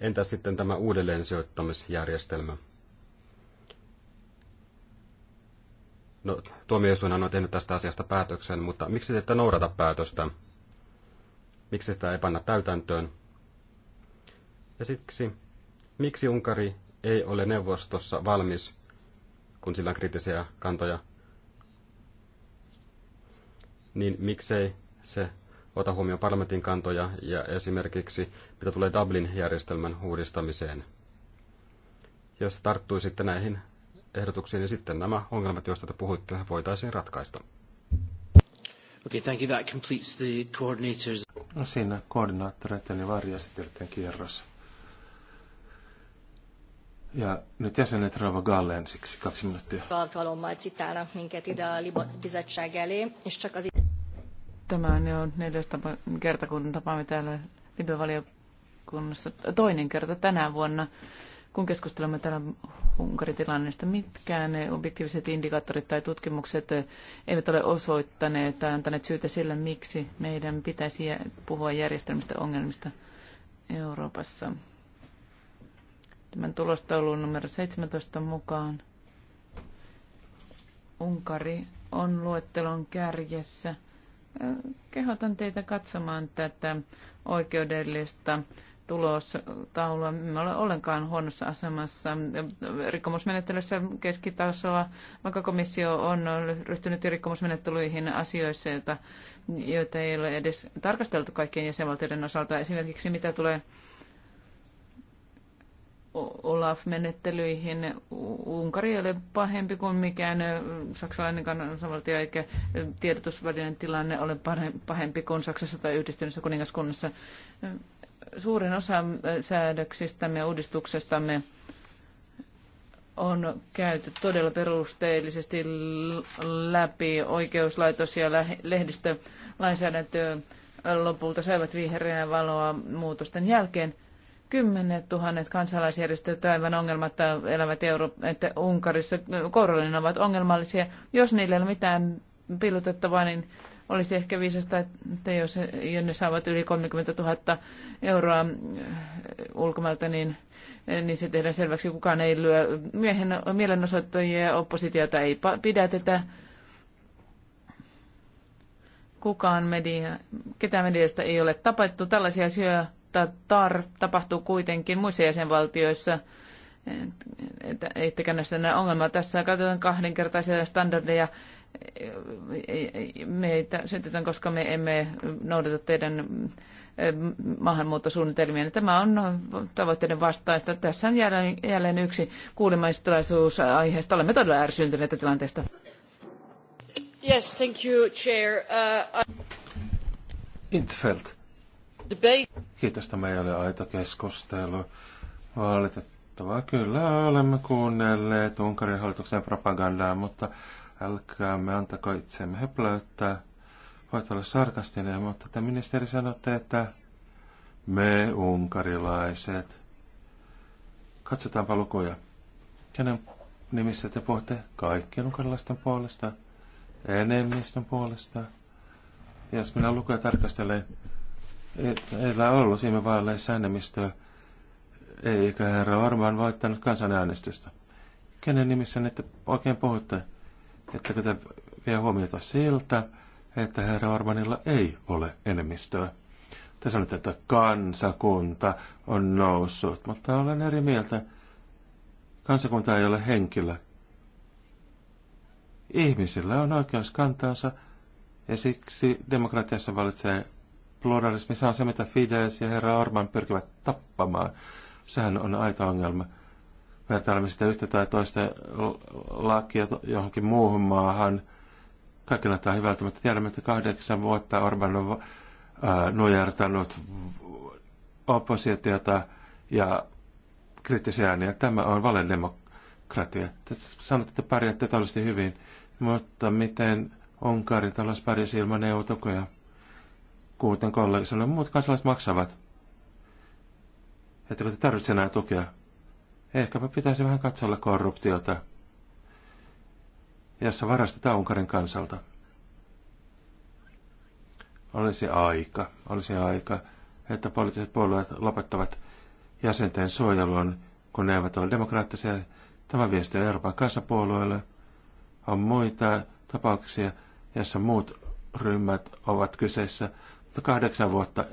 Entä sitten tämä uudelleensijoittamisjärjestelmä? sijoittamisjärjestelmä? No, tuomioistuinhan on tehnyt tästä asiasta päätöksen, mutta miksi te ette noudata päätöstä? Miksi sitä ei panna täytäntöön? Ja siksi, miksi Unkari ei ole neuvostossa valmis, kun sillä on kriittisiä kantoja, niin miksei se ota huomioon parlamentin kantoja ja esimerkiksi mitä tulee Dublin-järjestelmän uudistamiseen. Jos tarttuisitte näihin ehdotuksiin niin sitten nämä ongelmat, joista te puhuitte, voitaisiin ratkaista. Okay, thank you. That completes the coordinators. No siinä koordinaattoreiden ja varjaesittelyiden kierros. Ja nyt jäsenet Rava gallen ensiksi, kaksi minuuttia. Tämä on jo neljäs tapa, kerta, kun tapaamme täällä Libyvaliokunnassa Toinen kerta tänä vuonna kun keskustelemme täällä Unkarin tilannesta, mitkään ne objektiiviset indikaattorit tai tutkimukset eivät ole osoittaneet tai antaneet syytä sillä, miksi meidän pitäisi puhua järjestelmistä ongelmista Euroopassa. Tämän tulostaulun numero 17 mukaan Unkari on luettelon kärjessä. Kehotan teitä katsomaan tätä oikeudellista tulostaulua. Me ollaan ollenkaan huonossa asemassa rikkomusmenettelyssä keskitasoa, vaikka komissio on ryhtynyt rikkomusmenettelyihin asioissa, joita ei ole edes tarkasteltu kaikkien jäsenvaltioiden osalta. Esimerkiksi mitä tulee Olaf-menettelyihin. Unkari ei ole pahempi kuin mikään saksalainen kansanvaltio, eikä tiedotusvälinen tilanne ole pahempi kuin Saksassa tai yhdistyneessä kuningaskunnassa suurin osa säädöksistämme uudistuksestamme on käyty todella perusteellisesti läpi oikeuslaitos ja lainsäädäntö lopulta saivat vihreää valoa muutosten jälkeen. Kymmenet tuhannet kansalaisjärjestöt aivan ongelmatta elävät Euro- että Unkarissa kourallinen ovat ongelmallisia. Jos niillä ei ole mitään piilotettavaa, niin olisi ehkä viisasta, että jos ne saavat yli 30 000 euroa äh, ulkomailta, niin, niin se tehdään selväksi, kukaan ei lyö miehen, mielenosoittajia ja oppositiota ei pidätetä. Kukaan media, ketään mediasta ei ole tapettu. Tällaisia asioita tar, tapahtuu kuitenkin muissa jäsenvaltioissa ettekä näistä ongelmaa. Tässä katsotaan kahdenkertaisia standardeja meitä sytytän, koska me emme noudata teidän eh, maahanmuuttosuunnitelmia. Tämä on tavoitteiden vastaista. Tässä on jälleen, jälleen yksi kuulemaistilaisuus aiheesta. Olemme todella ärsyntyneitä tilanteesta. Yes, thank you, chair. Uh, I... Intfeld. Debate. Kiitos, tämä ei ole aito keskustelu. Valitettavaa kyllä olemme kuunnelleet Unkarin hallituksen propagandaa, mutta me antako itsemme höplöyttää. Voit olla sarkastinen, mutta te ministeri sanotte, että me unkarilaiset. Katsotaanpa lukuja. Kenen nimissä te puhutte kaikkien unkarilaisten puolesta, enemmistön puolesta. Jos minä lukuja tarkastelen, Ei ole ollut viime vaaleissa enemmistöä, eikä herra Orman voittanut kansanäänestystä. Kenen nimissä te oikein puhutte? ettekö te vie huomiota siltä, että herra Orbanilla ei ole enemmistöä. Te sanotte, että kansakunta on noussut, mutta olen eri mieltä. Kansakunta ei ole henkilö. Ihmisillä on oikeus kantaansa, ja siksi demokratiassa valitsee pluralismi. Se on se, mitä Fides ja herra Orban pyrkivät tappamaan. Sehän on aito ongelma vertailemme sitä yhtä tai toista lakia johonkin muuhun maahan. Kaikki näyttää hyvältä, mutta tiedämme, että kahdeksan vuotta Orban on nujertanut oppositiota ja kriittisiä ääniä. Tämä on valedemokratia. Sanotte, että pärjätte taloudellisesti hyvin, mutta miten Unkarin talous pärjäsi ilman EU-tukoja? Kuten kollegisella muut kansalaiset maksavat. Ettekö te tarvitse enää tukea? Ehkäpä pitäisi vähän katsella korruptiota, jossa varastetaan Unkarin kansalta. Olisi aika, olisi aika, että poliittiset puolueet lopettavat jäsenten suojelun, kun ne eivät ole demokraattisia. Tämä viesti on Euroopan kansapuolueelle. On muita tapauksia, jossa muut ryhmät ovat kyseessä. Mutta kahdeksan vuotta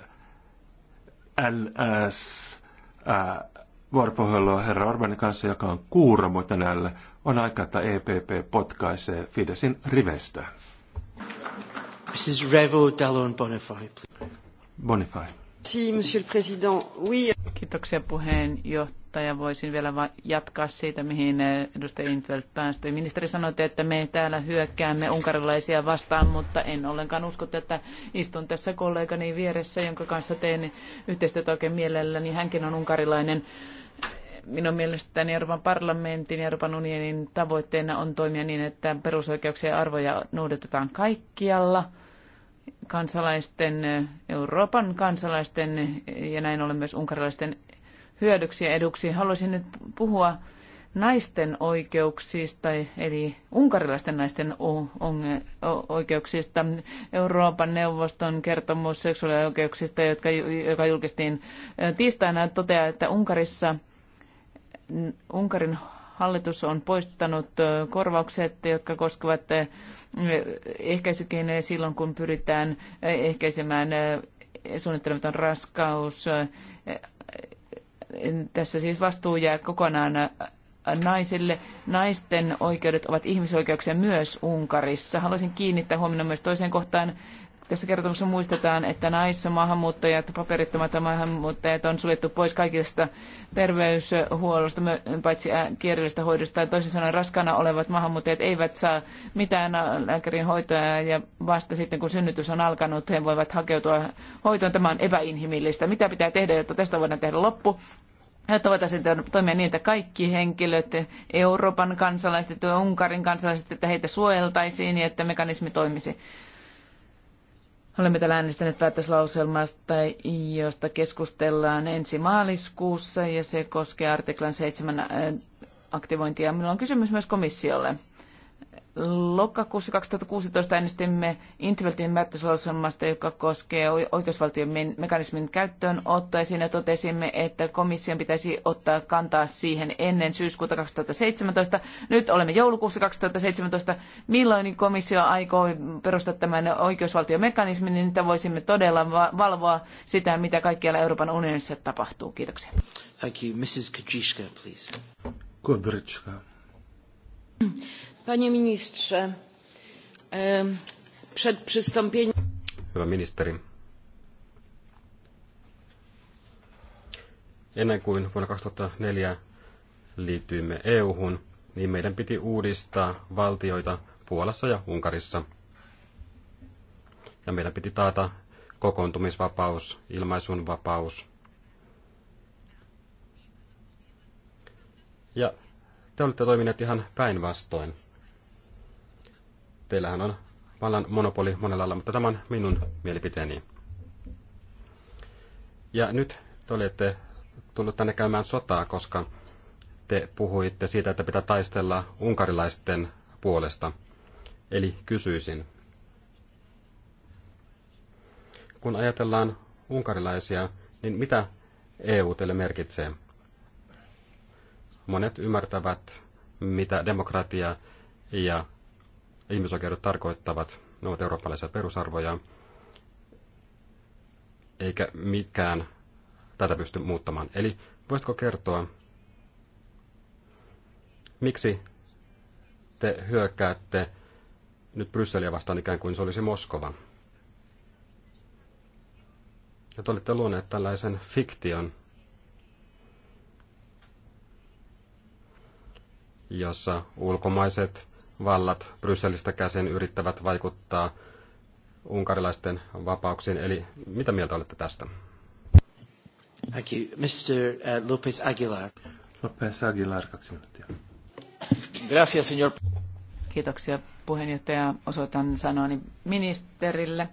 NS ää, vuoropuhelua herra Orbanin kanssa, joka on kuuromo tänällä. On aika, että EPP potkaisee Fidesin rivestä. Mrs. Revo Dallon Bonifay, Bonifay. Si, monsieur le président. Oui. Kiitoksia puheenjohtaja. Voisin vielä jatkaa siitä, mihin eh, edustaja Intveld päästyi. Ministeri sanoi, että me täällä hyökkäämme unkarilaisia vastaan, mutta en ollenkaan usko että Istun tässä kollegani vieressä, jonka kanssa teen yhteistyötä oikein mielelläni. Hänkin on unkarilainen minun mielestäni Euroopan parlamentin ja Euroopan unionin tavoitteena on toimia niin, että perusoikeuksia ja arvoja noudatetaan kaikkialla kansalaisten, Euroopan kansalaisten ja näin ollen myös unkarilaisten hyödyksi ja eduksi. Haluaisin nyt puhua naisten oikeuksista, eli unkarilaisten naisten oikeuksista, Euroopan neuvoston kertomus seksuaalioikeuksista, joka julkistiin tiistaina, toteaa, että Unkarissa – Unkarin hallitus on poistanut korvaukset, jotka koskevat ehkäisykeinoja silloin, kun pyritään ehkäisemään suunnittelematon raskaus. Tässä siis vastuu jää kokonaan naisille. Naisten oikeudet ovat ihmisoikeuksia myös Unkarissa. Haluaisin kiinnittää huomioon myös toiseen kohtaan, tässä kertomuksessa muistetaan, että naissa maahanmuuttajat, paperittomat maahanmuuttajat on suljettu pois kaikista terveyshuollosta, paitsi kielellisestä hoidosta. Toisin sanoen raskaana olevat maahanmuuttajat eivät saa mitään lääkärin hoitoa ja vasta sitten kun synnytys on alkanut, he voivat hakeutua hoitoon. Tämä on epäinhimillistä. Mitä pitää tehdä, jotta tästä voidaan tehdä loppu? Toivottavasti toimia niin, että kaikki henkilöt, Euroopan kansalaiset ja Unkarin kansalaiset, että heitä suojeltaisiin ja että mekanismi toimisi. Olemme täällä äänestäneet päätöslauselmasta, josta keskustellaan ensi maaliskuussa ja se koskee artiklan 7 aktivointia. Minulla on kysymys myös komissiolle. Lokakuussa 2016 äänestimme Intveltin määrätyslauselmasta, joka koskee oikeusvaltion mekanismin käyttöönottoa, ja siinä totesimme, että komission pitäisi ottaa kantaa siihen ennen syyskuuta 2017. Nyt olemme joulukuussa 2017. Milloin komissio aikoo perustaa tämän mekanismin, niin että voisimme todella valvoa sitä, mitä kaikkialla Euroopan unionissa tapahtuu. Kiitoksia. Thank you. Mrs. Kajishka, please. Kudrychka. Panie ministrze, przed przystąpieniem... ministeri. Ennen kuin vuonna 2004 liityimme EU-hun, niin meidän piti uudistaa valtioita Puolassa ja Unkarissa. Ja meidän piti taata kokoontumisvapaus, ilmaisunvapaus. Ja te olette toimineet ihan päinvastoin teillähän on vallan monopoli monella alalla, mutta tämä on minun mielipiteeni. Ja nyt te olette tullut tänne käymään sotaa, koska te puhuitte siitä, että pitää taistella unkarilaisten puolesta. Eli kysyisin, kun ajatellaan unkarilaisia, niin mitä EU teille merkitsee? Monet ymmärtävät, mitä demokratia ja ihmisoikeudet tarkoittavat, ne ovat eurooppalaisia perusarvoja, eikä mitkään tätä pysty muuttamaan. Eli voisitko kertoa, miksi te hyökkäätte nyt Brysseliä vastaan ikään kuin se olisi Moskova? Ja te olitte luoneet tällaisen fiktion, jossa ulkomaiset vallat Brysselistä käsin yrittävät vaikuttaa unkarilaisten vapauksiin. Eli mitä mieltä olette tästä? Thank you. Mr. Uh, Lopez Aguilar. Lopez Aguilar, kaksi minuuttia. Gracias, señor. Kiitoksia puheenjohtaja. Osoitan sanoani ministerille.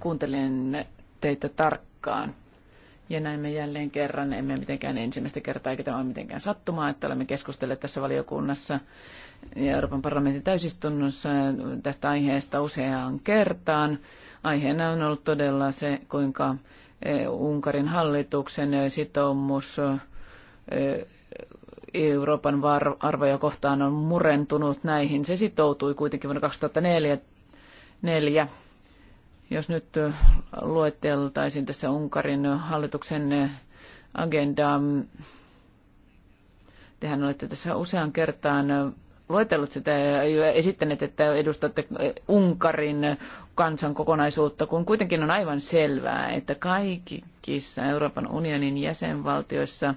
Kuuntelin teitä tarkkaan. Ja me jälleen kerran, emme mitenkään ensimmäistä kertaa, eikä tämä ole mitenkään sattumaa, että olemme keskustelleet tässä valiokunnassa ja Euroopan parlamentin täysistunnossa tästä aiheesta useaan kertaan. Aiheena on ollut todella se, kuinka eh, Unkarin hallituksen eh, sitoumus eh, Euroopan arvoja kohtaan on murentunut näihin. Se sitoutui kuitenkin vuonna 2004 neljä jos nyt luetteltaisiin tässä Unkarin hallituksen agendaa, tehän olette tässä usean kertaan luetellut sitä ja esittäneet, että edustatte Unkarin kansan kokonaisuutta, kun kuitenkin on aivan selvää, että kaikissa Euroopan unionin jäsenvaltioissa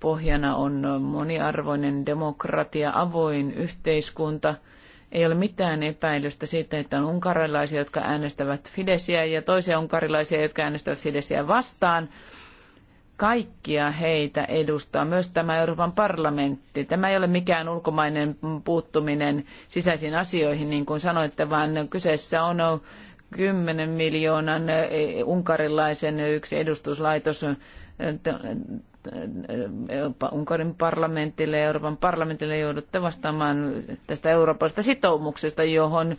pohjana on moniarvoinen demokratia, avoin yhteiskunta – ei ole mitään epäilystä siitä, että on unkarilaisia, jotka äänestävät Fidesiä ja toisia unkarilaisia, jotka äänestävät Fidesiä vastaan. Kaikkia heitä edustaa myös tämä Euroopan parlamentti. Tämä ei ole mikään ulkomainen puuttuminen sisäisiin asioihin, niin kuin sanoitte, vaan kyseessä on 10 miljoonan eh, unkarilaisen yksi edustuslaitos Unkarin parlamentille ja Euroopan parlamentille joudutte vastaamaan tästä Euroopasta sitoumuksesta, johon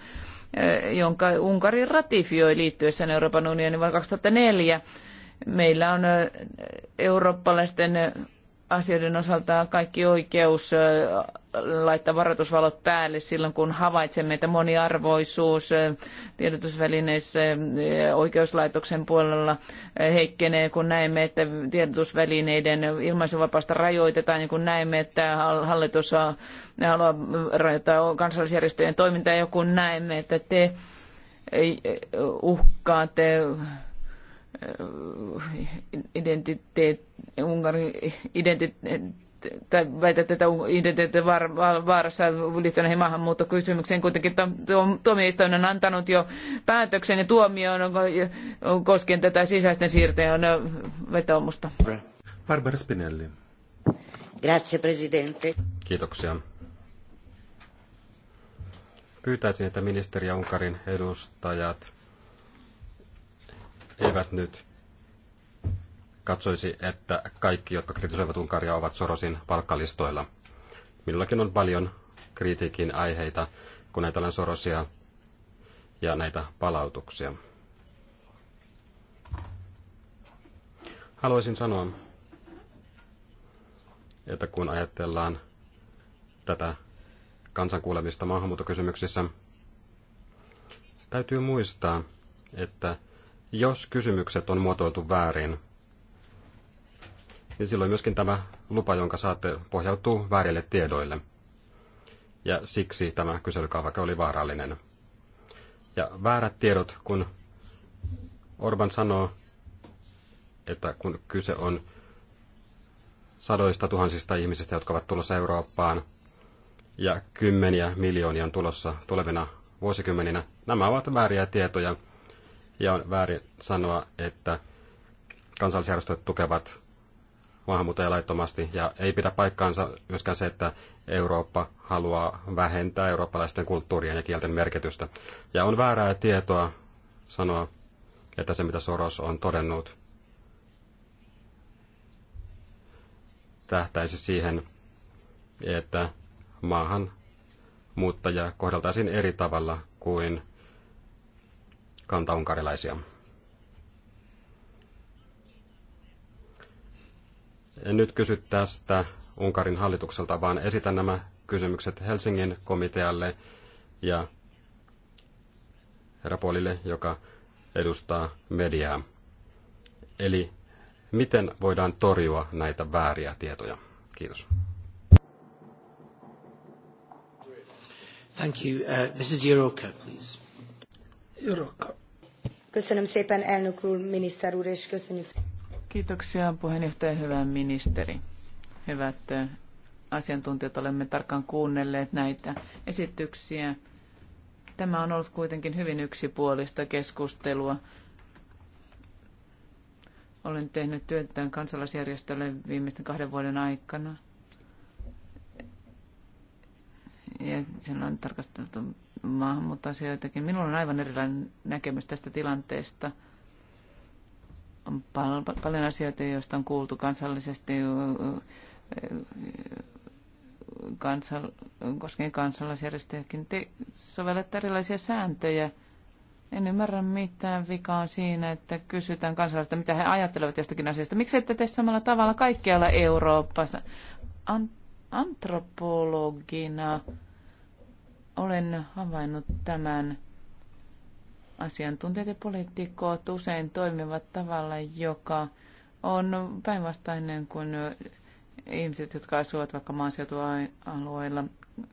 eh, jonka Unkari ratifioi liittyessään Euroopan unionin vuonna 2004. Meillä on eh, eurooppalaisten asioiden osalta kaikki oikeus laittaa varoitusvalot päälle silloin, kun havaitsemme, että moniarvoisuus tiedotusvälineissä oikeuslaitoksen puolella heikkenee, kun näemme, että tiedotusvälineiden ilmaisuvapaasta rajoitetaan ja kun näemme, että hallitus haluaa rajoittaa kansallisjärjestöjen toimintaa ja kun näemme, että te uhkaatte identiteet, Unkarin identiteet, tai väitätte, että identiteetti vaarassa liittyen näihin maahanmuuttokysymykseen. Kuitenkin tuomioistuin on antanut jo päätöksen ja tuomioon, koskien tätä sisäisten siirtojen vetoomusta. Barbara Spinelli. Grazie, presidente. Kiitoksia. Pyytäisin, että ministeri ja Unkarin edustajat eivät nyt katsoisi, että kaikki, jotka kritisoivat Unkaria, ovat Sorosin palkkalistoilla. Minullakin on paljon kritiikin aiheita, kun ajatellaan Sorosia ja näitä palautuksia. Haluaisin sanoa, että kun ajatellaan tätä kansankuulemista maahanmuuttokysymyksissä, täytyy muistaa, että jos kysymykset on muotoiltu väärin, niin silloin myöskin tämä lupa, jonka saatte, pohjautuu väärille tiedoille. Ja siksi tämä kyselykaavake oli vaarallinen. Ja väärät tiedot, kun Orban sanoo, että kun kyse on sadoista tuhansista ihmisistä, jotka ovat tulossa Eurooppaan, ja kymmeniä miljoonia on tulossa tulevina vuosikymmeninä, nämä ovat vääriä tietoja, ja on väärin sanoa, että kansallisjärjestöt tukevat maahanmuuttajia laittomasti, ja ei pidä paikkaansa myöskään se, että Eurooppa haluaa vähentää eurooppalaisten kulttuurien ja kielten merkitystä. Ja on väärää tietoa sanoa, että se mitä Soros on todennut, tähtäisi siihen, että maahan muuttajia kohdeltaisiin eri tavalla kuin kantaunkarilaisia. En nyt kysy tästä Unkarin hallitukselta, vaan esitän nämä kysymykset Helsingin komitealle ja herra Polille, joka edustaa mediaa. Eli miten voidaan torjua näitä vääriä tietoja? Kiitos. Thank you. Uh, Mrs. Jiroka, please. Jurka. Köszönöm szépen, elnök úr, miniszter úr, és köszönjük Kiitoksia puheenjohtaja, hyvä ministeri. Hyvät eh, asiantuntijat, olemme tarkkaan kuunnelleet näitä esityksiä. Tämä on ollut kuitenkin hyvin yksipuolista keskustelua. Olen tehnyt työtään kansalaisjärjestölle viimeisten kahden vuoden aikana – ja siellä on tarkasteltu maahanmuuttoasioitakin. Minulla on aivan erilainen näkemys tästä tilanteesta. On pal- paljon asioita, joista on kuultu kansallisesti, kansal- koskien kansalaisjärjestöjäkin. Te sovellette erilaisia sääntöjä. En ymmärrä mitään vikaa siinä, että kysytään kansalaisilta, mitä he ajattelevat jostakin asiasta. Miksi ette tee samalla tavalla kaikkialla Euroopassa? An- antropologina olen havainnut tämän asiantuntijat ja poliitikot usein toimivat tavalla, joka on päinvastainen kuin ihmiset, jotka asuvat vaikka maaseutualueilla.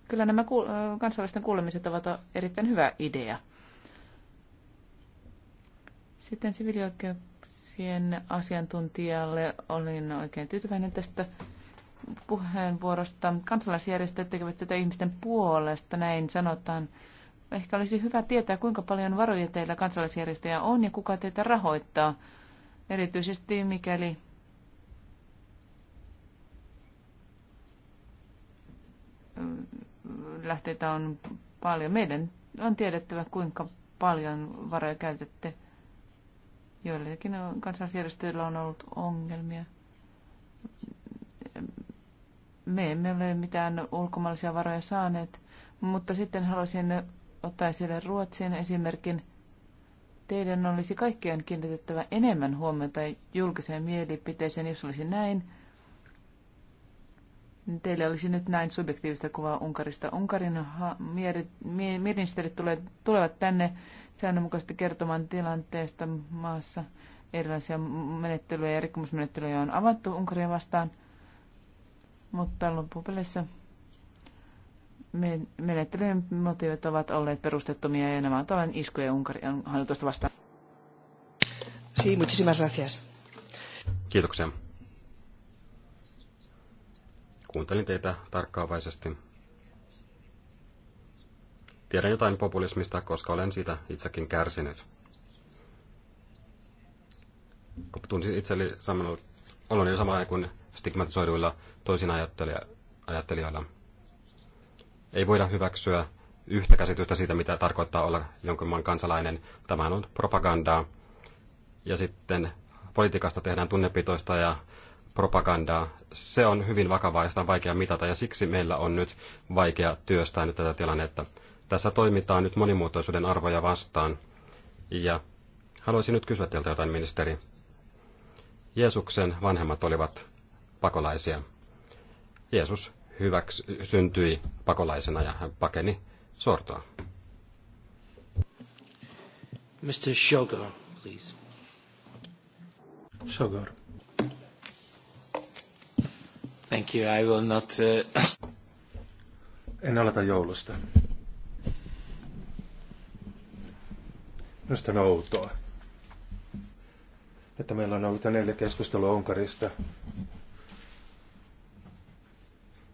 Kyllä nämä kansalaisten kuulemiset ovat erittäin hyvä idea. Sitten siviilioikeuksien asiantuntijalle olin oikein tyytyväinen tästä puheenvuorosta. Kansalaisjärjestöt tekevät tätä ihmisten puolesta, näin sanotaan. Ehkä olisi hyvä tietää, kuinka paljon varoja teillä kansalaisjärjestöjä on ja kuka teitä rahoittaa. Erityisesti mikäli lähteitä on paljon. Meidän on tiedettävä, kuinka paljon varoja käytätte. Joillekin kansalaisjärjestöillä on ollut ongelmia me emme ole mitään ulkomaalaisia varoja saaneet, mutta sitten haluaisin ottaa esille Ruotsin esimerkin. Teidän olisi kaikkien kiinnitettävä enemmän huomiota julkiseen mielipiteeseen, jos olisi näin. Teillä olisi nyt näin subjektiivista kuvaa Unkarista. Unkarin ministerit tulevat tänne säännönmukaisesti kertomaan tilanteesta maassa. Erilaisia menettelyjä ja rikkomusmenettelyjä on avattu Unkaria vastaan – mutta loppupeleissä menettelyjen motiivit ovat olleet perustettomia ja nämä ovat iskuja Unkarin hallitusta vastaan. Sí, muchísimas gracias. Kiitoksia. Kuuntelin teitä tarkkaavaisesti. Tiedän jotain populismista, koska olen siitä itsekin kärsinyt. Kun tunsin itselleni samalla, olen jo samalla kuin stigmatisoiduilla toisin ajattelijoilla. Ei voida hyväksyä yhtä käsitystä siitä, mitä tarkoittaa olla jonkun maan kansalainen. Tämä on propagandaa. Ja sitten politiikasta tehdään tunnepitoista ja propagandaa. Se on hyvin vakavaa ja sitä on vaikea mitata ja siksi meillä on nyt vaikea työstää nyt tätä tilannetta. Tässä toimitaan nyt monimuotoisuuden arvoja vastaan. Ja haluaisin nyt kysyä teiltä jotain, ministeri. Jeesuksen vanhemmat olivat pakolaisia. Jeesus hyväks, syntyi pakolaisena ja hän pakeni sortoa. Mr. Shogor, please. Shogor. Thank you. I will not... Uh... En aloita joulusta. Minusta on outoa, että meillä on ollut neljä keskustelua Unkarista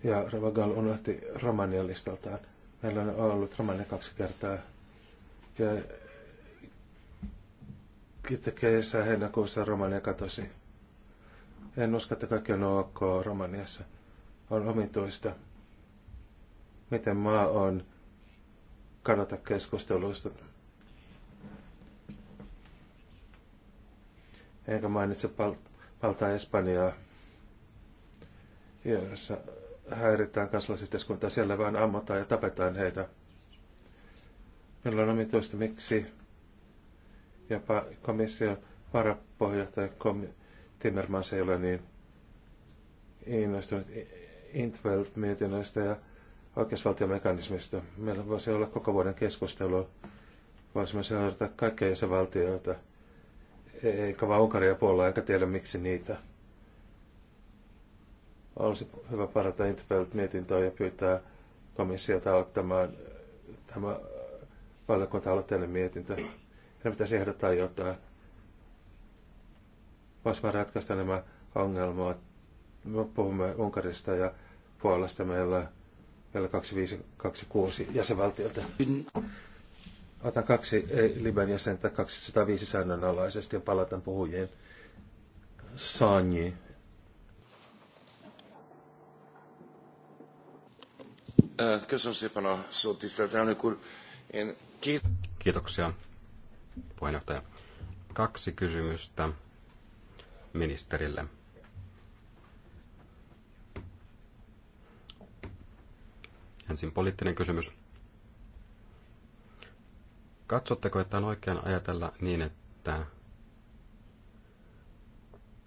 ja Ravagal unohti Romania listaltaan. Meillä on ollut Romania kaksi kertaa. Ja kesä heinäkuussa Romania katosi. En usko, että kaikki on ok Romaniassa. On omituista, miten maa on kadota keskusteluista. Enkä mainitse Pal- Paltaa Espanjaa, jossa häiritään kansalaisyhteiskuntaa siellä, vain ammataan ja tapetaan heitä. Minulla on omituista, miksi jopa komission varapuheenjohtaja Timmermans ei ole niin innostunut intveld mietinnöistä ja oikeusvaltiomekanismista. Meillä voisi olla koko vuoden keskustelua. Voisimme seurata kaikkia jäsenvaltioita, eikä vain Unkaria ja Puolaa, enkä tiedä miksi niitä. Olisi hyvä parata Interpelt-mietintöä ja pyytää komissiota ottamaan tämä valiokunta-aloitteinen mietintö. Ja pitäisi ehdottaa jotain. Voisimme ratkaista nämä ongelmat. Me puhumme Unkarista ja Puolasta meillä meillä 2526 jäsenvaltiota. Otan kaksi eh, Liben jäsentä 205 säännön alaisesti ja palataan puhujien Sanji Eh, Kiitoksia, puheenjohtaja. Kaksi kysymystä ministerille. Ensin poliittinen kysymys. Katsotteko, että on oikein ajatella niin, että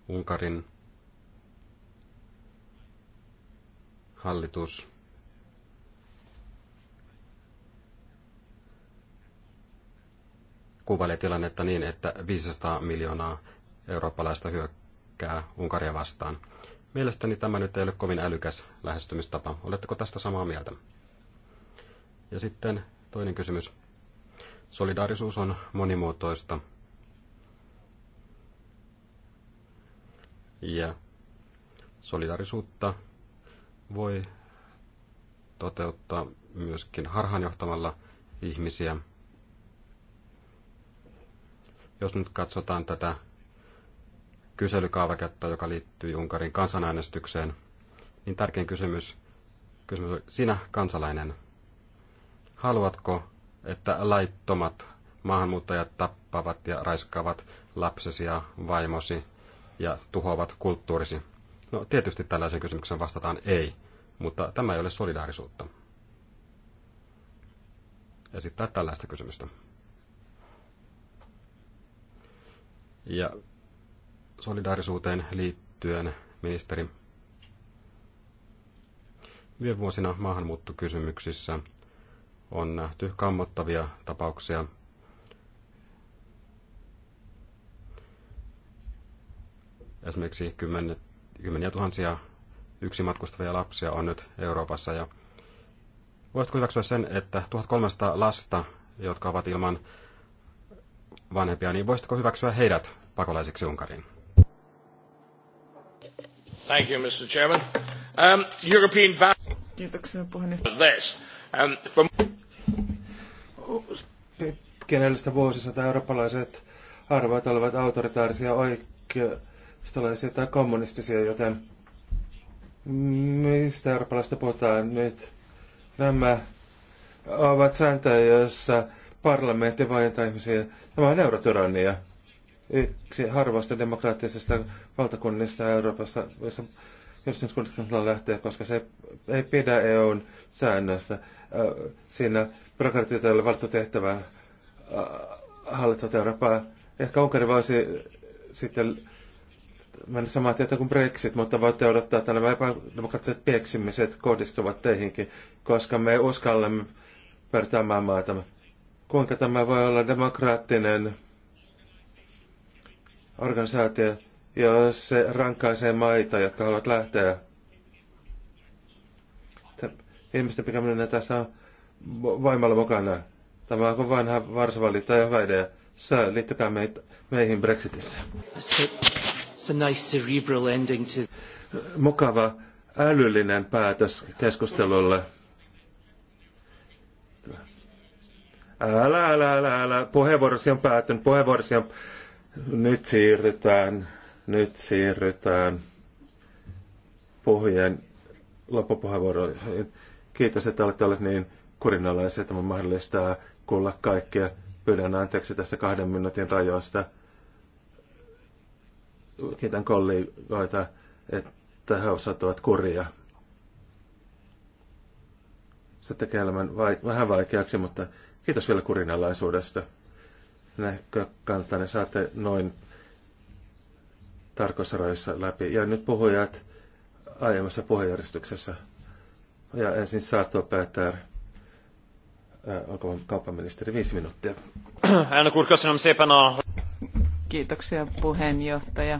Unkarin hallitus kuvailee tilannetta niin, että 500 miljoonaa eurooppalaista hyökkää Unkaria vastaan. Mielestäni tämä nyt ei ole kovin älykäs lähestymistapa. Oletteko tästä samaa mieltä? Ja sitten toinen kysymys. Solidaarisuus on monimuotoista. Ja solidaarisuutta voi toteuttaa myöskin harhaanjohtamalla ihmisiä – jos nyt katsotaan tätä kyselykaavaketta, joka liittyy Unkarin kansanäänestykseen, niin tärkein kysymys, kysymys on sinä kansalainen. Haluatko, että laittomat maahanmuuttajat tappavat ja raiskaavat lapsesi ja vaimosi ja tuhoavat kulttuurisi? No tietysti tällaisen kysymyksen vastataan ei, mutta tämä ei ole solidaarisuutta. Esittää tällaista kysymystä. Ja solidaarisuuteen liittyen, ministeri, viime vuosina maahanmuuttokysymyksissä on nähty kammottavia tapauksia. Esimerkiksi kymmeniä, kymmeniä tuhansia yksimatkustavia matkustavia lapsia on nyt Euroopassa. Ja voisitko hyväksyä sen, että 1300 lasta, jotka ovat ilman vanhempia, niin voisitko hyväksyä heidät pakolaisiksi Unkariin? Thank you, Mr. Chairman. Um, European Kiitoksia puheenjohtaja. This. Um, from... Kenellistä vuosisata eurooppalaiset arvot olivat autoritaarisia, oikeistolaisia tai kommunistisia, joten mistä eurooppalaista puhutaan nyt? Nämä ovat sääntöjä, joissa parlamentti vaientaa ihmisiä. Tämä on eurotyrannia. Yksi harvoista demokraattisesta valtakunnista Euroopassa, jossa jossain lähtee, koska se ei pidä EUn säännöistä. Siinä byrokratioita ei ole valittu tehtävää hallittua Eurooppaa. Ehkä Unkari voisi sitten mennä samaa tietä kuin Brexit, mutta voitte odottaa, että nämä epädemokraattiset pieksimiset kohdistuvat teihinkin, koska me uskallamme maailmaa tämän kuinka tämä voi olla demokraattinen organisaatio, jos se rankaisee maita, jotka haluavat lähteä. Ihmisten pitäminen tässä on voimalla mukana. Tämä on kuin vanha Varsovali tai hyvä idea. Sir, liittykää meitä, meihin Brexitissä. It's a nice cerebral ending to... Mukava älyllinen päätös keskustelulle. Älä, älä, älä, älä. Puheenvuorosi on päättynyt. Puheenvuorosi on... Nyt siirrytään. Nyt siirrytään puhujien loppupuheenvuoroihin. Kiitos, että olette olleet niin kurinalaisia, että on mahdollistaa kuulla kaikkia. Pyydän anteeksi tästä kahden minuutin rajoista. Kiitän kollegoita, että he osaavat kuria. Se tekee elämän vai- vähän vaikeaksi, mutta Kiitos vielä kurinalaisuudesta. Näkökantanne saatte noin tarkoissa rajoissa läpi. Ja nyt puhujat aiemmassa puheenjärjestyksessä. Ja ensin Saarto päättää äh, olkoon kauppaministeri viisi minuuttia. Kiitoksia puheenjohtaja.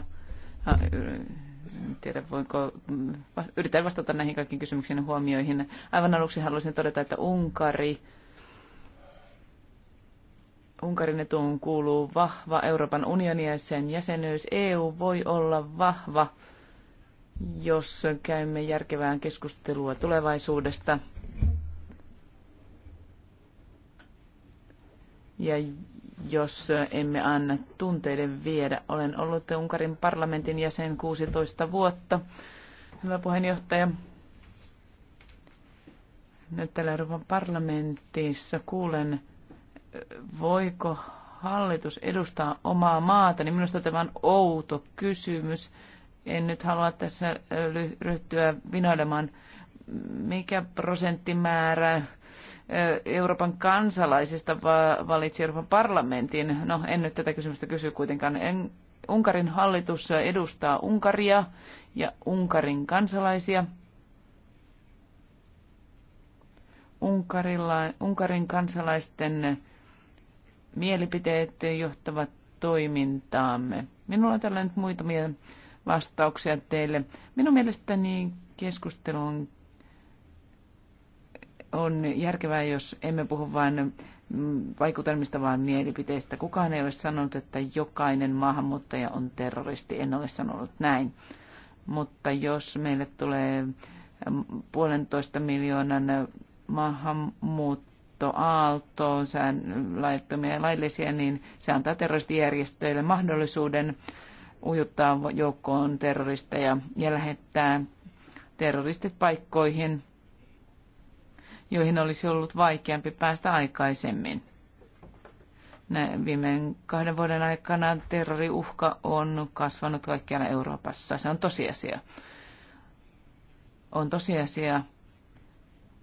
tiedä, voinko, mm, yritän vastata näihin kaikkiin kysymyksiin ja huomioihin. Aivan aluksi haluaisin todeta, että Unkari Unkarin etuun kuuluu vahva Euroopan unioni ja sen jäsenyys. EU voi olla vahva, jos käymme järkevää keskustelua tulevaisuudesta. Ja jos emme anna tunteiden viedä. Olen ollut Unkarin parlamentin jäsen 16 vuotta. Hyvä puheenjohtaja. Nyt täällä Euroopan parlamentissa kuulen voiko hallitus edustaa omaa maata, niin minusta tämä on outo kysymys. En nyt halua tässä ryhtyä vinoilemaan, mikä prosenttimäärä Euroopan kansalaisista valitsi Euroopan parlamentin. No, en nyt tätä kysymystä kysy kuitenkaan. En, Unkarin hallitus edustaa Unkaria ja Unkarin kansalaisia. Unkarilla, Unkarin kansalaisten mielipiteet johtavat toimintaamme. Minulla on täällä nyt muutamia vastauksia teille. Minun mielestäni keskustelu on, on järkevää, jos emme puhu vain vaikutelmista, vaan mielipiteistä. Kukaan ei ole sanonut, että jokainen maahanmuuttaja on terroristi. En ole sanonut näin. Mutta jos meille tulee puolentoista miljoonan maahanmuuttaja, muuttoaaltoon, sään, laittomia ja laillisia, niin se antaa terroristijärjestöille mahdollisuuden ujuttaa joukkoon terroristeja ja lähettää terroristit paikkoihin, joihin olisi ollut vaikeampi päästä aikaisemmin. Näin viimeisen kahden vuoden aikana terroriuhka on kasvanut kaikkialla Euroopassa. Se on tosiasia. On tosiasia,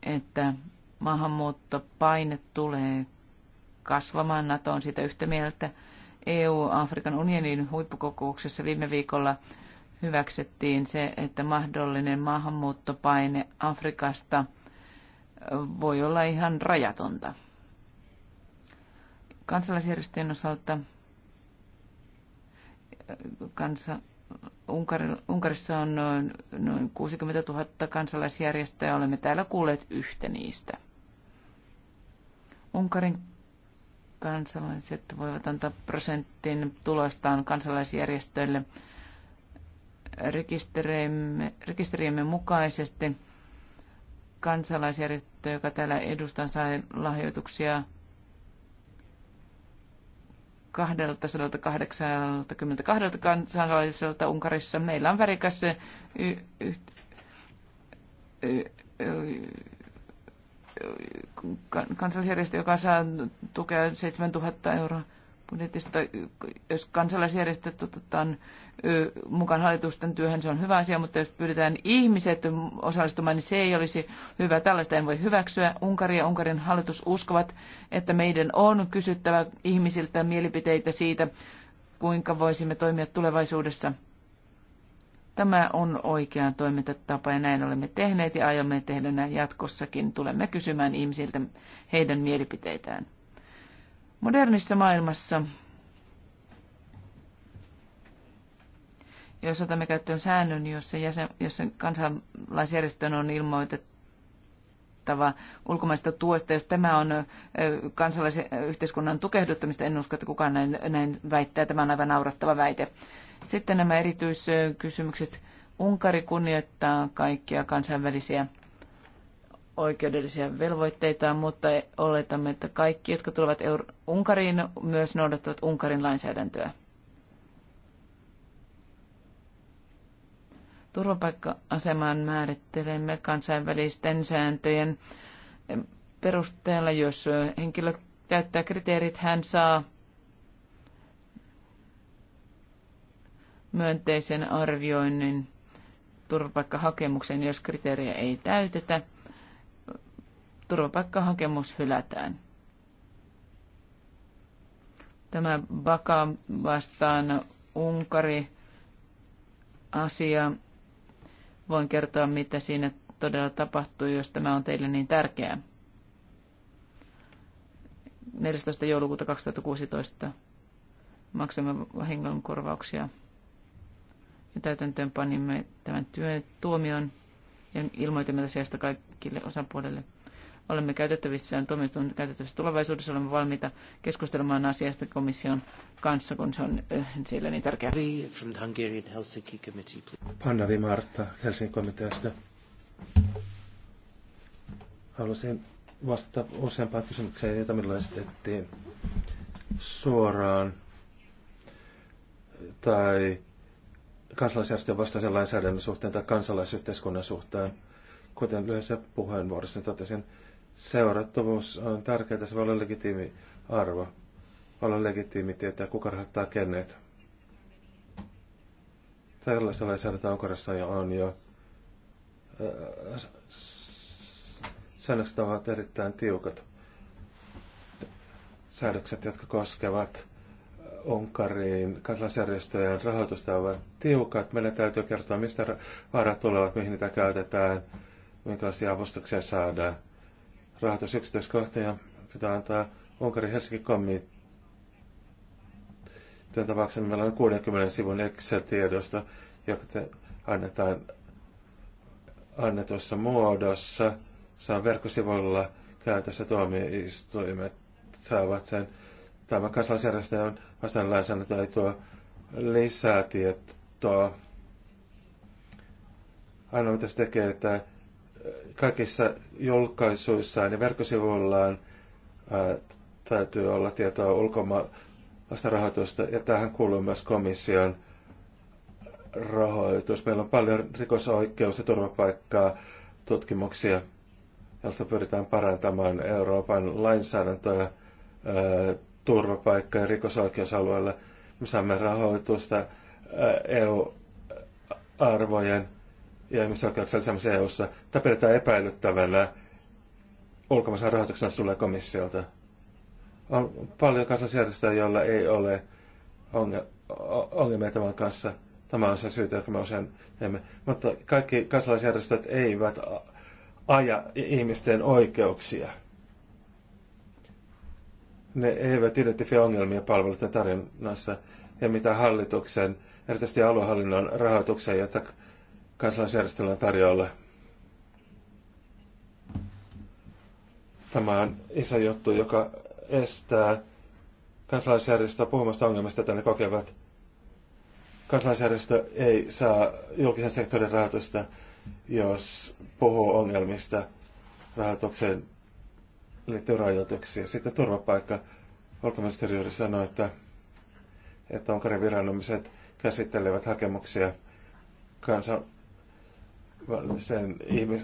että maahanmuuttopaine tulee kasvamaan. NATO on siitä yhtä mieltä. EU-Afrikan unionin huippukokouksessa viime viikolla hyväksyttiin se, että mahdollinen maahanmuuttopaine Afrikasta voi olla ihan rajatonta. Kansalaisjärjestöjen osalta kansa, Unkarissa on noin, noin 60 000 kansalaisjärjestöä. Olemme täällä kuulleet yhtä niistä. Unkarin kansalaiset voivat antaa prosentin tulostaan kansalaisjärjestöille rekisteriemme, rekisteriemme mukaisesti. Kansalaisjärjestö, joka täällä edustaa, sai lahjoituksia 282 kansalaiselta Unkarissa. Meillä on värikäs y- y- y- kansalaisjärjestö, joka saa tukea 7000 euroa budjetista, jos kansalaisjärjestöt otetaan mukaan hallitusten työhön, se on hyvä asia, mutta jos pyydetään ihmiset osallistumaan, niin se ei olisi hyvä. Tällaista en voi hyväksyä. Unkari ja Unkarin hallitus uskovat, että meidän on kysyttävä ihmisiltä mielipiteitä siitä, kuinka voisimme toimia tulevaisuudessa. Tämä on oikea toimintatapa ja näin olemme tehneet ja aiomme tehdä näin jatkossakin. Tulemme kysymään ihmisiltä heidän mielipiteitään. Modernissa maailmassa, jos otamme käyttöön säännön, jossa, jäsen, jossa kansalaisjärjestön on ilmoitettu, ulkomaista tuosta, jos tämä on kansalaisyhteiskunnan tukehduttamista, en usko, että kukaan näin, näin väittää. Tämä on aivan naurattava väite sitten nämä erityiskysymykset. Unkari kunnioittaa kaikkia kansainvälisiä oikeudellisia velvoitteita, mutta oletamme, että kaikki, jotka tulevat Euro- Unkariin, myös noudattavat Unkarin lainsäädäntöä. Turvapaikka-aseman määrittelemme kansainvälisten sääntöjen perusteella, jos henkilö täyttää kriteerit, hän saa myönteisen arvioinnin turvapaikkahakemuksen, jos kriteeriä ei täytetä. Turvapaikkahakemus hylätään. Tämä Baka vastaan Unkari asia. Voin kertoa, mitä siinä todella tapahtui, jos tämä on teille niin tärkeää. 14. joulukuuta 2016 maksamme vahingonkorvauksia ja täytäntöön panimme tämän työn tuomion ja ilmoitimme asiasta kaikille osapuolille. Olemme ja tuomioistuin käytettävissä tulevaisuudessa, olemme valmiita keskustelemaan asiasta komission kanssa, kun se on äh, siellä niin tärkeää. Panna Martta Helsingin komiteasta. Haluaisin vastata useampaan kysymykseen, joita minulle esitettiin suoraan tai kansalaisjärjestön vastaisen lainsäädännön suhteen tai kansalaisyhteiskunnan suhteen. Kuten lyhyessä puheenvuorossa totesin, seurattavuus on tärkeää, se voi olla legitiimi arvo, olla legitiimi tietää, kuka rahoittaa kenet. Tällaista lainsäädäntöä Unkarissa jo on jo. Äh, säännökset ovat erittäin tiukat. Säädökset, jotka koskevat Onkariin kansalaisjärjestöjen rahoitusta ovat tiukat. Meidän täytyy kertoa, mistä varat tulevat, mihin niitä käytetään, minkälaisia avustuksia saadaan. Rahoitus yksityiskohtia pitää antaa Unkarin Helsinki kommi. Tämän tapauksessa meillä on 60 sivun Excel-tiedosta, joka annetaan annetussa muodossa. Se on verkkosivuilla käytössä tuomioistuimet saavat sen Tämä kansalaisjärjestöjen vastainen lainsäädäntö ei tuo lisää tietoa. Ainoa mitä se tekee, että kaikissa julkaisuissaan ja verkkosivuillaan ää, täytyy olla tietoa ulkomaalaista rahoitusta, ja tähän kuuluu myös komission rahoitus. Meillä on paljon rikosoikeus- ja turvapaikkaa tutkimuksia, joissa pyritään parantamaan Euroopan lainsäädäntöä turvapaikka- ja rikosoikeusalueelle. Me saamme rahoitusta EU-arvojen ja ihmisoikeuksien lisäämisen EU-ssa. Tämä pidetään epäilyttävänä ulkomaisen rahoituksena se tulee komissiolta. On paljon kansalaisjärjestöjä, joilla ei ole ongelmia tämän kanssa. Tämä on se syytä, joka me usein teemme. Mutta kaikki kansalaisjärjestöt eivät aja ihmisten oikeuksia ne eivät identifioi ongelmia palveluiden tarjonnassa ja mitä hallituksen, erityisesti aluehallinnon rahoituksen, jota kansalaisjärjestöllä on tarjolla. Tämä on iso juttu, joka estää kansalaisjärjestöä puhumasta ongelmista, joita ne kokevat. Kansalaisjärjestö ei saa julkisen sektorin rahoitusta, jos puhuu ongelmista rahoituksen liittyy rajoituksia. Sitten turvapaikka. Ulkoministeri juuri sanoi, että, että Unkarin viranomaiset käsittelevät hakemuksia kansan sen ihmis,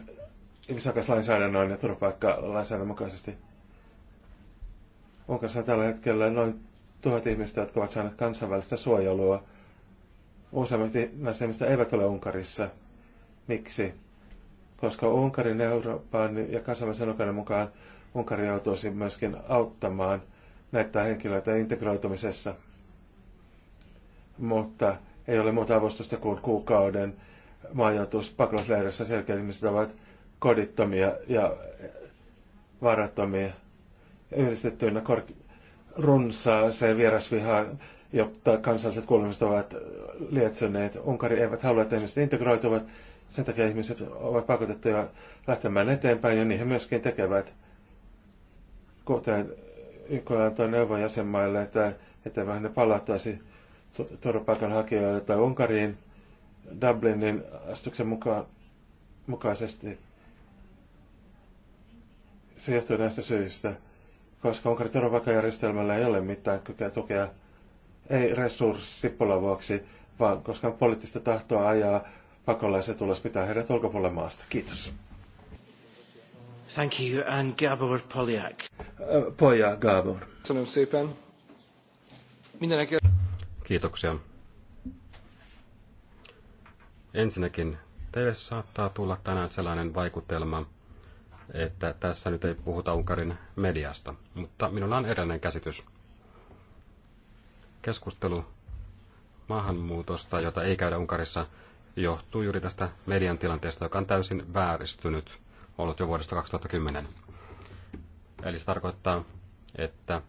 ihmisoikeuslainsäädännön ja turvapaikkalainsäädännön mukaisesti. Unkarissa on tällä hetkellä noin tuhat ihmistä, jotka ovat saaneet kansainvälistä suojelua. Useimmat näistä ihmistä eivät ole Unkarissa. Miksi? Koska Unkarin, Euroopan ja kansainvälisen oikeuden mukaan Unkari joutuisi myöskin auttamaan näitä henkilöitä integroitumisessa. Mutta ei ole muuta avustusta kuin kuukauden majoitus pakolaisleirissä. Selkeä ihmiset ovat kodittomia ja varattomia. Yhdistettyinä kork- runsaaseen vierasvihaan, jotta kansalliset kuulemiset ovat lietsoneet. Unkari eivät halua, että ihmiset integroituvat. Sen takia ihmiset ovat pakotettuja lähtemään eteenpäin ja niihin myöskin tekevät kohtaan YKL antaa neuvon jäsenmaille, että, että vähän ne turvapaikanhakijoille tai Unkariin Dublinin astuksen mukaan, mukaisesti. Se johtuu näistä syistä, koska Unkarin turvapaikkajärjestelmällä ei ole mitään kykyä tukea, ei resurssipulan vuoksi, vaan koska on poliittista tahtoa ajaa pakolaiset ulos, pitää heidät ulkopuolella maasta. Kiitos. Thank you, and Gábor Kiitoksia. Ensinnäkin teille saattaa tulla tänään sellainen vaikutelma, että tässä nyt ei puhuta Unkarin mediasta, mutta minulla on erilainen käsitys. Keskustelu maahanmuutosta, jota ei käydä Unkarissa, johtuu juuri tästä median tilanteesta, joka on täysin vääristynyt ollut jo vuodesta 2010. Eli se tarkoittaa, että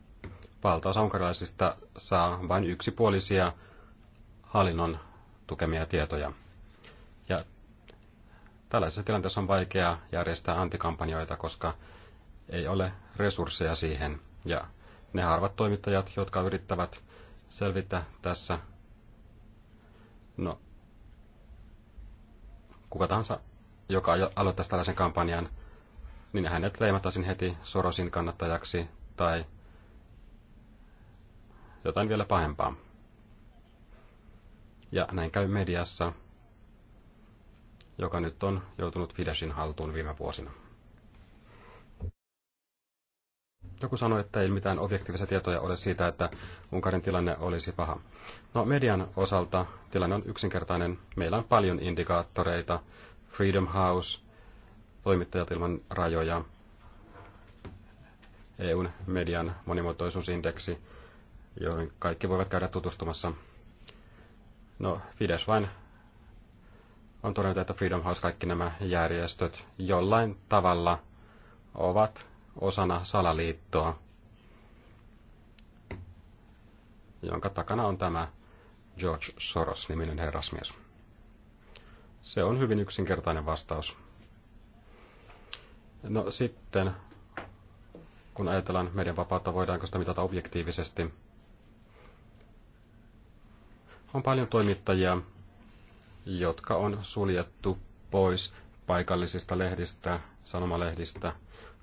valtaosa unkarilaisista saa vain yksipuolisia hallinnon tukemia tietoja. Ja tällaisessa tilanteessa on vaikea järjestää antikampanjoita, koska ei ole resursseja siihen. Ja ne harvat toimittajat, jotka yrittävät selvitä tässä, no, kuka tahansa joka aloittaisi tällaisen kampanjan, niin hänet leimattaisiin heti Sorosin kannattajaksi tai jotain vielä pahempaa. Ja näin käy mediassa, joka nyt on joutunut Fideshin haltuun viime vuosina. Joku sanoi, että ei mitään objektiivisia tietoja ole siitä, että Unkarin tilanne olisi paha. No median osalta tilanne on yksinkertainen. Meillä on paljon indikaattoreita Freedom House, toimittajat ilman rajoja, EUn median monimuotoisuusindeksi, joihin kaikki voivat käydä tutustumassa. No, Fides vain on todennut, että Freedom House, kaikki nämä järjestöt jollain tavalla ovat osana salaliittoa, jonka takana on tämä George Soros-niminen herrasmies. Se on hyvin yksinkertainen vastaus. No sitten, kun ajatellaan meidän vapautta, voidaanko sitä mitata objektiivisesti? On paljon toimittajia, jotka on suljettu pois paikallisista lehdistä, sanomalehdistä,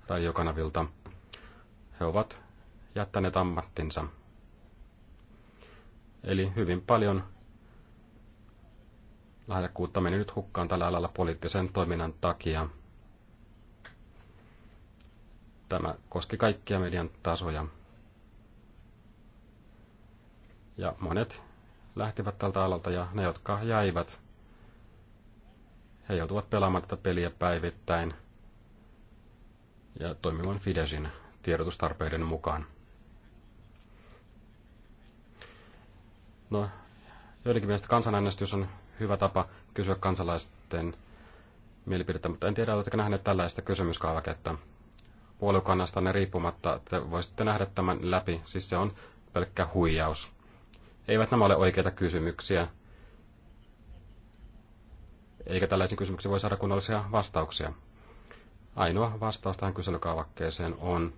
radiokanavilta. He ovat jättäneet ammattinsa. Eli hyvin paljon lahjakkuutta meni nyt hukkaan tällä alalla poliittisen toiminnan takia. Tämä koski kaikkia median tasoja. Ja monet lähtivät tältä alalta ja ne, jotka jäivät, he joutuvat pelaamaan tätä peliä päivittäin ja toimivan Fidesin tiedotustarpeiden mukaan. No, joidenkin mielestä kansanäänestys on hyvä tapa kysyä kansalaisten mielipidettä, mutta en tiedä, oletteko nähneet tällaista kysymyskaavaketta. ne riippumatta te voisitte nähdä tämän läpi, siis se on pelkkä huijaus. Eivät nämä ole oikeita kysymyksiä, eikä tällaisiin kysymyksiin voi saada kunnollisia vastauksia. Ainoa vastaus tähän kyselykaavakkeeseen on,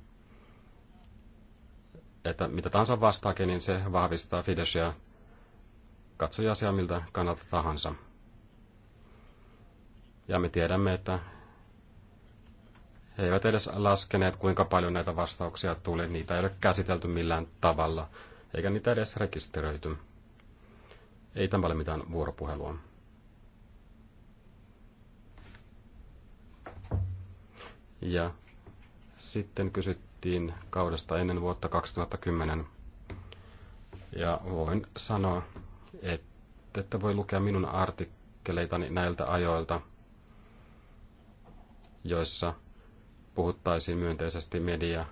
että mitä tahansa vastaakin, niin se vahvistaa Fideshia katsoja asia miltä kannalta tahansa. Ja me tiedämme, että he eivät edes laskeneet, kuinka paljon näitä vastauksia tuli. Niitä ei ole käsitelty millään tavalla, eikä niitä edes rekisteröity. Ei tämä ole mitään vuoropuhelua. Ja sitten kysyttiin kaudesta ennen vuotta 2010. Ja voin sanoa, että, että voi lukea minun artikkeleitani näiltä ajoilta, joissa puhuttaisiin myönteisesti media,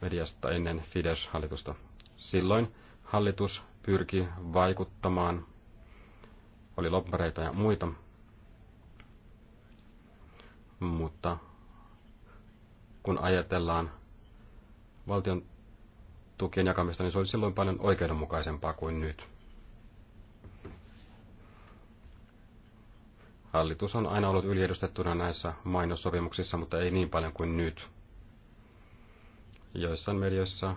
mediasta ennen Fidesz-hallitusta. Silloin hallitus pyrki vaikuttamaan, oli loppareita ja muita, mutta kun ajatellaan valtion tukien jakamista, niin se oli silloin paljon oikeudenmukaisempaa kuin nyt. Hallitus on aina ollut yliedustettuna näissä mainossopimuksissa, mutta ei niin paljon kuin nyt. Joissain medioissa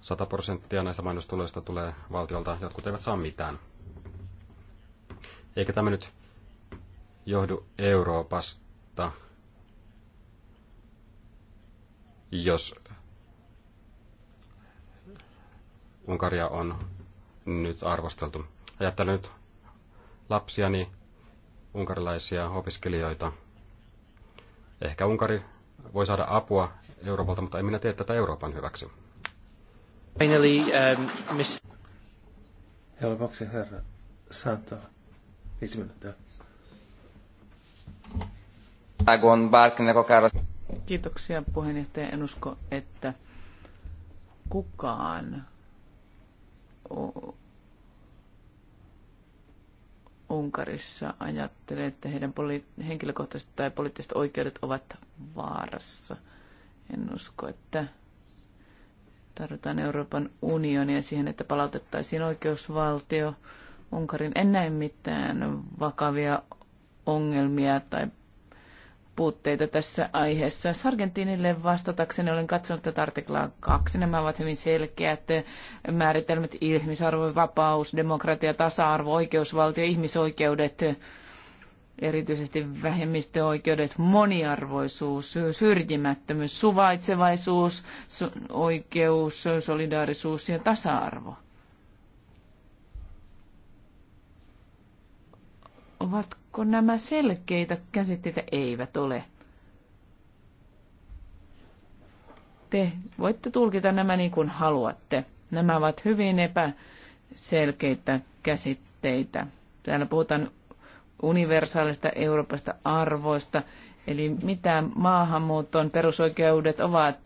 100 prosenttia näistä mainostuloista tulee valtiolta, jotkut eivät saa mitään. Eikä tämä nyt johdu Euroopasta, jos Unkaria on nyt arvosteltu. Ajattelen nyt lapsiani unkarilaisia opiskelijoita. Ehkä Unkari voi saada apua Euroopalta, mutta en minä tee tätä Euroopan hyväksi. Finally, um, miss... Helpoksi herra Santo. Viisi minuuttia. Kiitoksia puheenjohtaja. En usko, että kukaan Unkarissa ajattelee, että heidän poli- henkilökohtaiset tai poliittiset oikeudet ovat vaarassa. En usko, että tarvitaan Euroopan unionia siihen, että palautettaisiin oikeusvaltio Unkarin. En näe mitään vakavia ongelmia tai puutteita tässä aiheessa. Sargentinille vastatakseni olen katsonut tätä artiklaa kaksi. Nämä ovat hyvin selkeät määritelmät ihmisarvo, vapaus, demokratia, tasa-arvo, oikeusvaltio, ihmisoikeudet, erityisesti vähemmistöoikeudet, moniarvoisuus, syrjimättömyys, suvaitsevaisuus, oikeus, solidaarisuus ja tasa-arvo. Ovat kun nämä selkeitä käsitteitä eivät ole. Te voitte tulkita nämä niin kuin haluatte. Nämä ovat hyvin epäselkeitä käsitteitä. Täällä puhutaan universaalista Euroopasta arvoista, eli mitä maahanmuuton perusoikeudet ovat,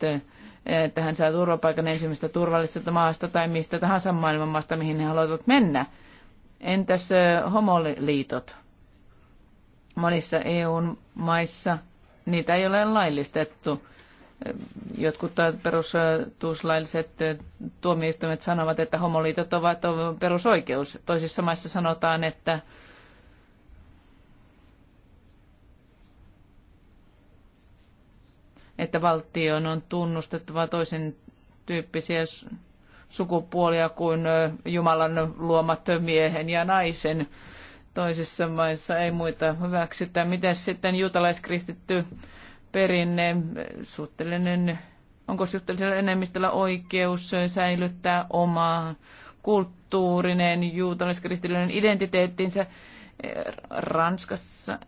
että hän saa turvapaikan ensimmäisestä turvallisesta maasta tai mistä tahansa maailman maasta, mihin he haluavat mennä. Entäs homoliitot? Monissa eu maissa niitä ei ole laillistettu. Jotkut perustuslailliset tuomioistuimet sanovat, että homoliitot ovat perusoikeus. Toisissa maissa sanotaan, että että valtion on tunnustettava toisen tyyppisiä sukupuolia kuin Jumalan luomat miehen ja naisen toisissa maissa ei muita hyväksytä. Miten sitten juutalaiskristitty perinne, suhteellinen, onko suhteellisella enemmistöllä oikeus säilyttää oma kulttuurinen juutalaiskristillinen identiteettinsä Ranskassa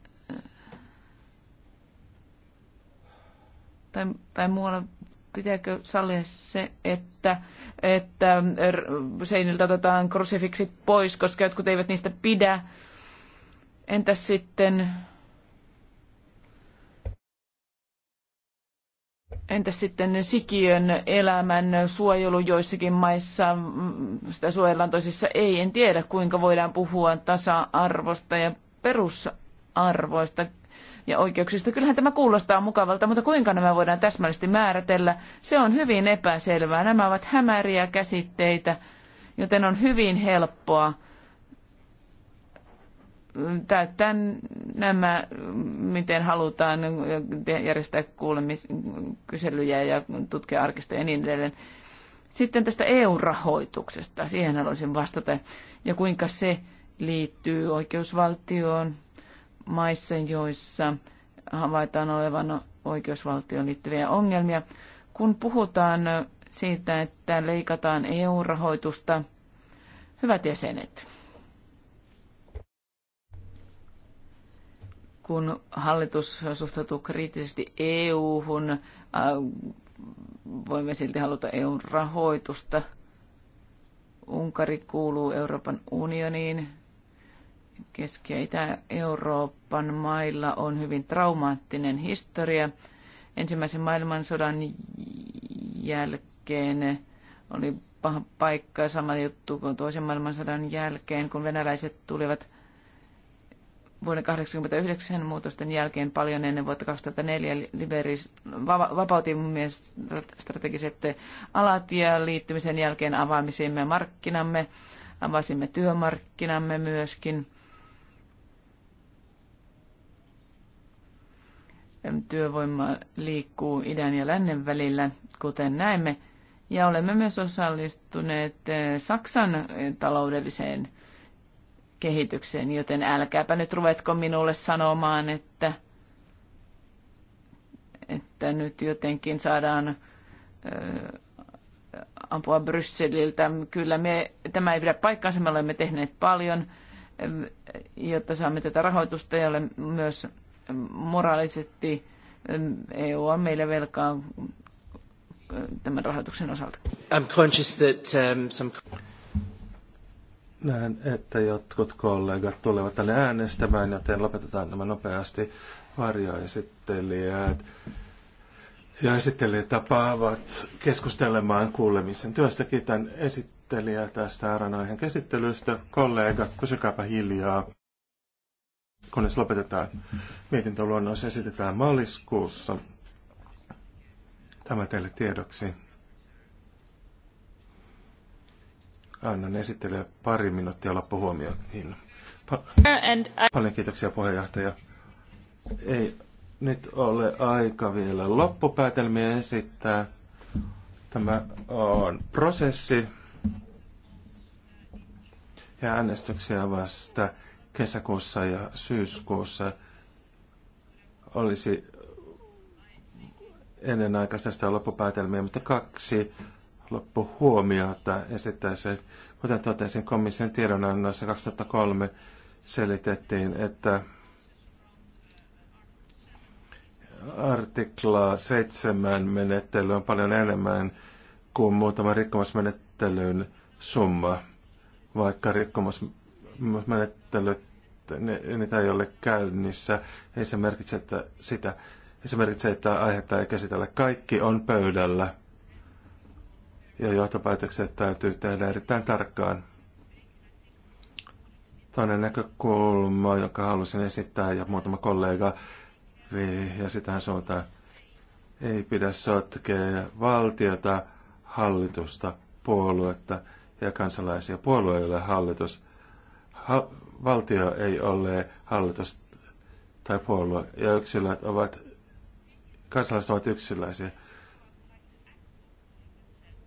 tai, tai muualla pitääkö sallia se, että, että seiniltä otetaan krusifiksit pois, koska jotkut eivät niistä pidä entä sitten entä sitten sikiön elämän suojelu joissakin maissa, sitä suojellaan toisissa ei, en tiedä kuinka voidaan puhua tasa-arvosta ja perusarvoista ja oikeuksista. Kyllähän tämä kuulostaa mukavalta, mutta kuinka nämä voidaan täsmällisesti määritellä, se on hyvin epäselvää. Nämä ovat hämäriä käsitteitä, joten on hyvin helppoa täyttää nämä, miten halutaan järjestää kuulemiskyselyjä ja tutkia arkistoja ja niin edelleen. Sitten tästä EU-rahoituksesta, siihen haluaisin vastata, ja kuinka se liittyy oikeusvaltioon maissa, joissa havaitaan olevan oikeusvaltioon liittyviä ongelmia. Kun puhutaan siitä, että leikataan EU-rahoitusta, hyvät jäsenet, kun hallitus suhtautuu kriittisesti EU-hun, äh, voimme silti haluta EUn rahoitusta. Unkari kuuluu Euroopan unioniin. Keski- ja Itä-Euroopan mailla on hyvin traumaattinen historia. Ensimmäisen maailmansodan jälkeen oli paha paikka, sama juttu kuin toisen maailmansodan jälkeen, kun venäläiset tulivat – vuoden 1989 muutosten jälkeen paljon ennen vuotta 2004 Liberis vapautti strategiset alat ja liittymisen jälkeen avaamisimme markkinamme, avasimme työmarkkinamme myöskin. Työvoima liikkuu idän ja lännen välillä, kuten näemme, ja olemme myös osallistuneet eh, Saksan taloudelliseen kehitykseen, joten älkääpä nyt ruvetko minulle sanomaan, että, että nyt jotenkin saadaan ampua Brysseliltä. Kyllä me, tämä ei pidä paikkaansa, me olemme tehneet paljon, jotta saamme tätä rahoitusta ja ole myös moraalisesti EU on meille velkaa tämän rahoituksen osalta. I'm conscious that, um, some... Näen, että jotkut kollegat tulevat tänne äänestämään, joten lopetetaan nämä nopeasti varjoesittelijät. Ja esittelijät tapaavat keskustelemaan kuulemisen työstä. Kiitän esittelijää tästä aiheen käsittelystä. Kollegat, pysykääpä hiljaa, kunnes lopetetaan. Mietintöluonnos esitetään maaliskuussa. Tämä teille tiedoksi. Annan esittelyä pari minuuttia loppuhuomioihin. Pa- Paljon kiitoksia puheenjohtaja. Ei nyt ole aika vielä loppupäätelmiä esittää. Tämä on prosessi ja äänestyksiä vasta kesäkuussa ja syyskuussa olisi ennen aikaisesta loppupäätelmiä, mutta kaksi loppuhuomiota esittäisin. Kuten totesin komission tiedonannossa 2003 selitettiin, että artikla 7 menettely on paljon enemmän kuin muutama rikkomusmenettelyn summa, vaikka rikkomusmenettelyt, niitä ei ole käynnissä, ei se merkitse, että sitä, ei se merkitse, että aihetta ei käsitellä. Kaikki on pöydällä ja johtopäätökset täytyy tehdä erittäin tarkkaan. Toinen näkökulma, jonka halusin esittää ja muutama kollega ja sitähän suuntaan, ei pidä sotkea valtiota, hallitusta, puoluetta ja kansalaisia. Puolueille hallitus. Ha- valtio ei ole hallitus tai puolue ja yksilöt ovat, kansalaiset ovat yksilöisiä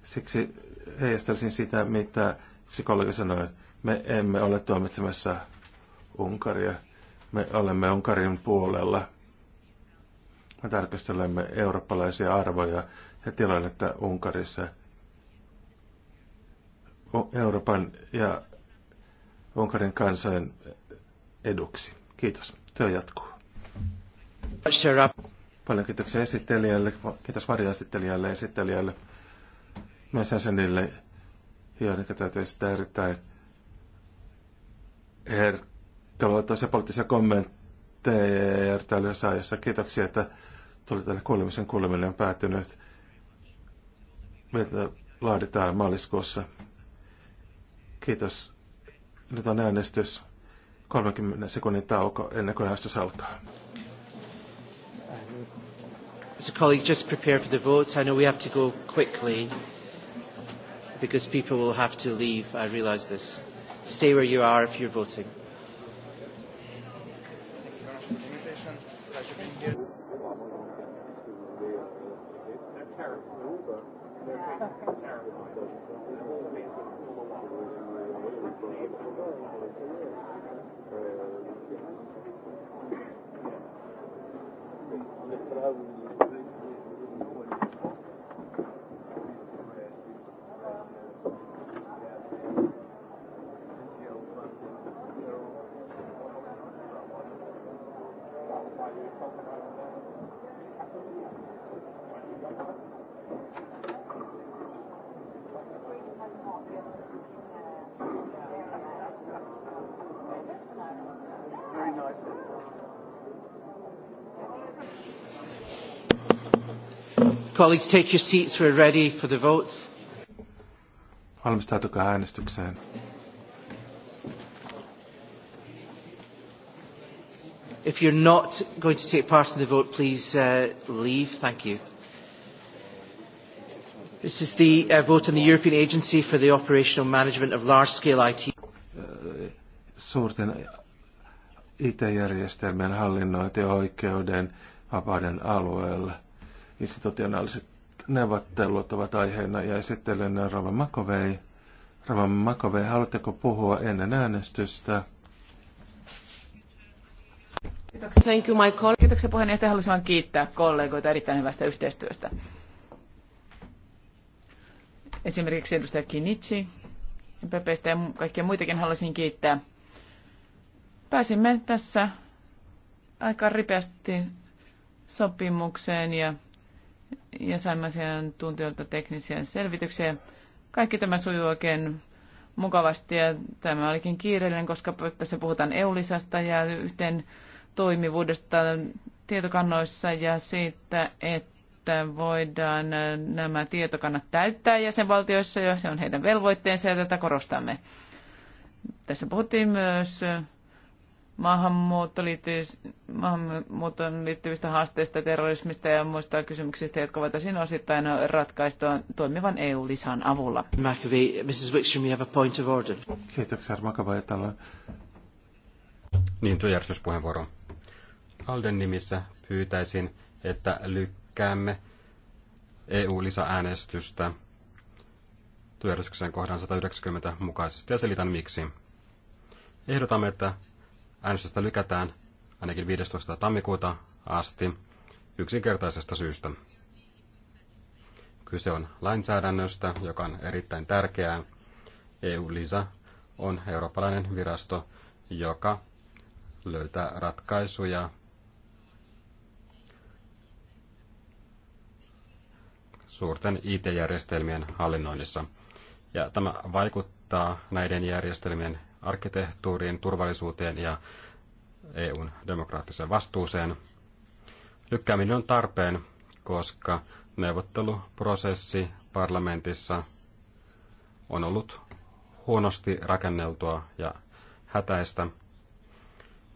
Siksi heijastelisin sitä, mitä yksi kollega sanoi. Me emme ole tuomitsemassa Unkaria. Me olemme Unkarin puolella. Me tarkastelemme eurooppalaisia arvoja ja tilannetta Unkarissa. Euroopan ja Unkarin kansojen eduksi. Kiitos. Työ jatkuu. Paljon kiitoksia esittelijälle, kiitos varjoesittelijälle ja esittelijälle myös jäsenille, joiden täytyy erittäin herkkäluotoisia poliittisia kommentteja erittäin saajassa ajassa. Kiitoksia, että tuli tänne kuulemisen kuuleminen on päättynyt. Meitä laaditaan maaliskuussa. Kiitos. Nyt on äänestys. 30 sekunnin tauko ennen kuin äänestys alkaa. So colleagues, just prepare for the vote. I know we have to go quickly because people will have to leave. I realise this. Stay where you are if you're voting. Colleagues, take your seats. We're ready for the vote. Valmistautukaa äänestykseen. If you're not going to take part in the vote, please uh, leave. Thank you. This is the uh, vote on the European Agency for the Operational Management of Large-Scale IT. Suurten IT-järjestelmien hallinnointioikeuden vapauden alueella institutionaaliset neuvottelut ovat aiheena ja esittelen Rava Makovei. Rava Makovei, haluatteko puhua ennen äänestystä? Kiitoksia. Thank you, Michael. Kiitoksia puheenjohtaja. Haluaisin vain kiittää kollegoita erittäin hyvästä yhteistyöstä. Esimerkiksi edustaja Kinichi, MPP:stä ja kaikkia muitakin haluaisin kiittää. Pääsimme tässä aika ripeästi sopimukseen ja ja saimme asiantuntijoilta teknisiä selvityksiä. Kaikki tämä sujuu oikein mukavasti ja tämä olikin kiireellinen, koska tässä puhutaan EULISasta ja yhteen toimivuudesta tietokannoissa ja siitä, että voidaan nämä tietokannat täyttää jäsenvaltioissa ja se on heidän velvoitteensa ja tätä korostamme. Tässä puhuttiin myös maahanmuuttoon liittyvistä haasteista, terrorismista ja muista kysymyksistä, jotka voitaisiin osittain ratkaista toimivan EU-lisan avulla. McAvey, Mrs. Wickstrom, you have a point of order. Kiitoksia, Makava, Talo. Niin, työjärjestyspuheenvuoro. Alden nimissä pyytäisin, että lykkäämme EU-lisääänestystä työjärjestyksen kohdan 190 mukaisesti ja selitän miksi. Ehdotamme, että äänestystä lykätään ainakin 15. tammikuuta asti yksinkertaisesta syystä. Kyse on lainsäädännöstä, joka on erittäin tärkeää. EU-LISA on eurooppalainen virasto, joka löytää ratkaisuja suurten IT-järjestelmien hallinnoinnissa. Ja tämä vaikuttaa näiden järjestelmien arkkitehtuuriin, turvallisuuteen ja EUn demokraattiseen vastuuseen. Lykkääminen on tarpeen, koska neuvotteluprosessi parlamentissa on ollut huonosti rakenneltua ja hätäistä.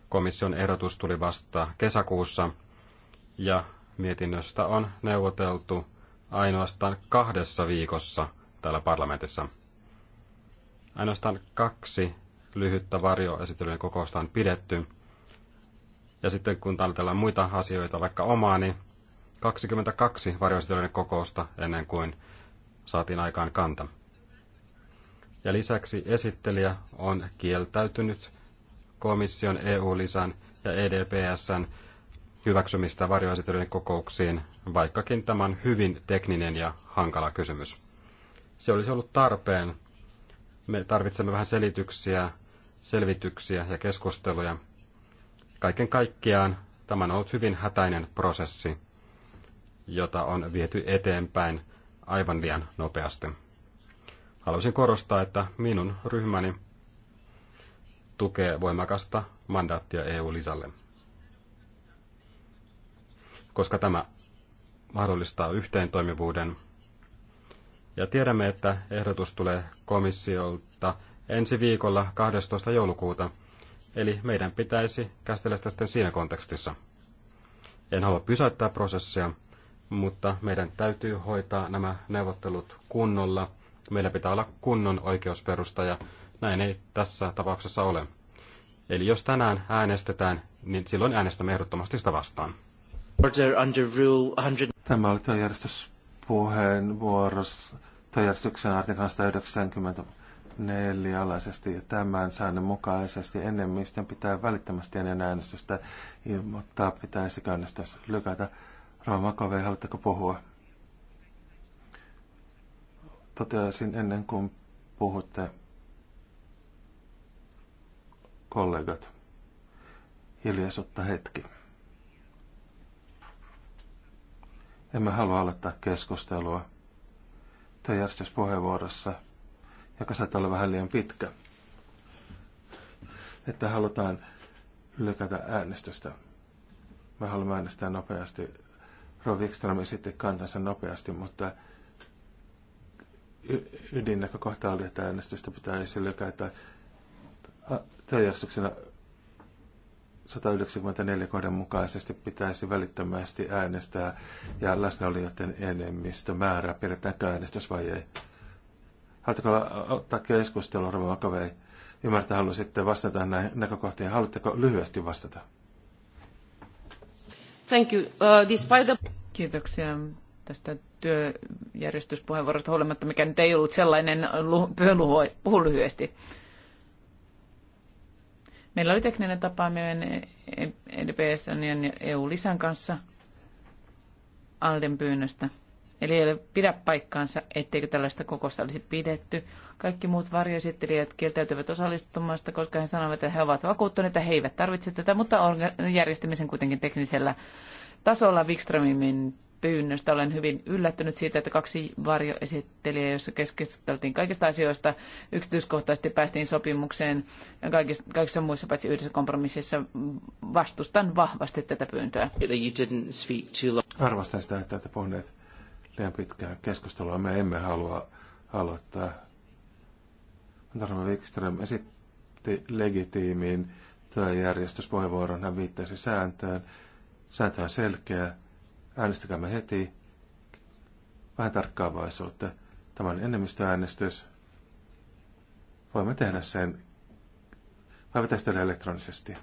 Komission ehdotus tuli vasta kesäkuussa ja mietinnöstä on neuvoteltu ainoastaan kahdessa viikossa täällä parlamentissa. Ainoastaan kaksi lyhyttä varjoesittelyjen kokousta on pidetty. Ja sitten kun tarvitellaan muita asioita, vaikka omaa, niin 22 varjoesittelyiden kokousta ennen kuin saatiin aikaan kanta. Ja lisäksi esittelijä on kieltäytynyt komission EU-lisän ja EDPSn hyväksymistä varjoesittelyiden kokouksiin, vaikkakin tämä on hyvin tekninen ja hankala kysymys. Se olisi ollut tarpeen. Me tarvitsemme vähän selityksiä selvityksiä ja keskusteluja. Kaiken kaikkiaan tämä on ollut hyvin hätäinen prosessi, jota on viety eteenpäin aivan liian nopeasti. Haluaisin korostaa, että minun ryhmäni tukee voimakasta mandaattia EU-lisälle. Koska tämä mahdollistaa yhteentoimivuuden. Ja tiedämme, että ehdotus tulee komissiolta ensi viikolla 12. joulukuuta. Eli meidän pitäisi käsitellä sitä sitten siinä kontekstissa. En halua pysäyttää prosessia, mutta meidän täytyy hoitaa nämä neuvottelut kunnolla. Meillä pitää olla kunnon oikeusperusta ja näin ei tässä tapauksessa ole. Eli jos tänään äänestetään, niin silloin äänestämme ehdottomasti sitä vastaan. Tämä oli tuo järjestyksen artiklan 90 nelialaisesti ja tämän säännön mukaisesti enemmistön pitää välittömästi ennen äänestystä ilmoittaa, pitäisikö äänestys lykätä. Rova Makove, haluatteko puhua? Toteaisin ennen kuin puhutte kollegat. Hiljaisuutta hetki. Emme halua aloittaa keskustelua. Työjärjestyspuheenvuorossa joka saattaa olla vähän liian pitkä, että halutaan lykätä äänestystä. Me haluamme äänestää nopeasti. Rovi Ekström esitti kantansa nopeasti, mutta ydinnäkökohta oli, että äänestystä pitäisi lykätä työjärjestyksenä 194 kohdan mukaisesti pitäisi välittömästi äänestää ja läsnäolijoiden enemmistö määrää, pidetäänkö äänestys vai ei. Haluatteko ottaa keskustelua, Rova Makovei? Ymmärtää, haluaisitte vastata näihin näkökohtiin. Haluatteko lyhyesti vastata? Thank you. Uh, despite the... Kiitoksia tästä työjärjestyspuheenvuorosta huolimatta, mikä nyt ei ollut sellainen, puhu lyhyesti. Meillä oli tekninen tapaaminen EDPS ja EU-lisän kanssa Alden pyynnöstä. Eli ei pidä paikkaansa, etteikö tällaista kokousta olisi pidetty. Kaikki muut varjoesittelijät kieltäytyvät osallistumasta, koska he sanovat, että he ovat että he eivät tarvitse tätä, mutta järjestämisen kuitenkin teknisellä tasolla Wikströmin pyynnöstä. Olen hyvin yllättynyt siitä, että kaksi varjoesittelijää, jossa keskusteltiin kaikista asioista, yksityiskohtaisesti päästiin sopimukseen kaikissa, kaikissa muissa paitsi yhdessä kompromississa. Vastustan vahvasti tätä pyyntöä. Arvostan sitä, että olette puhuneet liian pitkää keskustelua me emme halua aloittaa. Tarmo Wikström esitti legitiimin työjärjestyspuheenvuoron. Hän viittasi sääntöön. Sääntö on selkeä. Äänestäkäämme heti. Vähän tarkkaavaisuutta. Tämä on enemmistöäänestys. Voimme tehdä sen. Voimme tehdä elektronisesti.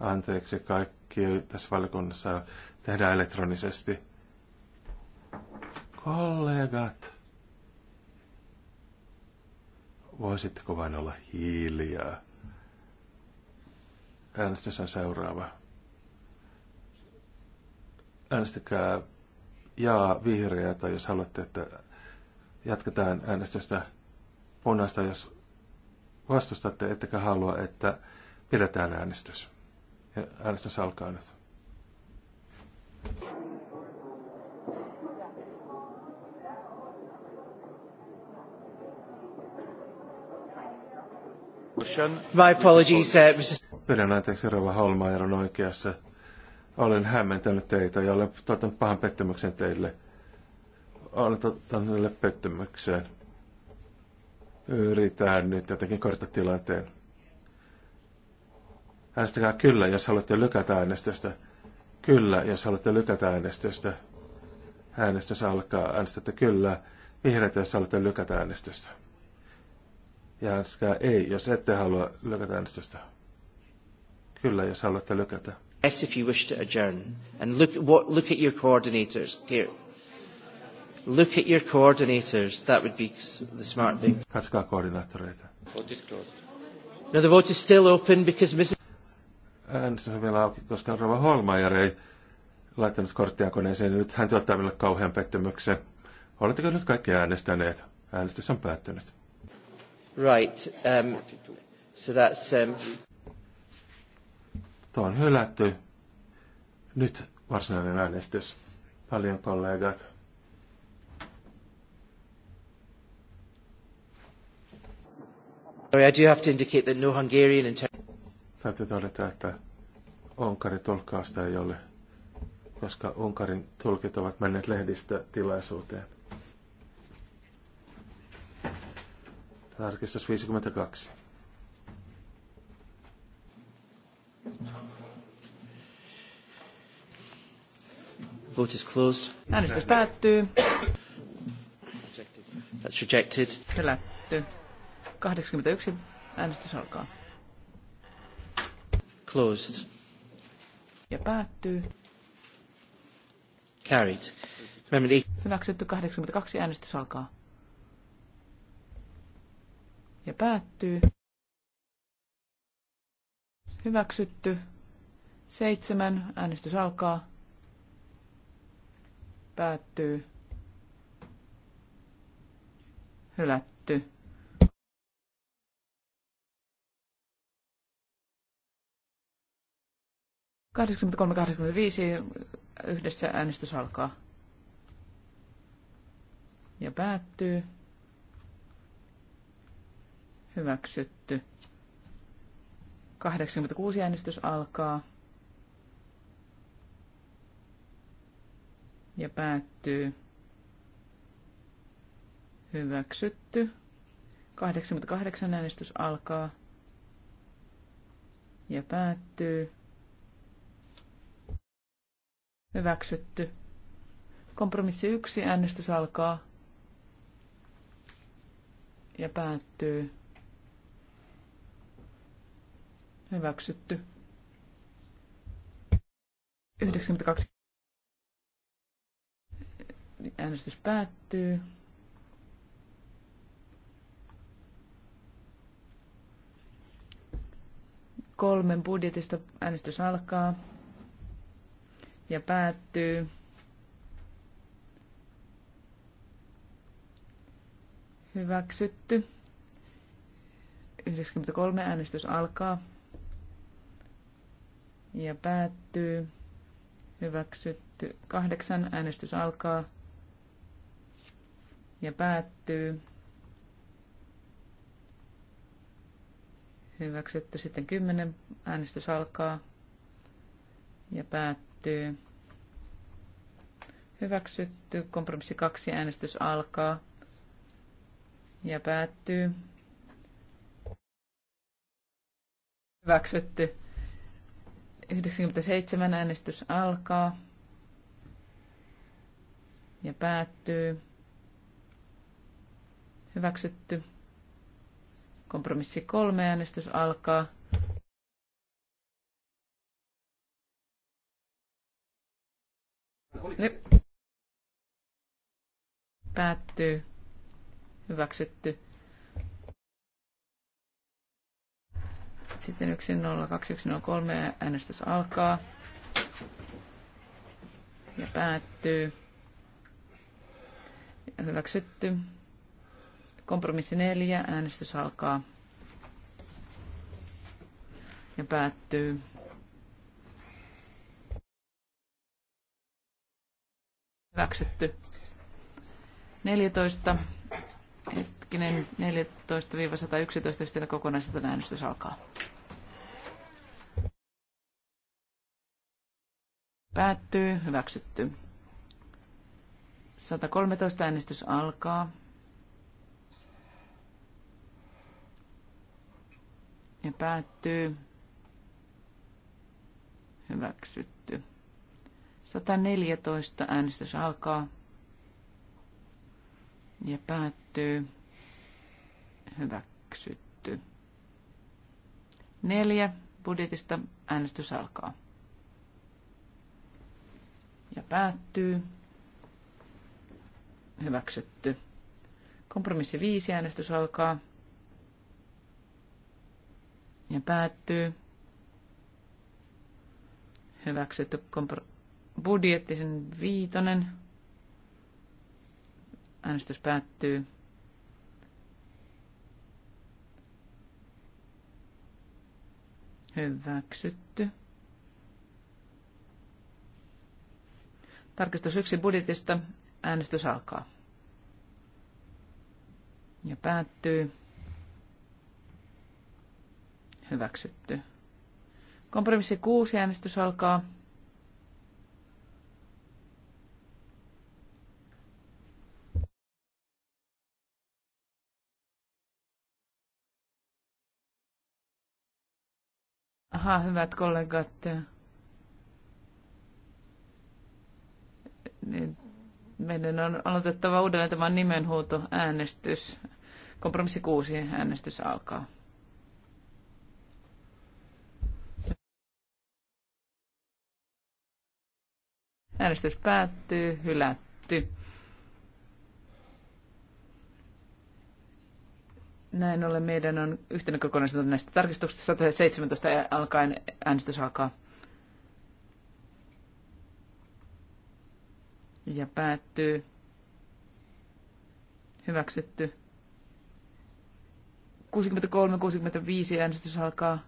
Anteeksi kaikki tässä valiokunnassa tehdään elektronisesti Kollegat, voisitteko vain olla hiljaa? Äänestys on seuraava. Äänestäkää jaa vihreää, tai jos haluatte, että jatketaan äänestystä punaista, jos vastustatte, ettekä halua, että pidetään äänestys. Ja äänestys alkaa nyt. My apologies, uh, Mrs. Pyydän anteeksi, Rova Holmaier on oikeassa. Olen hämmentänyt teitä ja olen tuottanut pahan pettymyksen teille. Olen tuottanut teille pettymykseen. Yritän nyt jotenkin korjata tilanteen. Äänestäkää kyllä, jos haluatte lykätä äänestystä. Kyllä, jos haluatte lykätä äänestystä. Äänestys alkaa. Äänestätte kyllä. Vihreät, jos haluatte lykätä äänestystä. Ja ei, jos ette halua lykätä äänestystä. Kyllä, jos haluatte lykätä. Yes, if you wish to adjourn. And look, what, look at your coordinators. Here. Look at your coordinators. That would be the smart thing. Katsokaa koordinaattoreita. Vote is closed. No, the vote is still open because Mrs. Äänestys on vielä auki, koska Rova Holmeier ei laittanut korttia koneeseen. Nyt hän tuottaa minulle kauhean pettymyksen. Oletteko nyt kaikki äänestäneet? Äänestys on päättynyt. Right. Um, so that's... Um... Tuo on hylätty. Nyt varsinainen äänestys. Paljon kollegat. Sorry, I do have to indicate that no Hungarian inter- Täytyy todeta, että Unkarin tulkkausta ei ole, koska Unkarin tulkit ovat menneet lehdistötilaisuuteen. Tarkistus 52. Vote is closed. Äänestys päättyy. That's rejected. Hylätty. 81. Äänestys alkaa. Closed. Ja päättyy. Carried. Hyväksytty 82. Äänestys alkaa ja päättyy. Hyväksytty. Seitsemän. Äänestys alkaa. Päättyy. Hylätty. Kahdeksankymmentäkolme, kahdeksankymmentäviisi. Yhdessä äänestys alkaa. Ja päättyy hyväksytty. 86 äänestys alkaa ja päättyy. Hyväksytty. 88 äänestys alkaa ja päättyy. Hyväksytty. Kompromissi 1 äänestys alkaa ja päättyy. Hyväksytty. 92. Äänestys päättyy. Kolmen budjetista äänestys alkaa ja päättyy. Hyväksytty. 93 äänestys alkaa ja päättyy. Hyväksytty. Kahdeksan. Äänestys alkaa ja päättyy. Hyväksytty. Sitten kymmenen. Äänestys alkaa ja päättyy. Hyväksytty. Kompromissi kaksi. Äänestys alkaa ja päättyy. Hyväksytty. 97 äänestys alkaa ja päättyy. Hyväksytty. Kompromissi kolme äänestys alkaa. Nyt. Päättyy. Hyväksytty. Sitten 102103 äänestys alkaa ja päättyy. Hyväksytty. Kompromissi 4, äänestys alkaa ja päättyy. Hyväksytty. 14. Hetkinen, 14-111 yhtenä kokonaisesta äänestys alkaa. Päättyy. Hyväksytty. 113 äänestys alkaa. Ja päättyy. Hyväksytty. 114 äänestys alkaa. Ja päättyy. Hyväksytty. Neljä budjetista äänestys alkaa ja päättyy. Hyväksytty. Kompromissi 5 äänestys alkaa ja päättyy. Hyväksytty kompro- budjetti viitonen. Äänestys päättyy. Hyväksytty. Tarkistus yksi budjetista. Äänestys alkaa. Ja päättyy. Hyväksytty. Kompromissi 6 äänestys alkaa. Aha, hyvät kollegat. Nyt niin meidän on aloitettava uudelleen tämä nimenhuuto äänestys. Kompromissi 6 äänestys alkaa. Äänestys päättyy, hylätty. Näin ollen meidän on yhtenä kokonaisuutena näistä tarkistuksista 117 alkaen äänestys alkaa. ja päättyy. Hyväksytty. 63-65 äänestys alkaa.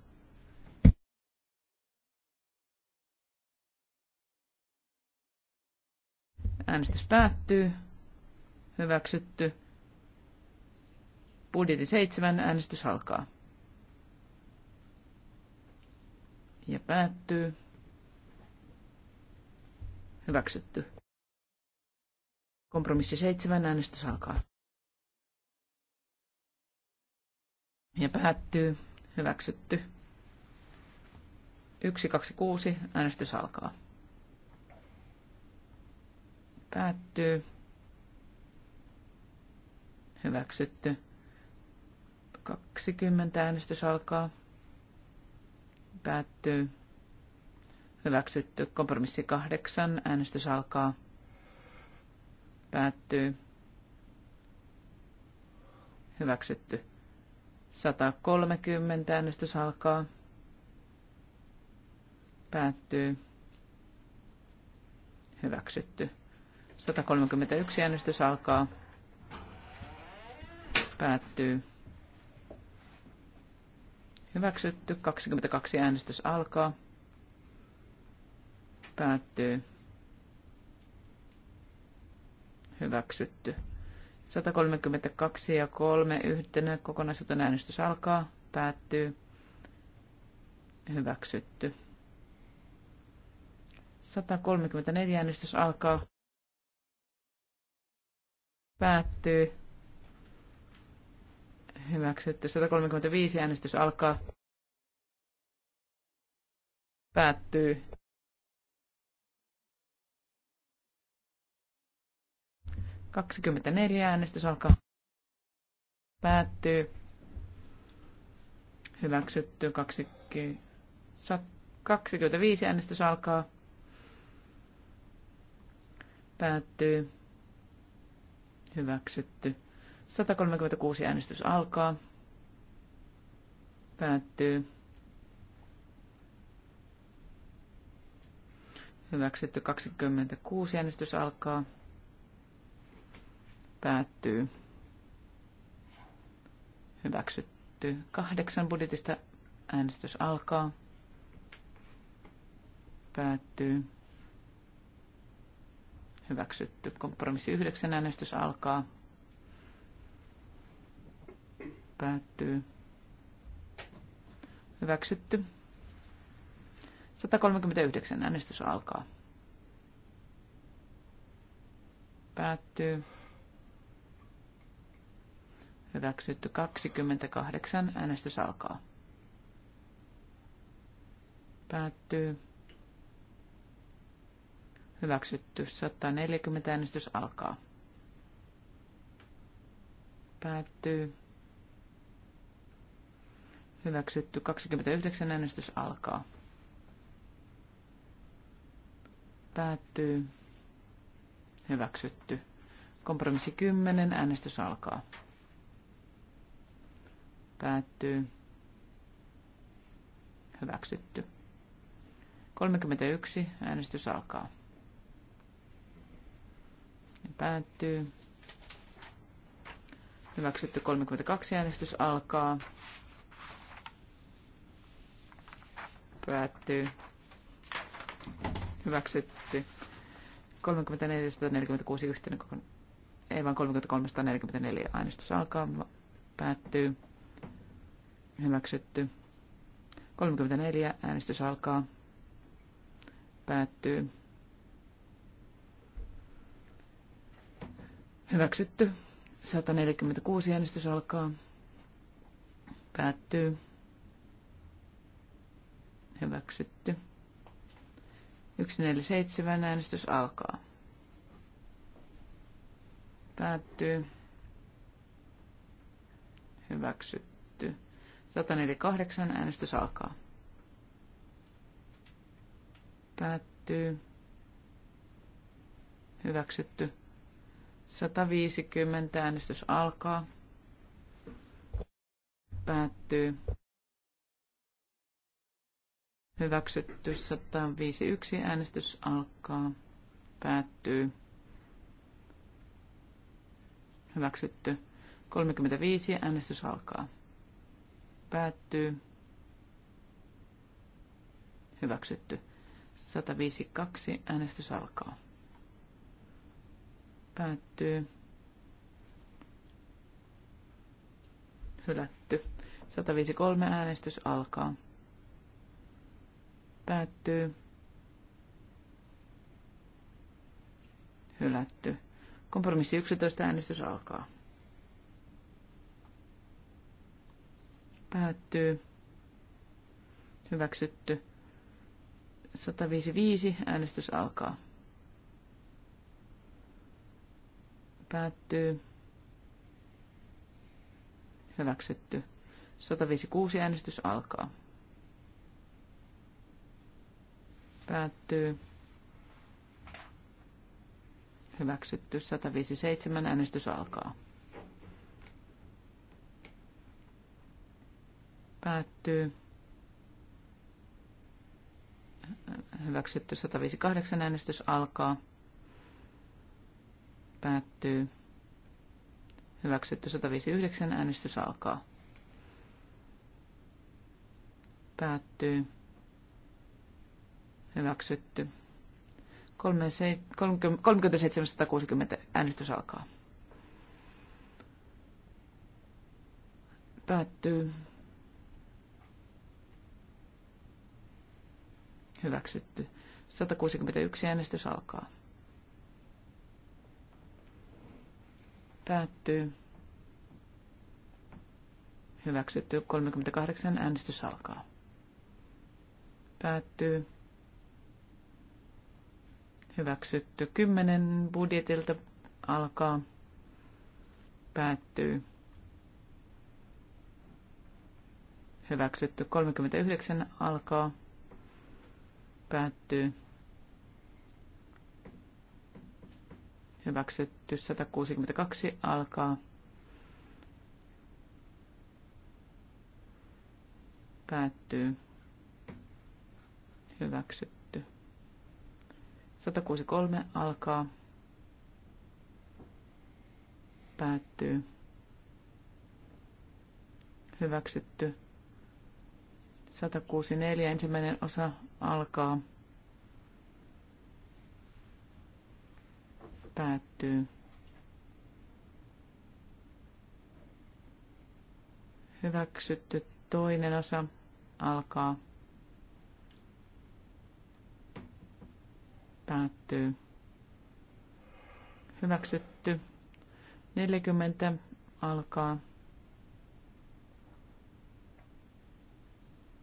Äänestys päättyy. Hyväksytty. Budjetti 7. Äänestys alkaa. Ja päättyy. Hyväksytty. Kompromissi seitsemän äänestys alkaa. Ja päättyy. Hyväksytty. 126 äänestys alkaa. Päättyy. Hyväksytty. 20 äänestys alkaa. Päättyy. Hyväksytty. Kompromissi 8. Äänestys alkaa. Päättyy. Hyväksytty. 130 äänestys alkaa. Päättyy. Hyväksytty. 131 äänestys alkaa. Päättyy. Hyväksytty. 22 äänestys alkaa. Päättyy. hyväksytty. 132 ja 3 yhtenä kokonaisuuden äänestys alkaa, päättyy, hyväksytty. 134 äänestys alkaa, päättyy, hyväksytty. 135 äänestys alkaa, päättyy, 24 äänestys alkaa. Päättyy. Hyväksytty 25 äänestys alkaa. Päättyy. Hyväksytty. 136 äänestys alkaa. Päättyy. Hyväksytty 26 äänestys alkaa päättyy. Hyväksytty. Kahdeksan budjetista äänestys alkaa. Päättyy. Hyväksytty. Kompromissi yhdeksän äänestys alkaa. Päättyy. Hyväksytty. 139 äänestys alkaa. Päättyy. Hyväksytty 28. Äänestys alkaa. Päättyy. Hyväksytty 140. Äänestys alkaa. Päättyy. Hyväksytty 29. Äänestys alkaa. Päättyy. Hyväksytty. Kompromissi 10. Äänestys alkaa. Päättyy. Hyväksytty. 31. Äänestys alkaa. Päättyy. Hyväksytty 32. Äänestys alkaa. Päättyy. Hyväksytty. 34.46 146 yhteinen ei vaan 3344 äänestys alkaa, päättyy hyväksytty. 34 äänestys alkaa, päättyy. Hyväksytty. 146 äänestys alkaa, päättyy. Hyväksytty. 147 äänestys alkaa. Päättyy. Hyväksytty. 148 äänestys alkaa. Päättyy. Hyväksytty. 150 äänestys alkaa. Päättyy. Hyväksytty 151 äänestys alkaa. Päättyy. Hyväksytty 35 äänestys alkaa päättyy. Hyväksytty. 152. Äänestys alkaa. Päättyy. Hylätty. 153. Äänestys alkaa. Päättyy. Hylätty. Kompromissi 11. Äänestys alkaa. päättyy. Hyväksytty. 155. Äänestys alkaa. Päättyy. Hyväksytty. 156. Äänestys alkaa. Päättyy. Hyväksytty. 157. Äänestys alkaa. Päättyy. Hyväksytty 158 äänestys alkaa. Päättyy. Hyväksytty 159 äänestys alkaa. Päättyy. Hyväksytty. 3760 äänestys alkaa. Päättyy. hyväksytty. 161 äänestys alkaa. Päättyy. Hyväksytty. 38 äänestys alkaa. Päättyy. Hyväksytty. 10 budjetilta alkaa. Päättyy. Hyväksytty. 39 alkaa Päättyy. Hyväksytty 162 alkaa. Päättyy. Hyväksytty. 163 alkaa. Päättyy. Hyväksytty. 164 ensimmäinen osa alkaa. Päättyy. Hyväksytty toinen osa alkaa. Päättyy. Hyväksytty. 40 alkaa.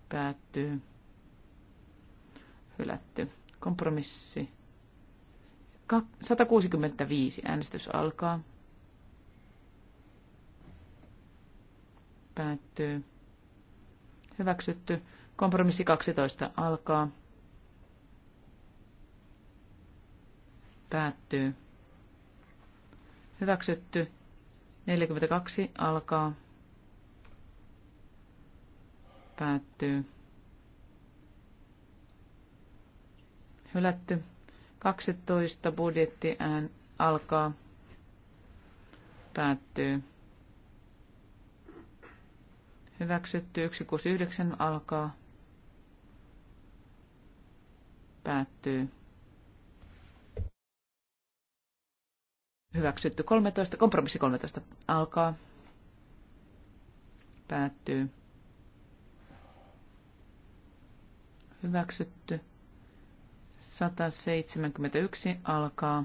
Päättyy hylätty. Kompromissi 165. Äänestys alkaa. Päättyy. Hyväksytty. Kompromissi 12 alkaa. Päättyy. Hyväksytty. 42 alkaa. Päättyy. hylätty. 12 budjetti ään alkaa, päättyy. Hyväksytty 169 alkaa, päättyy. Hyväksytty 13, kompromissi 13 alkaa, päättyy. Hyväksytty 171 alkaa.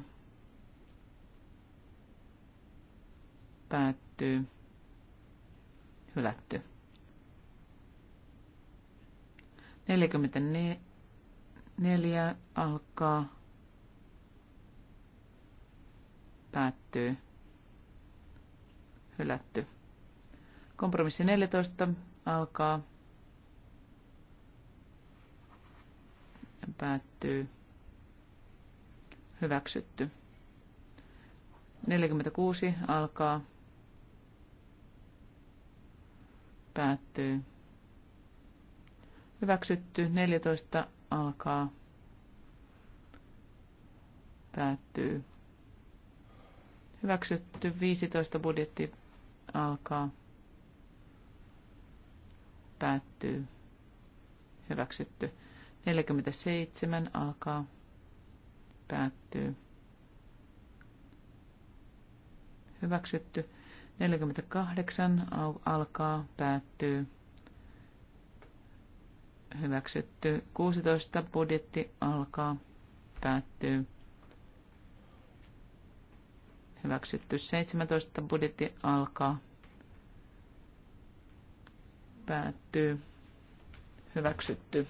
Päättyy. Hylätty. 44 alkaa. Päättyy. Hylätty. Kompromissi 14 alkaa. päättyy hyväksytty. 46 alkaa, päättyy hyväksytty. 14 alkaa, päättyy hyväksytty. 15 budjetti alkaa, päättyy hyväksytty. 47 alkaa. Päättyy. Hyväksytty. 48 alkaa. Päättyy. Hyväksytty. 16 budjetti alkaa. Päättyy. Hyväksytty. 17 budjetti alkaa. Päättyy. Hyväksytty.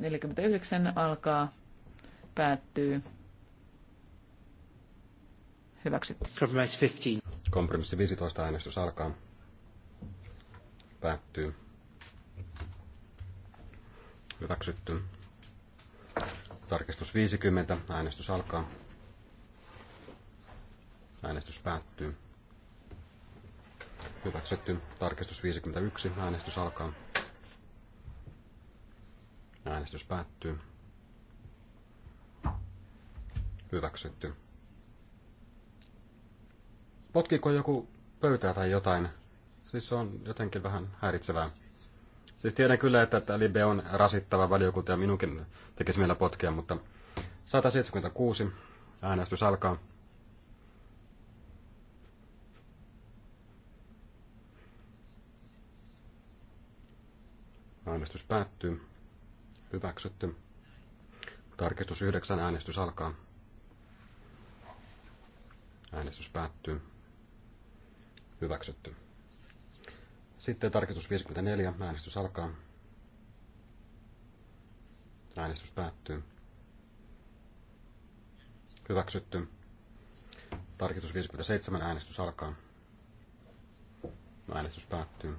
49 alkaa, päättyy, hyväksytty. Compromise 15. Kompromissi 15 äänestys alkaa, päättyy, hyväksytty. Tarkistus 50, äänestys alkaa, äänestys päättyy. Hyväksytty. Tarkistus 51. Äänestys alkaa. Äänestys päättyy. Hyväksytty. Potkiko joku pöytää tai jotain? Siis se on jotenkin vähän häiritsevää. Siis tiedän kyllä, että tämä Libe on rasittava valiokunta ja minunkin tekisi meillä potkia, mutta 176 äänestys alkaa. Äänestys päättyy. Hyväksytty. Tarkistus 9. Äänestys alkaa. Äänestys päättyy. Hyväksytty. Sitten tarkistus 54. Äänestys alkaa. Äänestys päättyy. Hyväksytty. Tarkistus 57. Äänestys alkaa. Äänestys päättyy.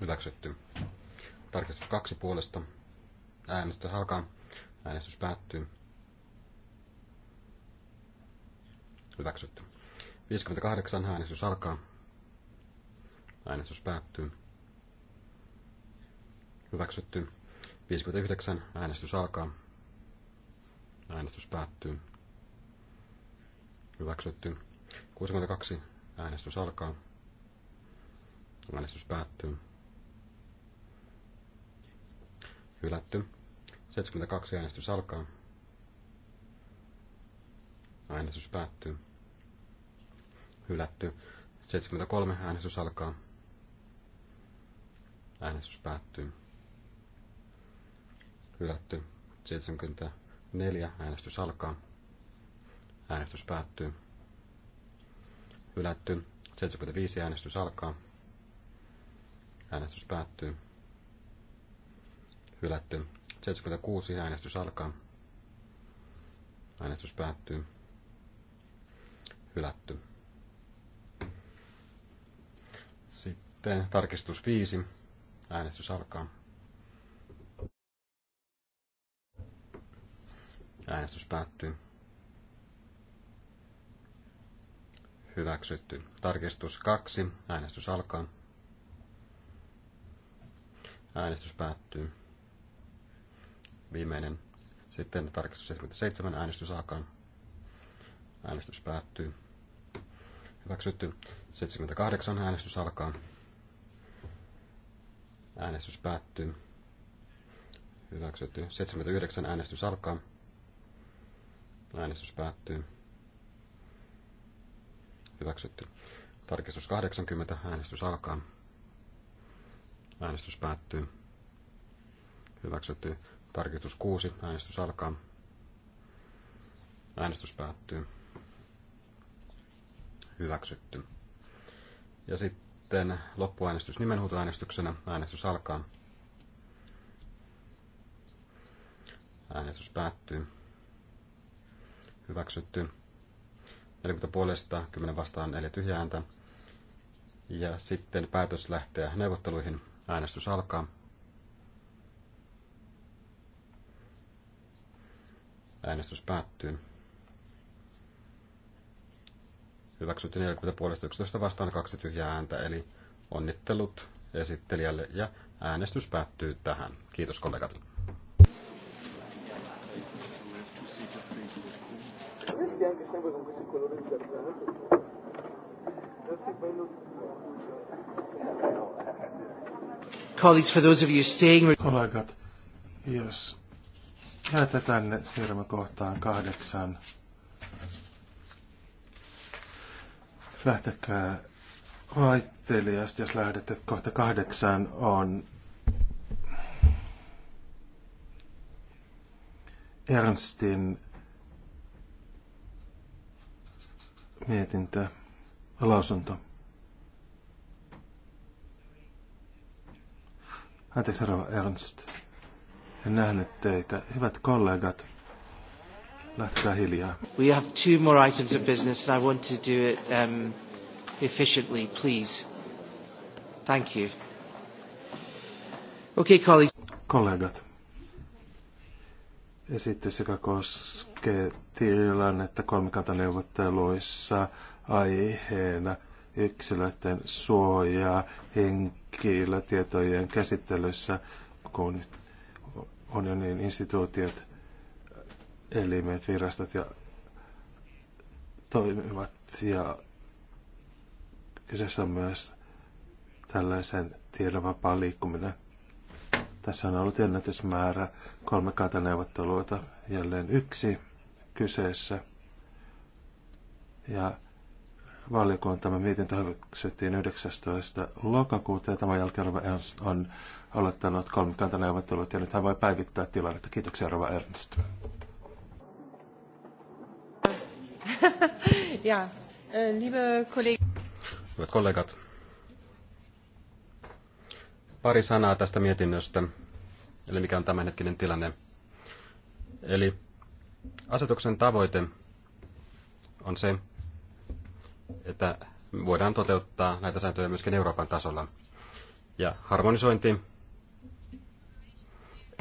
Hyväksytty. Tarkistus kaksi puolesta. Äänestys alkaa. Äänestys päättyy. Hyväksytty. 58. Äänestys alkaa. Äänestys päättyy. Hyväksytty. 59. Äänestys alkaa. Äänestys päättyy. Hyväksytty. 62. Äänestys alkaa. Äänestys päättyy. Hylätty. 72 äänestys alkaa. Äänestys päättyy. Hylätty. 73 äänestys alkaa. Äänestys päättyy. Hylätty. 74 äänestys alkaa. Äänestys päättyy. Hylätty. 75 äänestys alkaa. Äänestys päättyy hylätty. 76 äänestys alkaa. Äänestys päättyy. Hylätty. Sitten tarkistus 5. Äänestys alkaa. Äänestys päättyy. Hyväksytty. Tarkistus 2. Äänestys alkaa. Äänestys päättyy viimeinen. Sitten tarkistus 77 äänestys alkaa. Äänestys päättyy. Hyväksytty. 78 äänestys alkaa. Äänestys päättyy. Hyväksytty. 79 äänestys alkaa. Äänestys päättyy. Hyväksytty. Tarkistus 80. Äänestys alkaa. Äänestys päättyy. Hyväksytty. Tarkistus 6. Äänestys alkaa. Äänestys päättyy. Hyväksytty. Ja sitten loppuäänestys nimenhuutoäänestyksenä. Äänestys alkaa. Äänestys päättyy. Hyväksytty. 40 puolesta, 10 vastaan, 4 tyhjää ääntä. Ja sitten päätös lähteä neuvotteluihin. Äänestys alkaa. Äänestys päättyy. Hyväksytty 40 puolesta 11 vastaan kaksi tyhjää ääntä, eli onnittelut esittelijälle ja äänestys päättyy tähän. Kiitos kollegat. Colleagues, for those of you staying... Kollegat, jos Lähetä tänne, siirrymme kohtaan kahdeksan. Lähtekää vaittelijasta, jos että Kohta kahdeksan on Ernstin mietintö, lausunto. Anteeksi, rouva Ernst en nähnyt teitä. Hyvät kollegat, lähtekää hiljaa. We have two more items of business and I want to do it um, efficiently, please. Thank you. Okay, colleagues. Kollegat, esitys, joka koskee tilannetta kolmikantaneuvotteluissa aiheena yksilöiden suojaa henkilötietojen käsittelyssä, kun on jo niin instituutiot, elimet, virastot ja toimivat ja kyseessä on myös tällaisen tiedon vapaa liikkuminen. Tässä on ollut ennätysmäärä kolme neuvotteluita jälleen yksi kyseessä. Ja valiokuntamme mietintö hyväksyttiin 19. lokakuuta ja tämän jälkeen on aloittanut kolmikantaneuvottelut ja nyt hän voi päivittää tilannetta. Kiitoksia Rova Ernst. ja, äh, liebe Hyvät kollegat, pari sanaa tästä mietinnöstä, eli mikä on tämänhetkinen tilanne. Eli asetuksen tavoite on se, että voidaan toteuttaa näitä sääntöjä myöskin Euroopan tasolla. Ja harmonisointi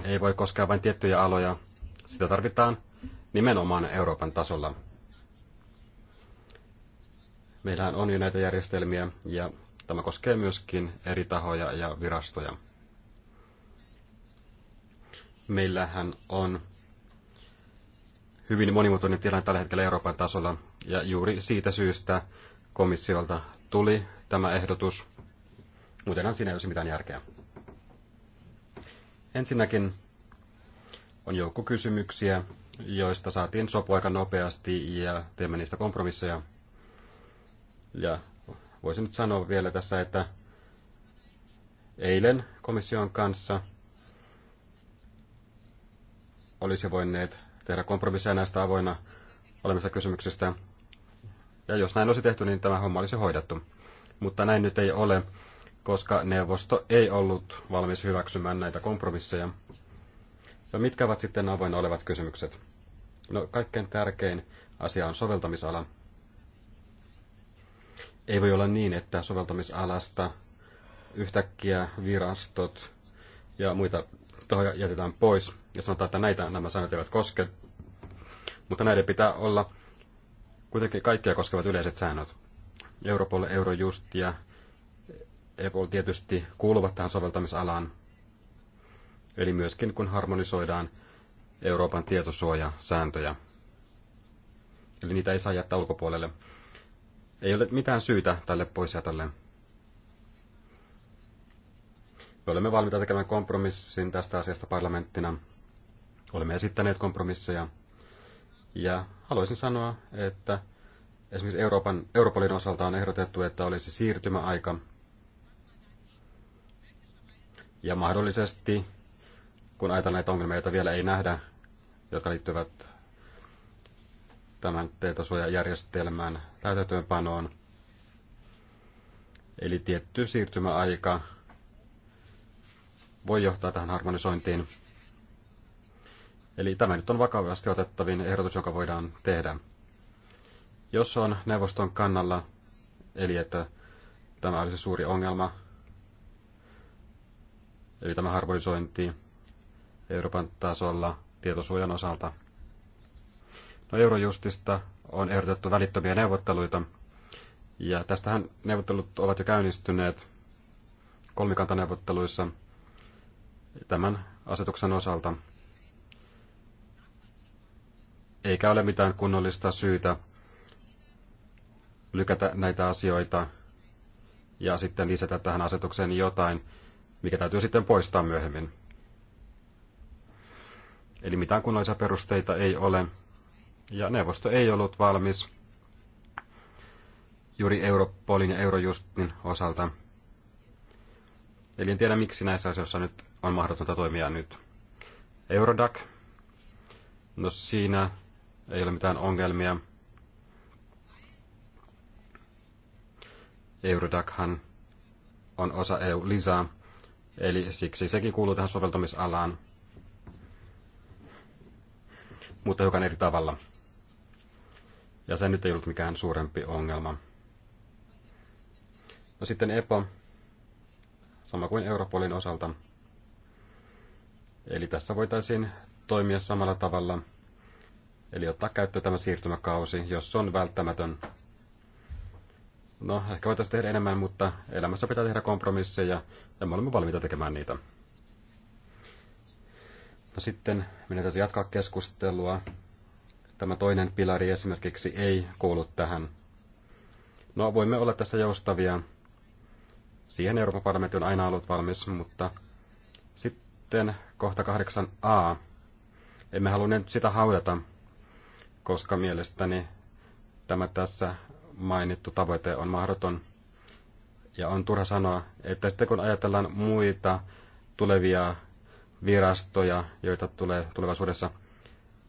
ei voi koskea vain tiettyjä aloja. Sitä tarvitaan nimenomaan Euroopan tasolla. Meillähän on jo näitä järjestelmiä ja tämä koskee myöskin eri tahoja ja virastoja. Meillähän on hyvin monimuotoinen tilanne tällä hetkellä Euroopan tasolla ja juuri siitä syystä komissiolta tuli tämä ehdotus. Muutenhan siinä ei olisi mitään järkeä. Ensinnäkin on joukko kysymyksiä, joista saatiin sopu aika nopeasti ja teemme niistä kompromisseja. Ja voisin nyt sanoa vielä tässä, että eilen komission kanssa olisi voineet tehdä kompromisseja näistä avoinna olemista kysymyksistä. Ja jos näin olisi tehty, niin tämä homma olisi hoidettu. Mutta näin nyt ei ole, koska neuvosto ei ollut valmis hyväksymään näitä kompromisseja. Ja mitkä ovat sitten avoin olevat kysymykset? No, kaikkein tärkein asia on soveltamisala. Ei voi olla niin, että soveltamisalasta yhtäkkiä virastot ja muita tahoja jätetään pois ja sanotaan, että näitä nämä säännöt eivät koske. Mutta näiden pitää olla kuitenkin kaikkia koskevat yleiset säännöt. Europol, Eurojust ja Apple tietysti kuuluvat tähän soveltamisalaan, eli myöskin kun harmonisoidaan Euroopan tietosuojasääntöjä. Eli niitä ei saa jättää ulkopuolelle. Ei ole mitään syytä tälle pois poisjätölle. Me olemme valmiita tekemään kompromissin tästä asiasta parlamenttina. Olemme esittäneet kompromisseja. Ja haluaisin sanoa, että esimerkiksi Euroopan, Euroopan osalta on ehdotettu, että olisi siirtymäaika ja mahdollisesti, kun ajatellaan näitä ongelmia, joita vielä ei nähdä, jotka liittyvät tämän tietosuojajärjestelmän täytäntöönpanoon, eli tietty siirtymäaika voi johtaa tähän harmonisointiin. Eli tämä nyt on vakavasti otettavin ehdotus, joka voidaan tehdä. Jos on neuvoston kannalla, eli että tämä olisi suuri ongelma Eli tämä harmonisointi Euroopan tasolla tietosuojan osalta. No Eurojustista on ehdotettu välittömiä neuvotteluita, ja tästähän neuvottelut ovat jo käynnistyneet kolmikantaneuvotteluissa tämän asetuksen osalta. Eikä ole mitään kunnollista syytä lykätä näitä asioita ja sitten lisätä tähän asetukseen jotain, mikä täytyy sitten poistaa myöhemmin. Eli mitään kunnollisia perusteita ei ole, ja neuvosto ei ollut valmis juuri Europolin ja Eurojustin osalta. Eli en tiedä, miksi näissä asioissa nyt on mahdotonta toimia nyt. Eurodac, no siinä ei ole mitään ongelmia. Eurodachan on osa EU-lisää. Eli siksi sekin kuuluu tähän soveltamisalaan, mutta hiukan eri tavalla. Ja se nyt ei ollut mikään suurempi ongelma. No sitten EPO, sama kuin Europolin osalta. Eli tässä voitaisiin toimia samalla tavalla, eli ottaa käyttöön tämä siirtymäkausi, jos se on välttämätön No, ehkä voitaisiin tehdä enemmän, mutta elämässä pitää tehdä kompromisseja ja me olemme valmiita tekemään niitä. No sitten minä täytyy jatkaa keskustelua. Tämä toinen pilari esimerkiksi ei kuulu tähän. No, voimme olla tässä joustavia. Siihen Euroopan parlamentti on aina ollut valmis, mutta sitten kohta 8a. Emme halunneet sitä haudata, koska mielestäni tämä tässä mainittu tavoite on mahdoton. Ja on turha sanoa, että sitten kun ajatellaan muita tulevia virastoja, joita tulee tulevaisuudessa,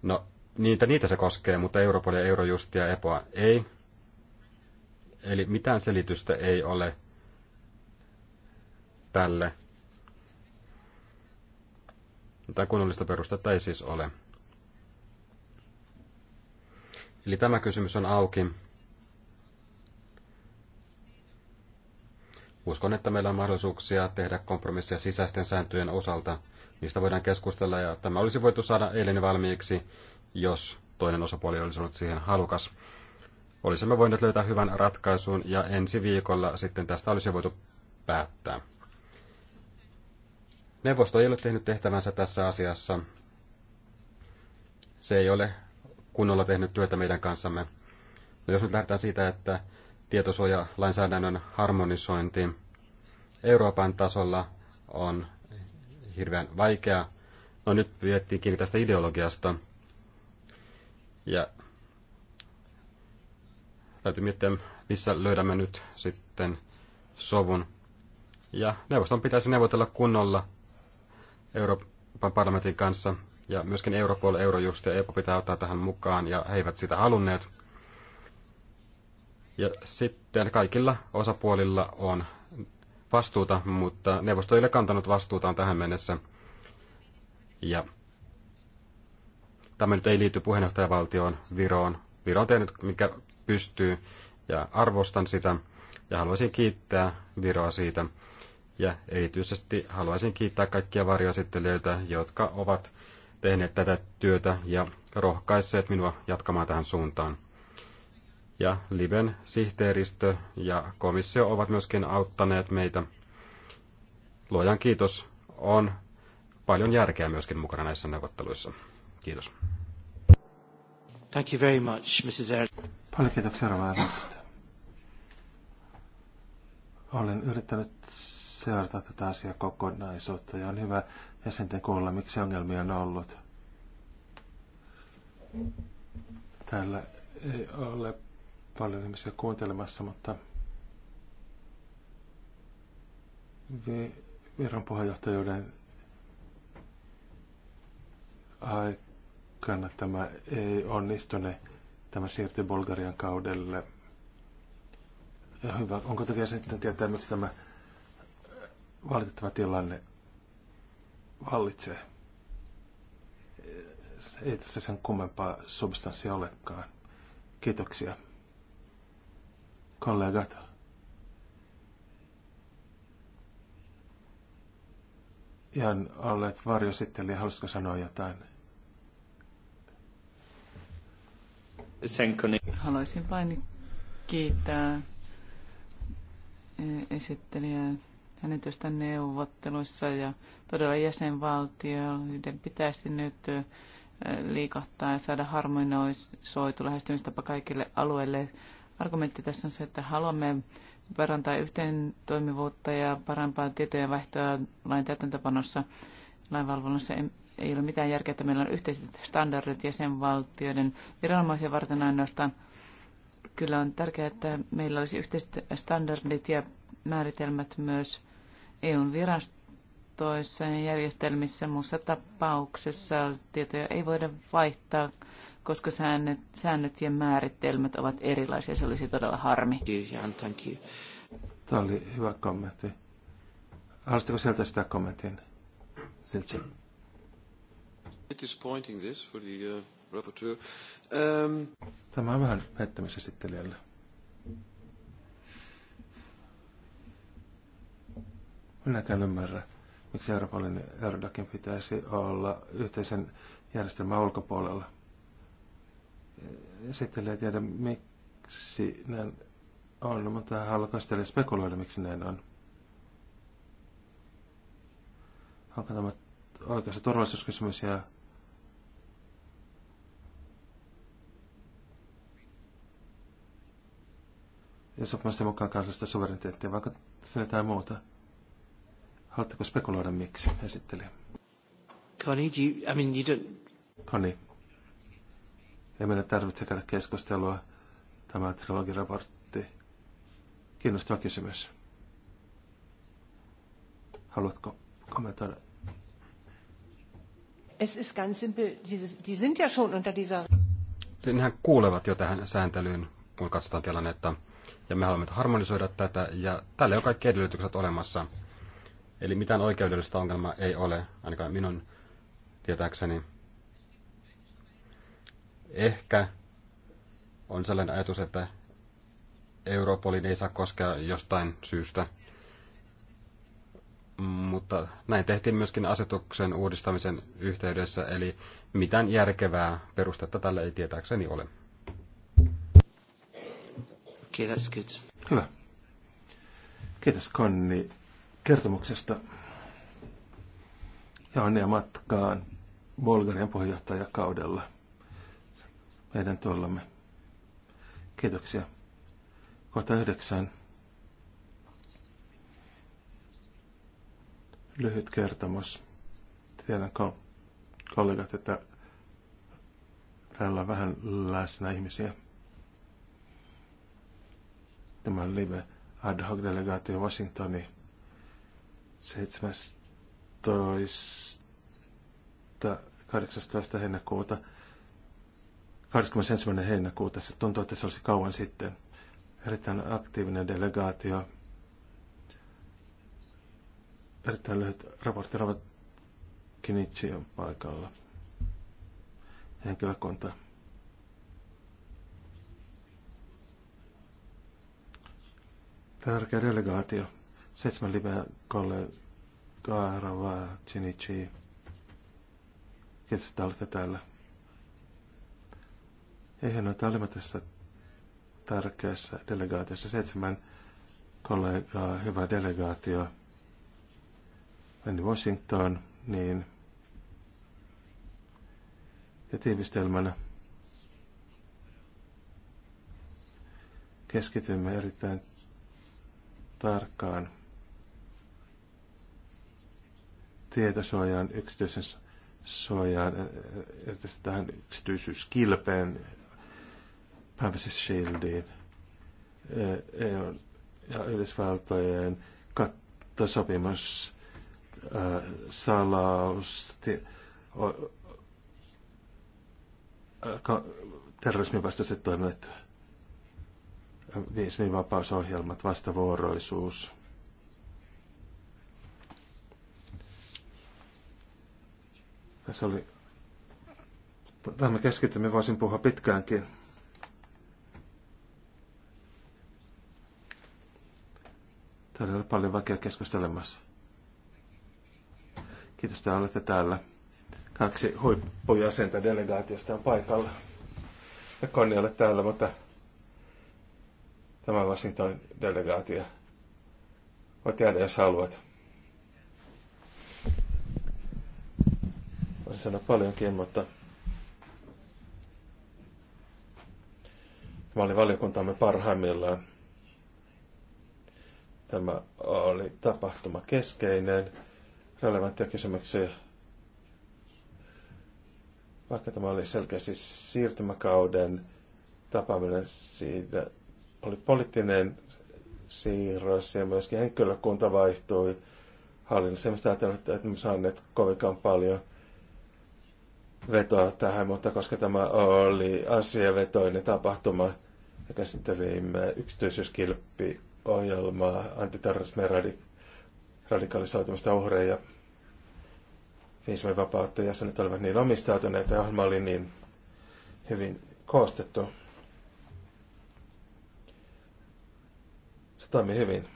no niitä, niitä se koskee, mutta Europol ja Eurojust ja EPOA ei. Eli mitään selitystä ei ole tälle. Mitään kunnollista perustetta ei siis ole. Eli tämä kysymys on auki Uskon, että meillä on mahdollisuuksia tehdä kompromisseja sisäisten sääntöjen osalta. Niistä voidaan keskustella ja tämä olisi voitu saada eilen valmiiksi, jos toinen osapuoli olisi ollut siihen halukas. Olisimme voineet löytää hyvän ratkaisun ja ensi viikolla sitten tästä olisi voitu päättää. Neuvosto ei ole tehnyt tehtävänsä tässä asiassa. Se ei ole kunnolla tehnyt työtä meidän kanssamme. No jos nyt lähdetään siitä, että tietosuojalainsäädännön harmonisointi Euroopan tasolla on hirveän vaikea. No nyt viettiin kiinni tästä ideologiasta. Ja täytyy miettiä, missä löydämme nyt sitten sovun. Ja neuvoston pitäisi neuvotella kunnolla Euroopan parlamentin kanssa ja myöskin Europol, Eurojust ja EPO pitää ottaa tähän mukaan ja he eivät sitä halunneet. Ja sitten kaikilla osapuolilla on vastuuta, mutta neuvosto ei ole kantanut vastuutaan tähän mennessä. Ja tämä nyt ei liity puheenjohtajavaltioon Viroon. Viro on tehnyt, mikä pystyy, ja arvostan sitä. Ja haluaisin kiittää Viroa siitä. Ja erityisesti haluaisin kiittää kaikkia varjoesittelijöitä, jotka ovat tehneet tätä työtä ja rohkaisseet minua jatkamaan tähän suuntaan ja Liben sihteeristö ja komissio ovat myöskin auttaneet meitä. Luojan kiitos, on paljon järkeä myöskin mukana näissä neuvotteluissa. Kiitos. Thank you very much, Mrs. Er- paljon kiitoksia, Ravaaransta. Olen yrittänyt seurata tätä asiaa kokonaisuutta ja on hyvä jäsenten kuulla, miksi ongelmia on ollut. Täällä ei ole paljon ihmisiä kuuntelemassa, mutta Viron puheenjohtajuuden aikana tämä ei onnistune. Tämä siirtyi Bulgarian kaudelle. Ja hyvä. Onko takia sitten tietää, miksi tämä valitettava tilanne vallitsee? Ei tässä sen kummempaa substanssia olekaan. Kiitoksia kollegat. Jan, olet eli Haluaisitko sanoa jotain? Haluaisin vain kiittää eh, esittelijää hänen työstä neuvotteluissa ja todella jäsenvaltio jäsenvaltioiden pitäisi nyt eh, liikahtaa ja saada harmonisoitu lähestymistapa kaikille alueille argumentti tässä on se, että haluamme parantaa yhteen toimivuutta ja parempaa tietojen vaihtoa lain täytäntöpanossa lainvalvonnassa. Ei ole mitään järkeä, että meillä on yhteiset standardit jäsenvaltioiden viranomaisia varten ainoastaan. Kyllä on tärkeää, että meillä olisi yhteiset standardit ja määritelmät myös EUn virasto toisessa järjestelmissä muussa tapauksessa tietoja ei voida vaihtaa, koska säännöt, säännöt ja määritelmät ovat erilaisia. Se olisi todella harmi. Tämä oli hyvä kommentti. Haluaisitko sieltä sitä kommentin? Uh, um, Tämä on vähän pettymys esittelijälle. Minäkään ymmärrän miksi Europolin ja Eurodakin pitäisi olla yhteisen järjestelmän ulkopuolella. Sitten ei tiedä, miksi näin on, mutta haluaisin sitten spekuloida, miksi näin on. Onko tämä oikeassa turvallisuuskysymys ja ja sopimusten mukaan kansallista suvereniteettia, vaikka sinne tai muuta. Haluatteko spekuloida miksi, esitteli? Connie, do you, I mean, you don't... Connie, ei meidän tarvitse käydä keskustelua. Tämä trilogiraportti. Kiinnostava kysymys. Haluatko kommentoida? Es ist ganz simpel, die sind ja schon unter dieser... Nehän kuulevat jo tähän sääntelyyn, kun katsotaan tilannetta. Ja me haluamme harmonisoida tätä, ja tälle on kaikki edellytykset olemassa. Eli mitään oikeudellista ongelmaa ei ole, ainakaan minun tietääkseni. Ehkä on sellainen ajatus, että Europolin ei saa koskea jostain syystä. Mutta näin tehtiin myöskin asetuksen uudistamisen yhteydessä, eli mitään järkevää perustetta tälle ei tietääkseni ole. Okay, that's good. Hyvä. Kiitos Konni kertomuksesta ja onnea matkaan Bulgarian puheenjohtajakaudella meidän tuollamme. Kiitoksia. Kohta yhdeksän. Lyhyt kertomus. Tiedän kollegat, että täällä on vähän läsnä ihmisiä. Tämä live ad hoc delegaatio Washingtoniin 17. 18. heinäkuuta 21. heinäkuuta. Se tuntuu, että se olisi kauan sitten. Erittäin aktiivinen delegaatio. Erittäin lyhyt raportti Ravat Kinichi on paikalla. Henkilökunta. Tärkeä delegaatio. Seitsemän liveä kolle Rava Chinichi. Kiitos, että olette täällä. Eihän ole olimme tässä tärkeässä delegaatiossa. Seitsemän kollegaa, hyvä delegaatio. Meni Washington, niin ja tiivistelmänä keskitymme erittäin tarkkaan tietosuojaan, yksityisen suojaan, erityisesti tähän yksityisyyskilpeen, Privacy Shieldiin e ja Yhdysvaltojen kattosopimus, salaus, terrorismin vastaiset toimet, viismin vapausohjelmat, vastavuoroisuus – Tässä oli... Tähän me keskitymme, voisin puhua pitkäänkin. Täällä oli paljon vaikea keskustelemassa. Kiitos, että olette täällä. Kaksi huippujäsentä delegaatiosta on paikalla. Ja Konni ole täällä, mutta tämä Washington delegaatio. Voit jäädä, jos haluat. Voisin sanoa paljonkin, mutta tämä oli valiokuntamme parhaimmillaan. Tämä oli tapahtuma keskeinen, relevanttia kysymyksiä. Vaikka tämä oli selkeästi siis siirtymäkauden tapaaminen, siinä oli poliittinen siirros ja myöskin henkilökunta vaihtui hallinnassa. Mistä ajatellaan, että me saaneet kovinkaan paljon – vetoa tähän, mutta koska tämä oli asiavetoinen tapahtuma, ja käsittelimme yksityisyyskilppiohjelmaa, antiterrorismia radik- radikalisoitumista uhreja, viisumin vapautta ja sanot olivat niin omistautuneita ja ohjelma oli niin hyvin koostettu. Se toimi hyvin.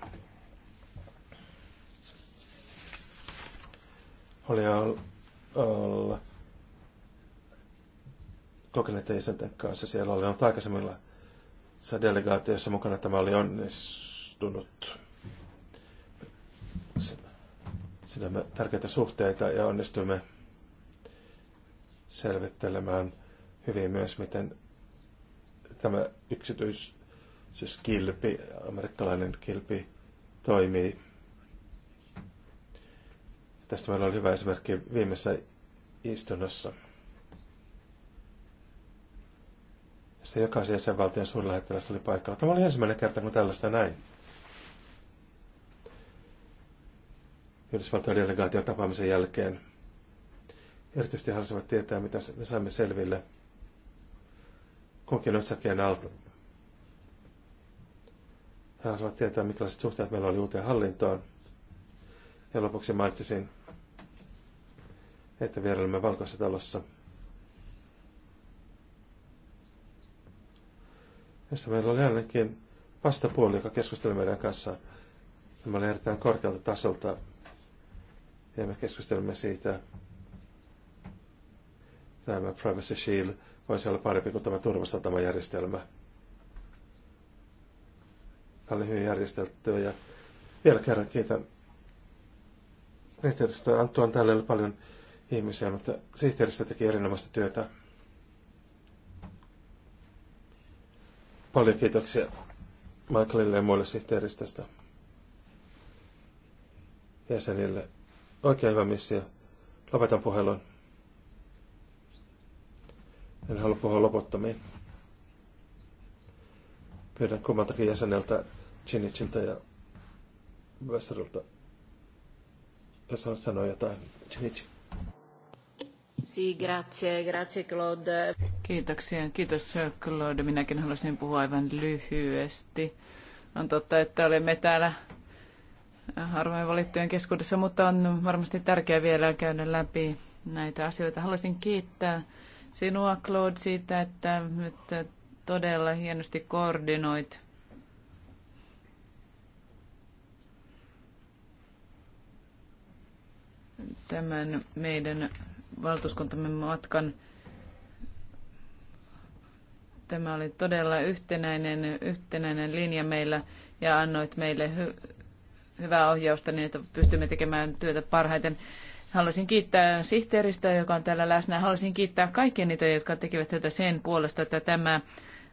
Oli olla kokeneiden jäsenten kanssa siellä oli ollut aikaisemmilla delegaatioissa mukana. Tämä oli onnistunut. Sillä me tärkeitä suhteita ja onnistuimme selvittelemään hyvin myös, miten tämä yksityis kilpi, amerikkalainen kilpi, toimii. Tästä meillä oli hyvä esimerkki viimeisessä istunnossa. Sitten jokaisen jäsenvaltion suurlähettiläs oli paikalla. Tämä oli ensimmäinen kerta, kun tällaista näin. Yhdysvaltojen delegaation tapaamisen jälkeen. Erityisesti halusivat tietää, mitä me saimme selville kunkin otsakeen alta. He halusivat tietää, millaiset suhteet meillä oli uuteen hallintoon. Ja lopuksi mainitsin, että vierailimme Valkoisessa talossa – Tässä meillä oli ainakin vastapuoli, joka keskusteli meidän kanssa. Tämä oli erittäin korkealta tasolta ja me keskustelimme siitä, tämä Privacy Shield voisi olla parempi kuin tämä turvasatamajärjestelmä. Tämä oli hyvin järjesteltyä ja vielä kerran kiitän sihteeristö Antoon tälle paljon ihmisiä, mutta sihteeristö teki erinomaista työtä. Paljon kiitoksia Michaelille ja muille sihteeristöstä jäsenille. Oikein hyvä missio. Lopetan puhelun. En halua puhua loputtomiin. Pyydän kummaltakin jäseneltä, Chinichiltä ja Westerilta, jos on sanoa jotain. Chinichi. Si, grazie, grazie Claude. Kiitoksia. Kiitos Claude. Minäkin halusin puhua aivan lyhyesti. On totta, että olemme täällä harvoin valittujen keskuudessa, mutta on varmasti tärkeää vielä käydä läpi näitä asioita. Haluaisin kiittää sinua, Claude, siitä, että nyt todella hienosti koordinoit tämän meidän valtuuskuntamme matkan. Tämä oli todella yhtenäinen, yhtenäinen linja meillä ja annoit meille hy- hyvää ohjausta niin, että pystymme tekemään työtä parhaiten. Haluaisin kiittää sihteeristä, joka on täällä läsnä. Haluaisin kiittää kaikkia niitä, jotka tekivät työtä sen puolesta, että tämä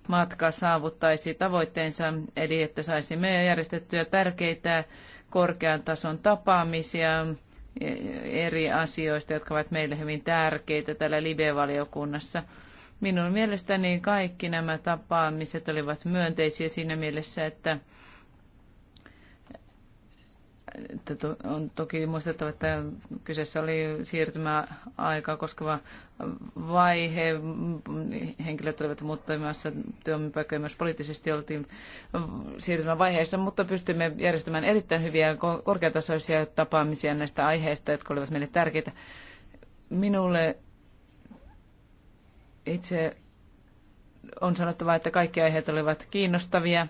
matka saavuttaisi tavoitteensa, eli että saisimme järjestettyä tärkeitä korkean tason tapaamisia eri asioista, jotka ovat meille hyvin tärkeitä täällä Libe-valiokunnassa. Minun mielestäni kaikki nämä tapaamiset olivat myönteisiä siinä mielessä, että on toki muistettava, että kyseessä oli siirtymäaikaa koskeva vaihe. Henkilöt olivat muuttamassa työpaikkoja myös poliittisesti oltiin siirtymävaiheessa, mutta pystymme järjestämään erittäin hyviä korkeatasoisia tapaamisia näistä aiheista, jotka olivat meille tärkeitä. Minulle itse on sanottava, että kaikki aiheet olivat kiinnostavia,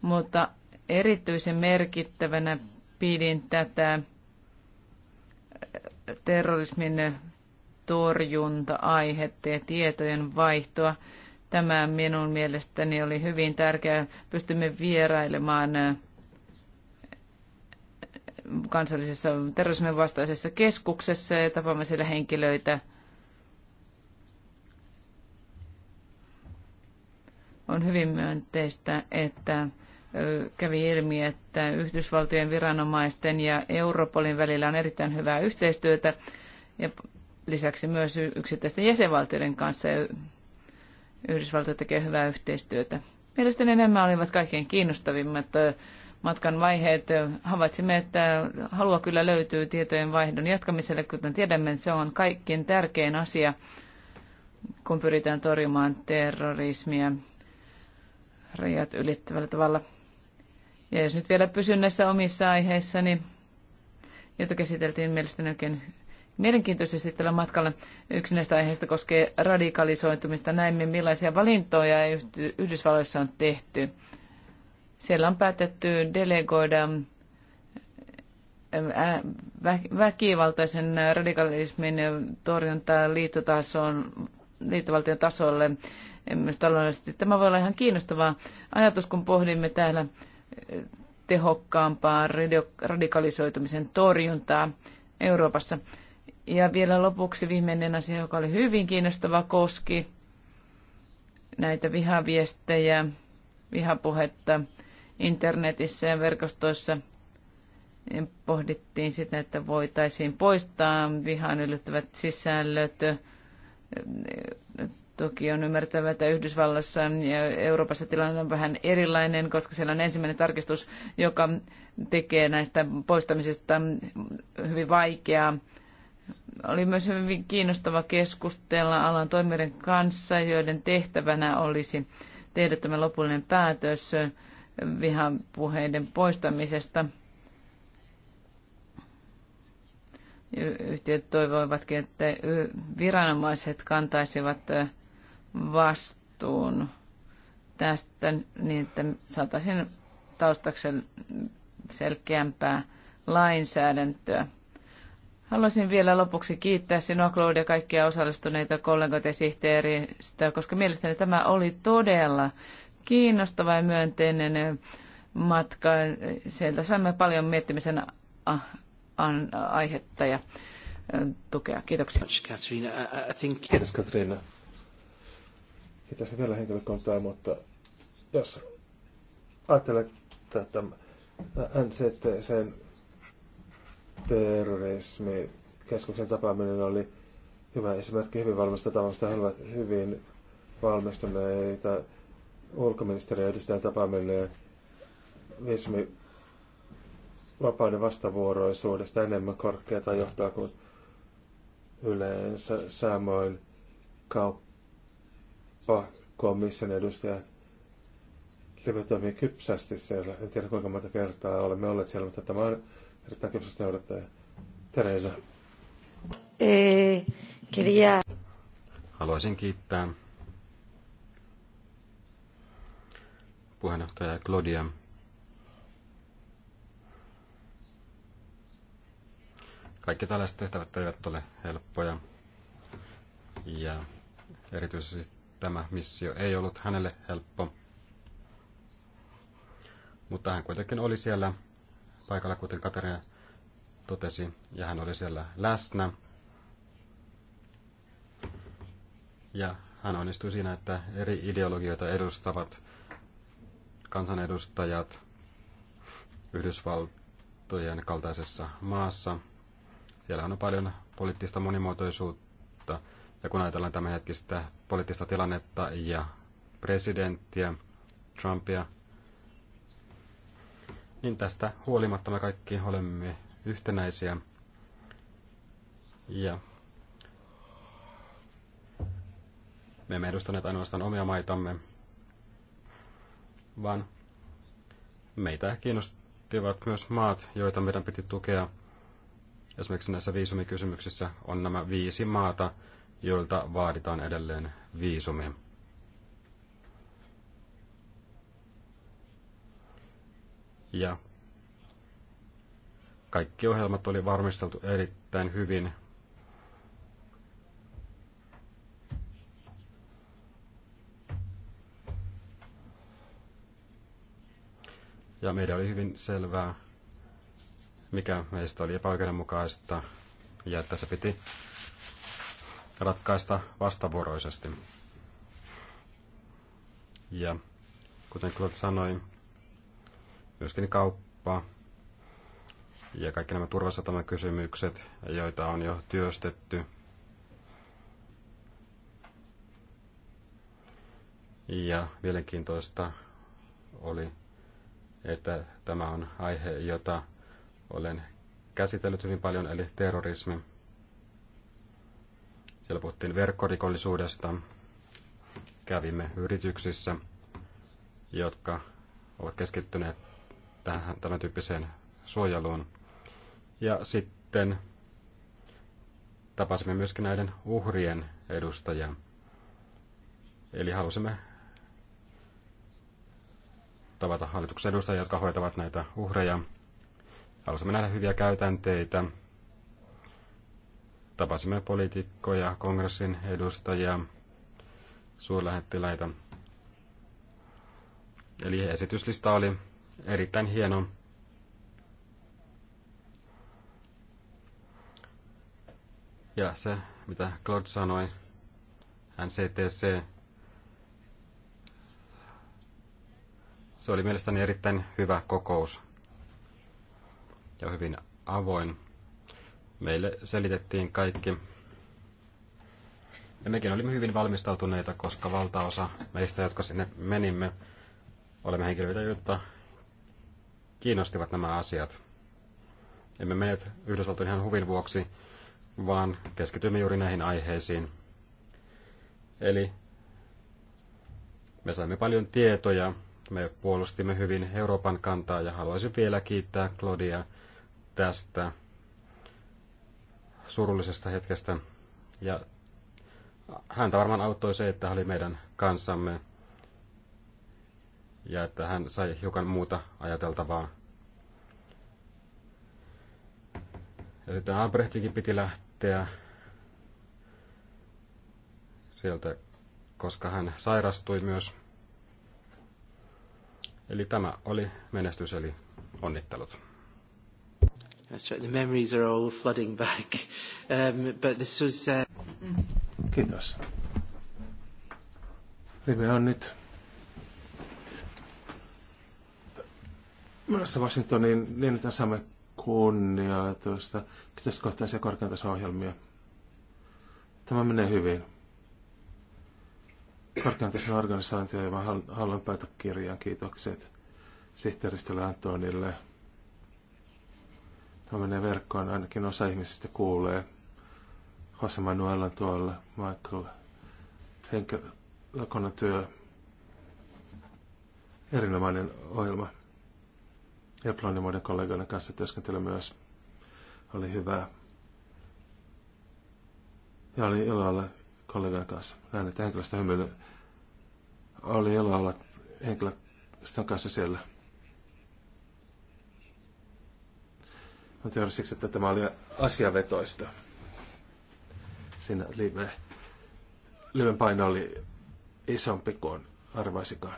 mutta erityisen merkittävänä pidin tätä terrorismin torjunta-aihetta ja tietojen vaihtoa. Tämä minun mielestäni oli hyvin tärkeää. Pystymme vierailemaan äh, kansallisessa terrorismin vastaisessa keskuksessa ja tapaamme siellä henkilöitä. On hyvin myönteistä, että kävi ilmi, että Yhdysvaltojen viranomaisten ja Europolin välillä on erittäin hyvää yhteistyötä ja lisäksi myös yksittäisten jäsenvaltioiden kanssa ja Yhdysvaltoja tekee hyvää yhteistyötä. Mielestäni nämä olivat kaikkein kiinnostavimmat matkan vaiheet. Havaitsimme, että halua kyllä löytyy tietojen vaihdon jatkamiselle, kuten tiedämme, se on kaikkein tärkein asia, kun pyritään torjumaan terrorismia rajat ylittävällä tavalla. Ja jos nyt vielä pysyn näissä omissa aiheissani, jota käsiteltiin mielestäni oikein mielenkiintoisesti tällä matkalla. Yksi näistä aiheista koskee radikalisoitumista. Näimme, millaisia valintoja Yhdysvalloissa on tehty. Siellä on päätetty delegoida väkivaltaisen radikalismin torjuntaa liittotasoon, liittovaltion tasolle, myös taloudellisesti. Tämä voi olla ihan kiinnostava ajatus, kun pohdimme täällä tehokkaampaa radikalisoitumisen torjuntaa Euroopassa. Ja vielä lopuksi viimeinen asia, joka oli hyvin kiinnostava, koski näitä vihaviestejä, vihapuhetta internetissä ja verkostoissa. Pohdittiin sitä, että voitaisiin poistaa vihaan yllyttävät sisällöt Toki on ymmärtävä, että Yhdysvallassa ja Euroopassa tilanne on vähän erilainen, koska siellä on ensimmäinen tarkistus, joka tekee näistä poistamisista hyvin vaikeaa. Oli myös hyvin kiinnostava keskustella alan toimijoiden kanssa, joiden tehtävänä olisi tehdä tämä lopullinen päätös vihapuheiden poistamisesta. Yhtiöt toivoivatkin, että viranomaiset kantaisivat vastuun tästä niin, että saataisiin taustaksi selkeämpää lainsäädäntöä. Haluaisin vielä lopuksi kiittää sinua, Claude, ja kaikkia osallistuneita kollegoita ja koska mielestäni tämä oli todella kiinnostava ja myönteinen matka. Sieltä saimme paljon miettimisen aihetta ja tukea. Kiitoksia. Kiitos, Katriina ei tässä vielä henkilökuntaa, mutta jos ajattelee tätä äh, NCT, sen terrorismikeskuksen tapaaminen oli hyvä esimerkki hyvin valmistetavasta, He ovat hyvin valmistuneita ulkoministeriön edustajan tapaaminen viisumi vapauden vastavuoroisuudesta enemmän korkeata johtaa kuin yleensä. Samoin kaup Eurooppa, komission edustajat, Live toimii kypsästi siellä. En tiedä kuinka monta kertaa olemme olleet siellä, mutta tämä on erittäin kypsästi noudattaja. Teresa. Eh, Haluaisin kiittää puheenjohtaja Claudia. Kaikki tällaiset tehtävät eivät ole helppoja. Ja erityisesti Tämä missio ei ollut hänelle helppo, mutta hän kuitenkin oli siellä paikalla, kuten Katarina totesi, ja hän oli siellä läsnä. Ja hän onnistui siinä, että eri ideologioita edustavat kansanedustajat Yhdysvaltojen kaltaisessa maassa. Siellä on paljon poliittista monimuotoisuutta ja kun ajatellaan tämänhetkistä poliittista tilannetta ja presidenttiä, Trumpia, niin tästä huolimatta me kaikki olemme yhtenäisiä. Ja me emme edustaneet ainoastaan omia maitamme, vaan meitä kiinnostivat myös maat, joita meidän piti tukea. Esimerkiksi näissä viisumikysymyksissä on nämä viisi maata, joilta vaaditaan edelleen viisumi. Ja kaikki ohjelmat oli varmisteltu erittäin hyvin. Ja meidän oli hyvin selvää, mikä meistä oli epäoikeudenmukaista. Ja että se piti ratkaista vastavuoroisesti. Ja kuten Claude sanoi, myöskin kauppa ja kaikki nämä turvasatamakysymykset, joita on jo työstetty. Ja mielenkiintoista oli, että tämä on aihe, jota olen käsitellyt hyvin paljon, eli terrorismi. Siellä puhuttiin verkkorikollisuudesta. Kävimme yrityksissä, jotka ovat keskittyneet tähän, tämän tyyppiseen suojeluun. Ja sitten tapasimme myöskin näiden uhrien edustajia. Eli halusimme tavata hallituksen edustajia, jotka hoitavat näitä uhreja. Halusimme nähdä hyviä käytänteitä Tapasimme poliitikkoja, kongressin edustajia, suurlähettiläitä. Eli esityslista oli erittäin hieno. Ja se, mitä Claude sanoi, NCTC, se oli mielestäni erittäin hyvä kokous ja hyvin avoin. Meille selitettiin kaikki. Ja mekin olimme hyvin valmistautuneita, koska valtaosa meistä, jotka sinne menimme, olemme henkilöitä, joita kiinnostivat nämä asiat. Emme menet Yhdysvaltojen ihan huvin vuoksi, vaan keskitymme juuri näihin aiheisiin. Eli me saimme paljon tietoja, me puolustimme hyvin Euroopan kantaa ja haluaisin vielä kiittää Claudia tästä surullisesta hetkestä. Ja häntä varmaan auttoi se, että hän oli meidän kanssamme ja että hän sai hiukan muuta ajateltavaa. Ja sitten Albrechtikin piti lähteä sieltä, koska hän sairastui myös. Eli tämä oli menestys, eli onnittelut. That's right, the memories are all flooding back. Um, but this was... Uh... Kiitos. Live on nyt Washingtoniin niin, että niin saamme kunniaa tuosta kiitoskohtaisia korkean ohjelmia. Tämä menee hyvin. Korkean tason organisaatio ja hallinpäätökirjan kiitokset sihteeristölle Antonille. Tämä menee verkkoon, ainakin osa ihmisistä kuulee. Jose Manuel on tuolla, Michael, henkilökunnan työ, erinomainen ohjelma. Eplonin muiden kollegoiden kanssa työskentely myös oli hyvää. Ja oli ilo olla kollegan kanssa. Näin, että henkilöstä hymyily. Oli ilo olla henkilöstön kanssa siellä. Mutta juuri siksi, että tämä oli asiavetoista. Siinä live, liven paino oli isompi kuin arvaisikaan.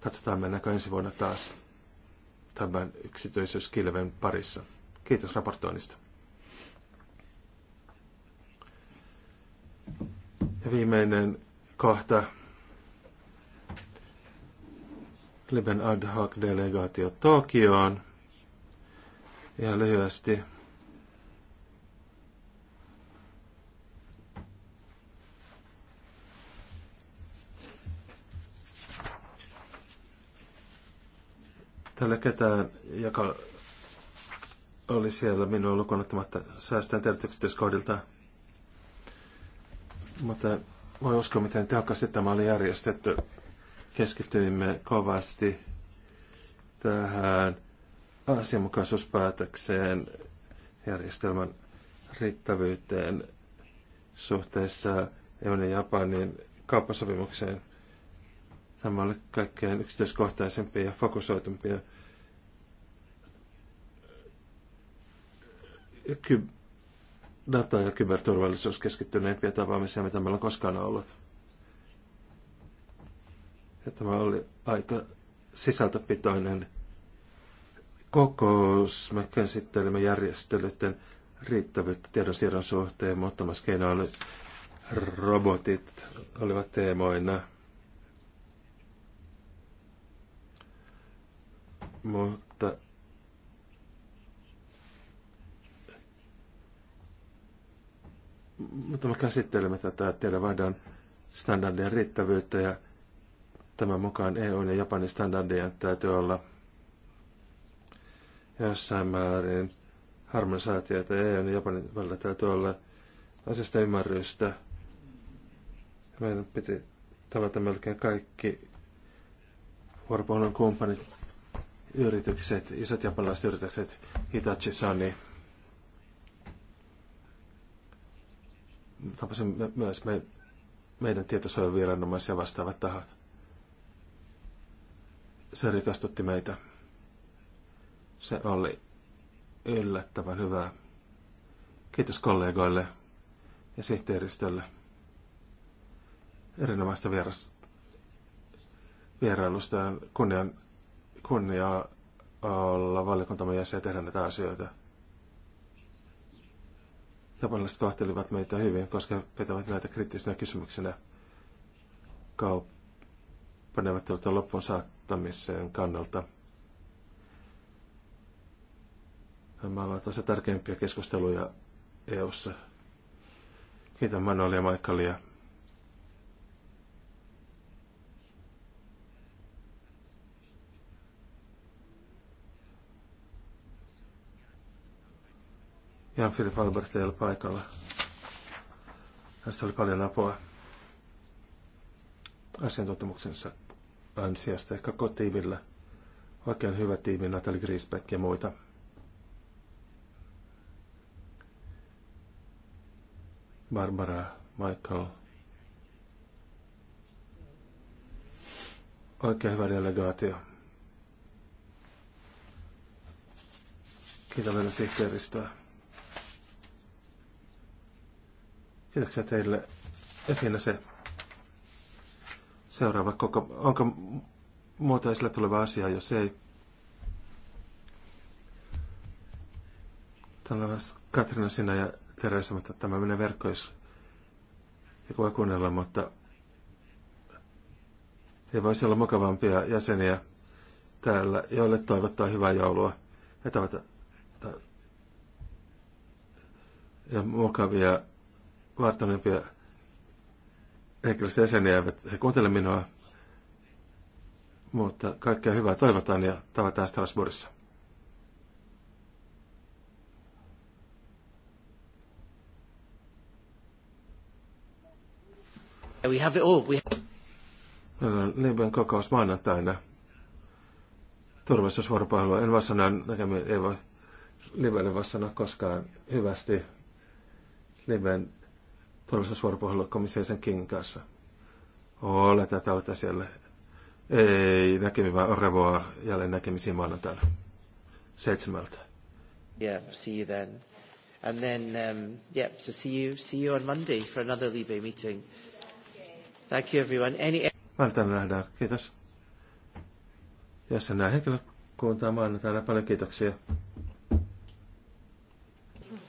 Katsotaan mennäänkö ensi vuonna taas tämän yksityisyyskilven parissa. Kiitos raportoinnista. Ja viimeinen kohta. Liben ad hoc delegaatio Tokioon ihan lyhyesti. Tällä ketään, joka oli siellä minua lukunottamatta säästään tietyt yksityiskohdilta. Mutta voi uskoa, miten tehokkaasti tämä oli järjestetty. keskittyimme kovasti tähän asianmukaisuuspäätökseen järjestelmän riittävyyteen suhteessa EUn ja Japanin kauppasopimukseen. Tämä oli kaikkein yksityiskohtaisempi ja fokusoitumpi ja ky- data- ja kyberturvallisuus keskittyneempiä tapaamisia, mitä meillä on koskaan ollut. Ja tämä oli aika sisältöpitoinen kokous. Mä käsittelemme järjestelyiden riittävyyttä tiedonsiirron suhteen, mutta myös keinoälyt, robotit olivat teemoina. Mutta mutta me käsittelemme tätä tiedonvaihdon standardien riittävyyttä ja tämän mukaan EU ja Japanin standardien täytyy olla – jossain määrin harmonisaatioita EUn e ja Japanin välillä täytyy olla asiasta ymmärrystä. Meidän piti tavata melkein kaikki vuoropuhelun kumppanit, yritykset, isot japanilaiset yritykset, Hitachi, Sony. me, myös me, meidän tietosuojaviranomaisia vastaavat tahot. Se rikastutti meitä. Se oli yllättävän hyvää. Kiitos kollegoille ja sihteeristölle erinomaista vieras, vierailusta ja kunnian, kunnia olla valiokuntamme jäsen ja tehdä näitä asioita. Japanilaiset kohtelivat meitä hyvin, koska pitävät näitä kriittisinä kysymyksinä kauppaneuvottelut loppuun saattamisen kannalta. on ovat osa tärkeimpiä keskusteluja EU:ssa. Kiitän Manuel ja Michaelia. Jan Filip Albert ei ole paikalla. Tästä oli paljon apua asiantuntemuksensa ansiosta, ehkä kotiivillä. Oikein hyvä tiimi Natalie Griesbeck ja muita. Barbara, Michael. Oikein hyvä delegaatio. meidän sihteeristöä. Kiitoksia teille. Ja siinä se seuraava koko... Onko muuta esille tuleva asia, jos ei? Täällä on Katrina sinä ja Terveistä, mutta tämä menee verkko, jos joku voi kuunnella, mutta he voisi olla mukavampia jäseniä täällä, joille toivottaa hyvää joulua. He tavata, ja mukavia, varttuneempia henkilöstä jäseniä eivät he kuuntele minua, mutta kaikkea hyvää toivotaan ja tavataan Strasbourgissa. We have it all. We... Meillä on Liben kokous maanantaina. Turvallisuusvuoropuhelua. En vaan sanoa näkemiin, ei voi Libelle vaan sanoa koskaan hyvästi Liben komissio sen Kingin kanssa. Olette, että olette siellä. Ei näkemiin, vaan au Jälleen näkemisiin maanantaina. Seitsemältä. Yeah, see you then. And then, um, yeah, so see you, see you on Monday for another Libe meeting. Thank you everyone. Any... Maanantaina nähdään. Kiitos. Ja sen näin henkilökuntaa täällä. Paljon kiitoksia.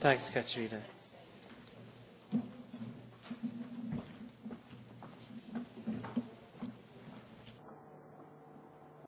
Thanks, Katrina.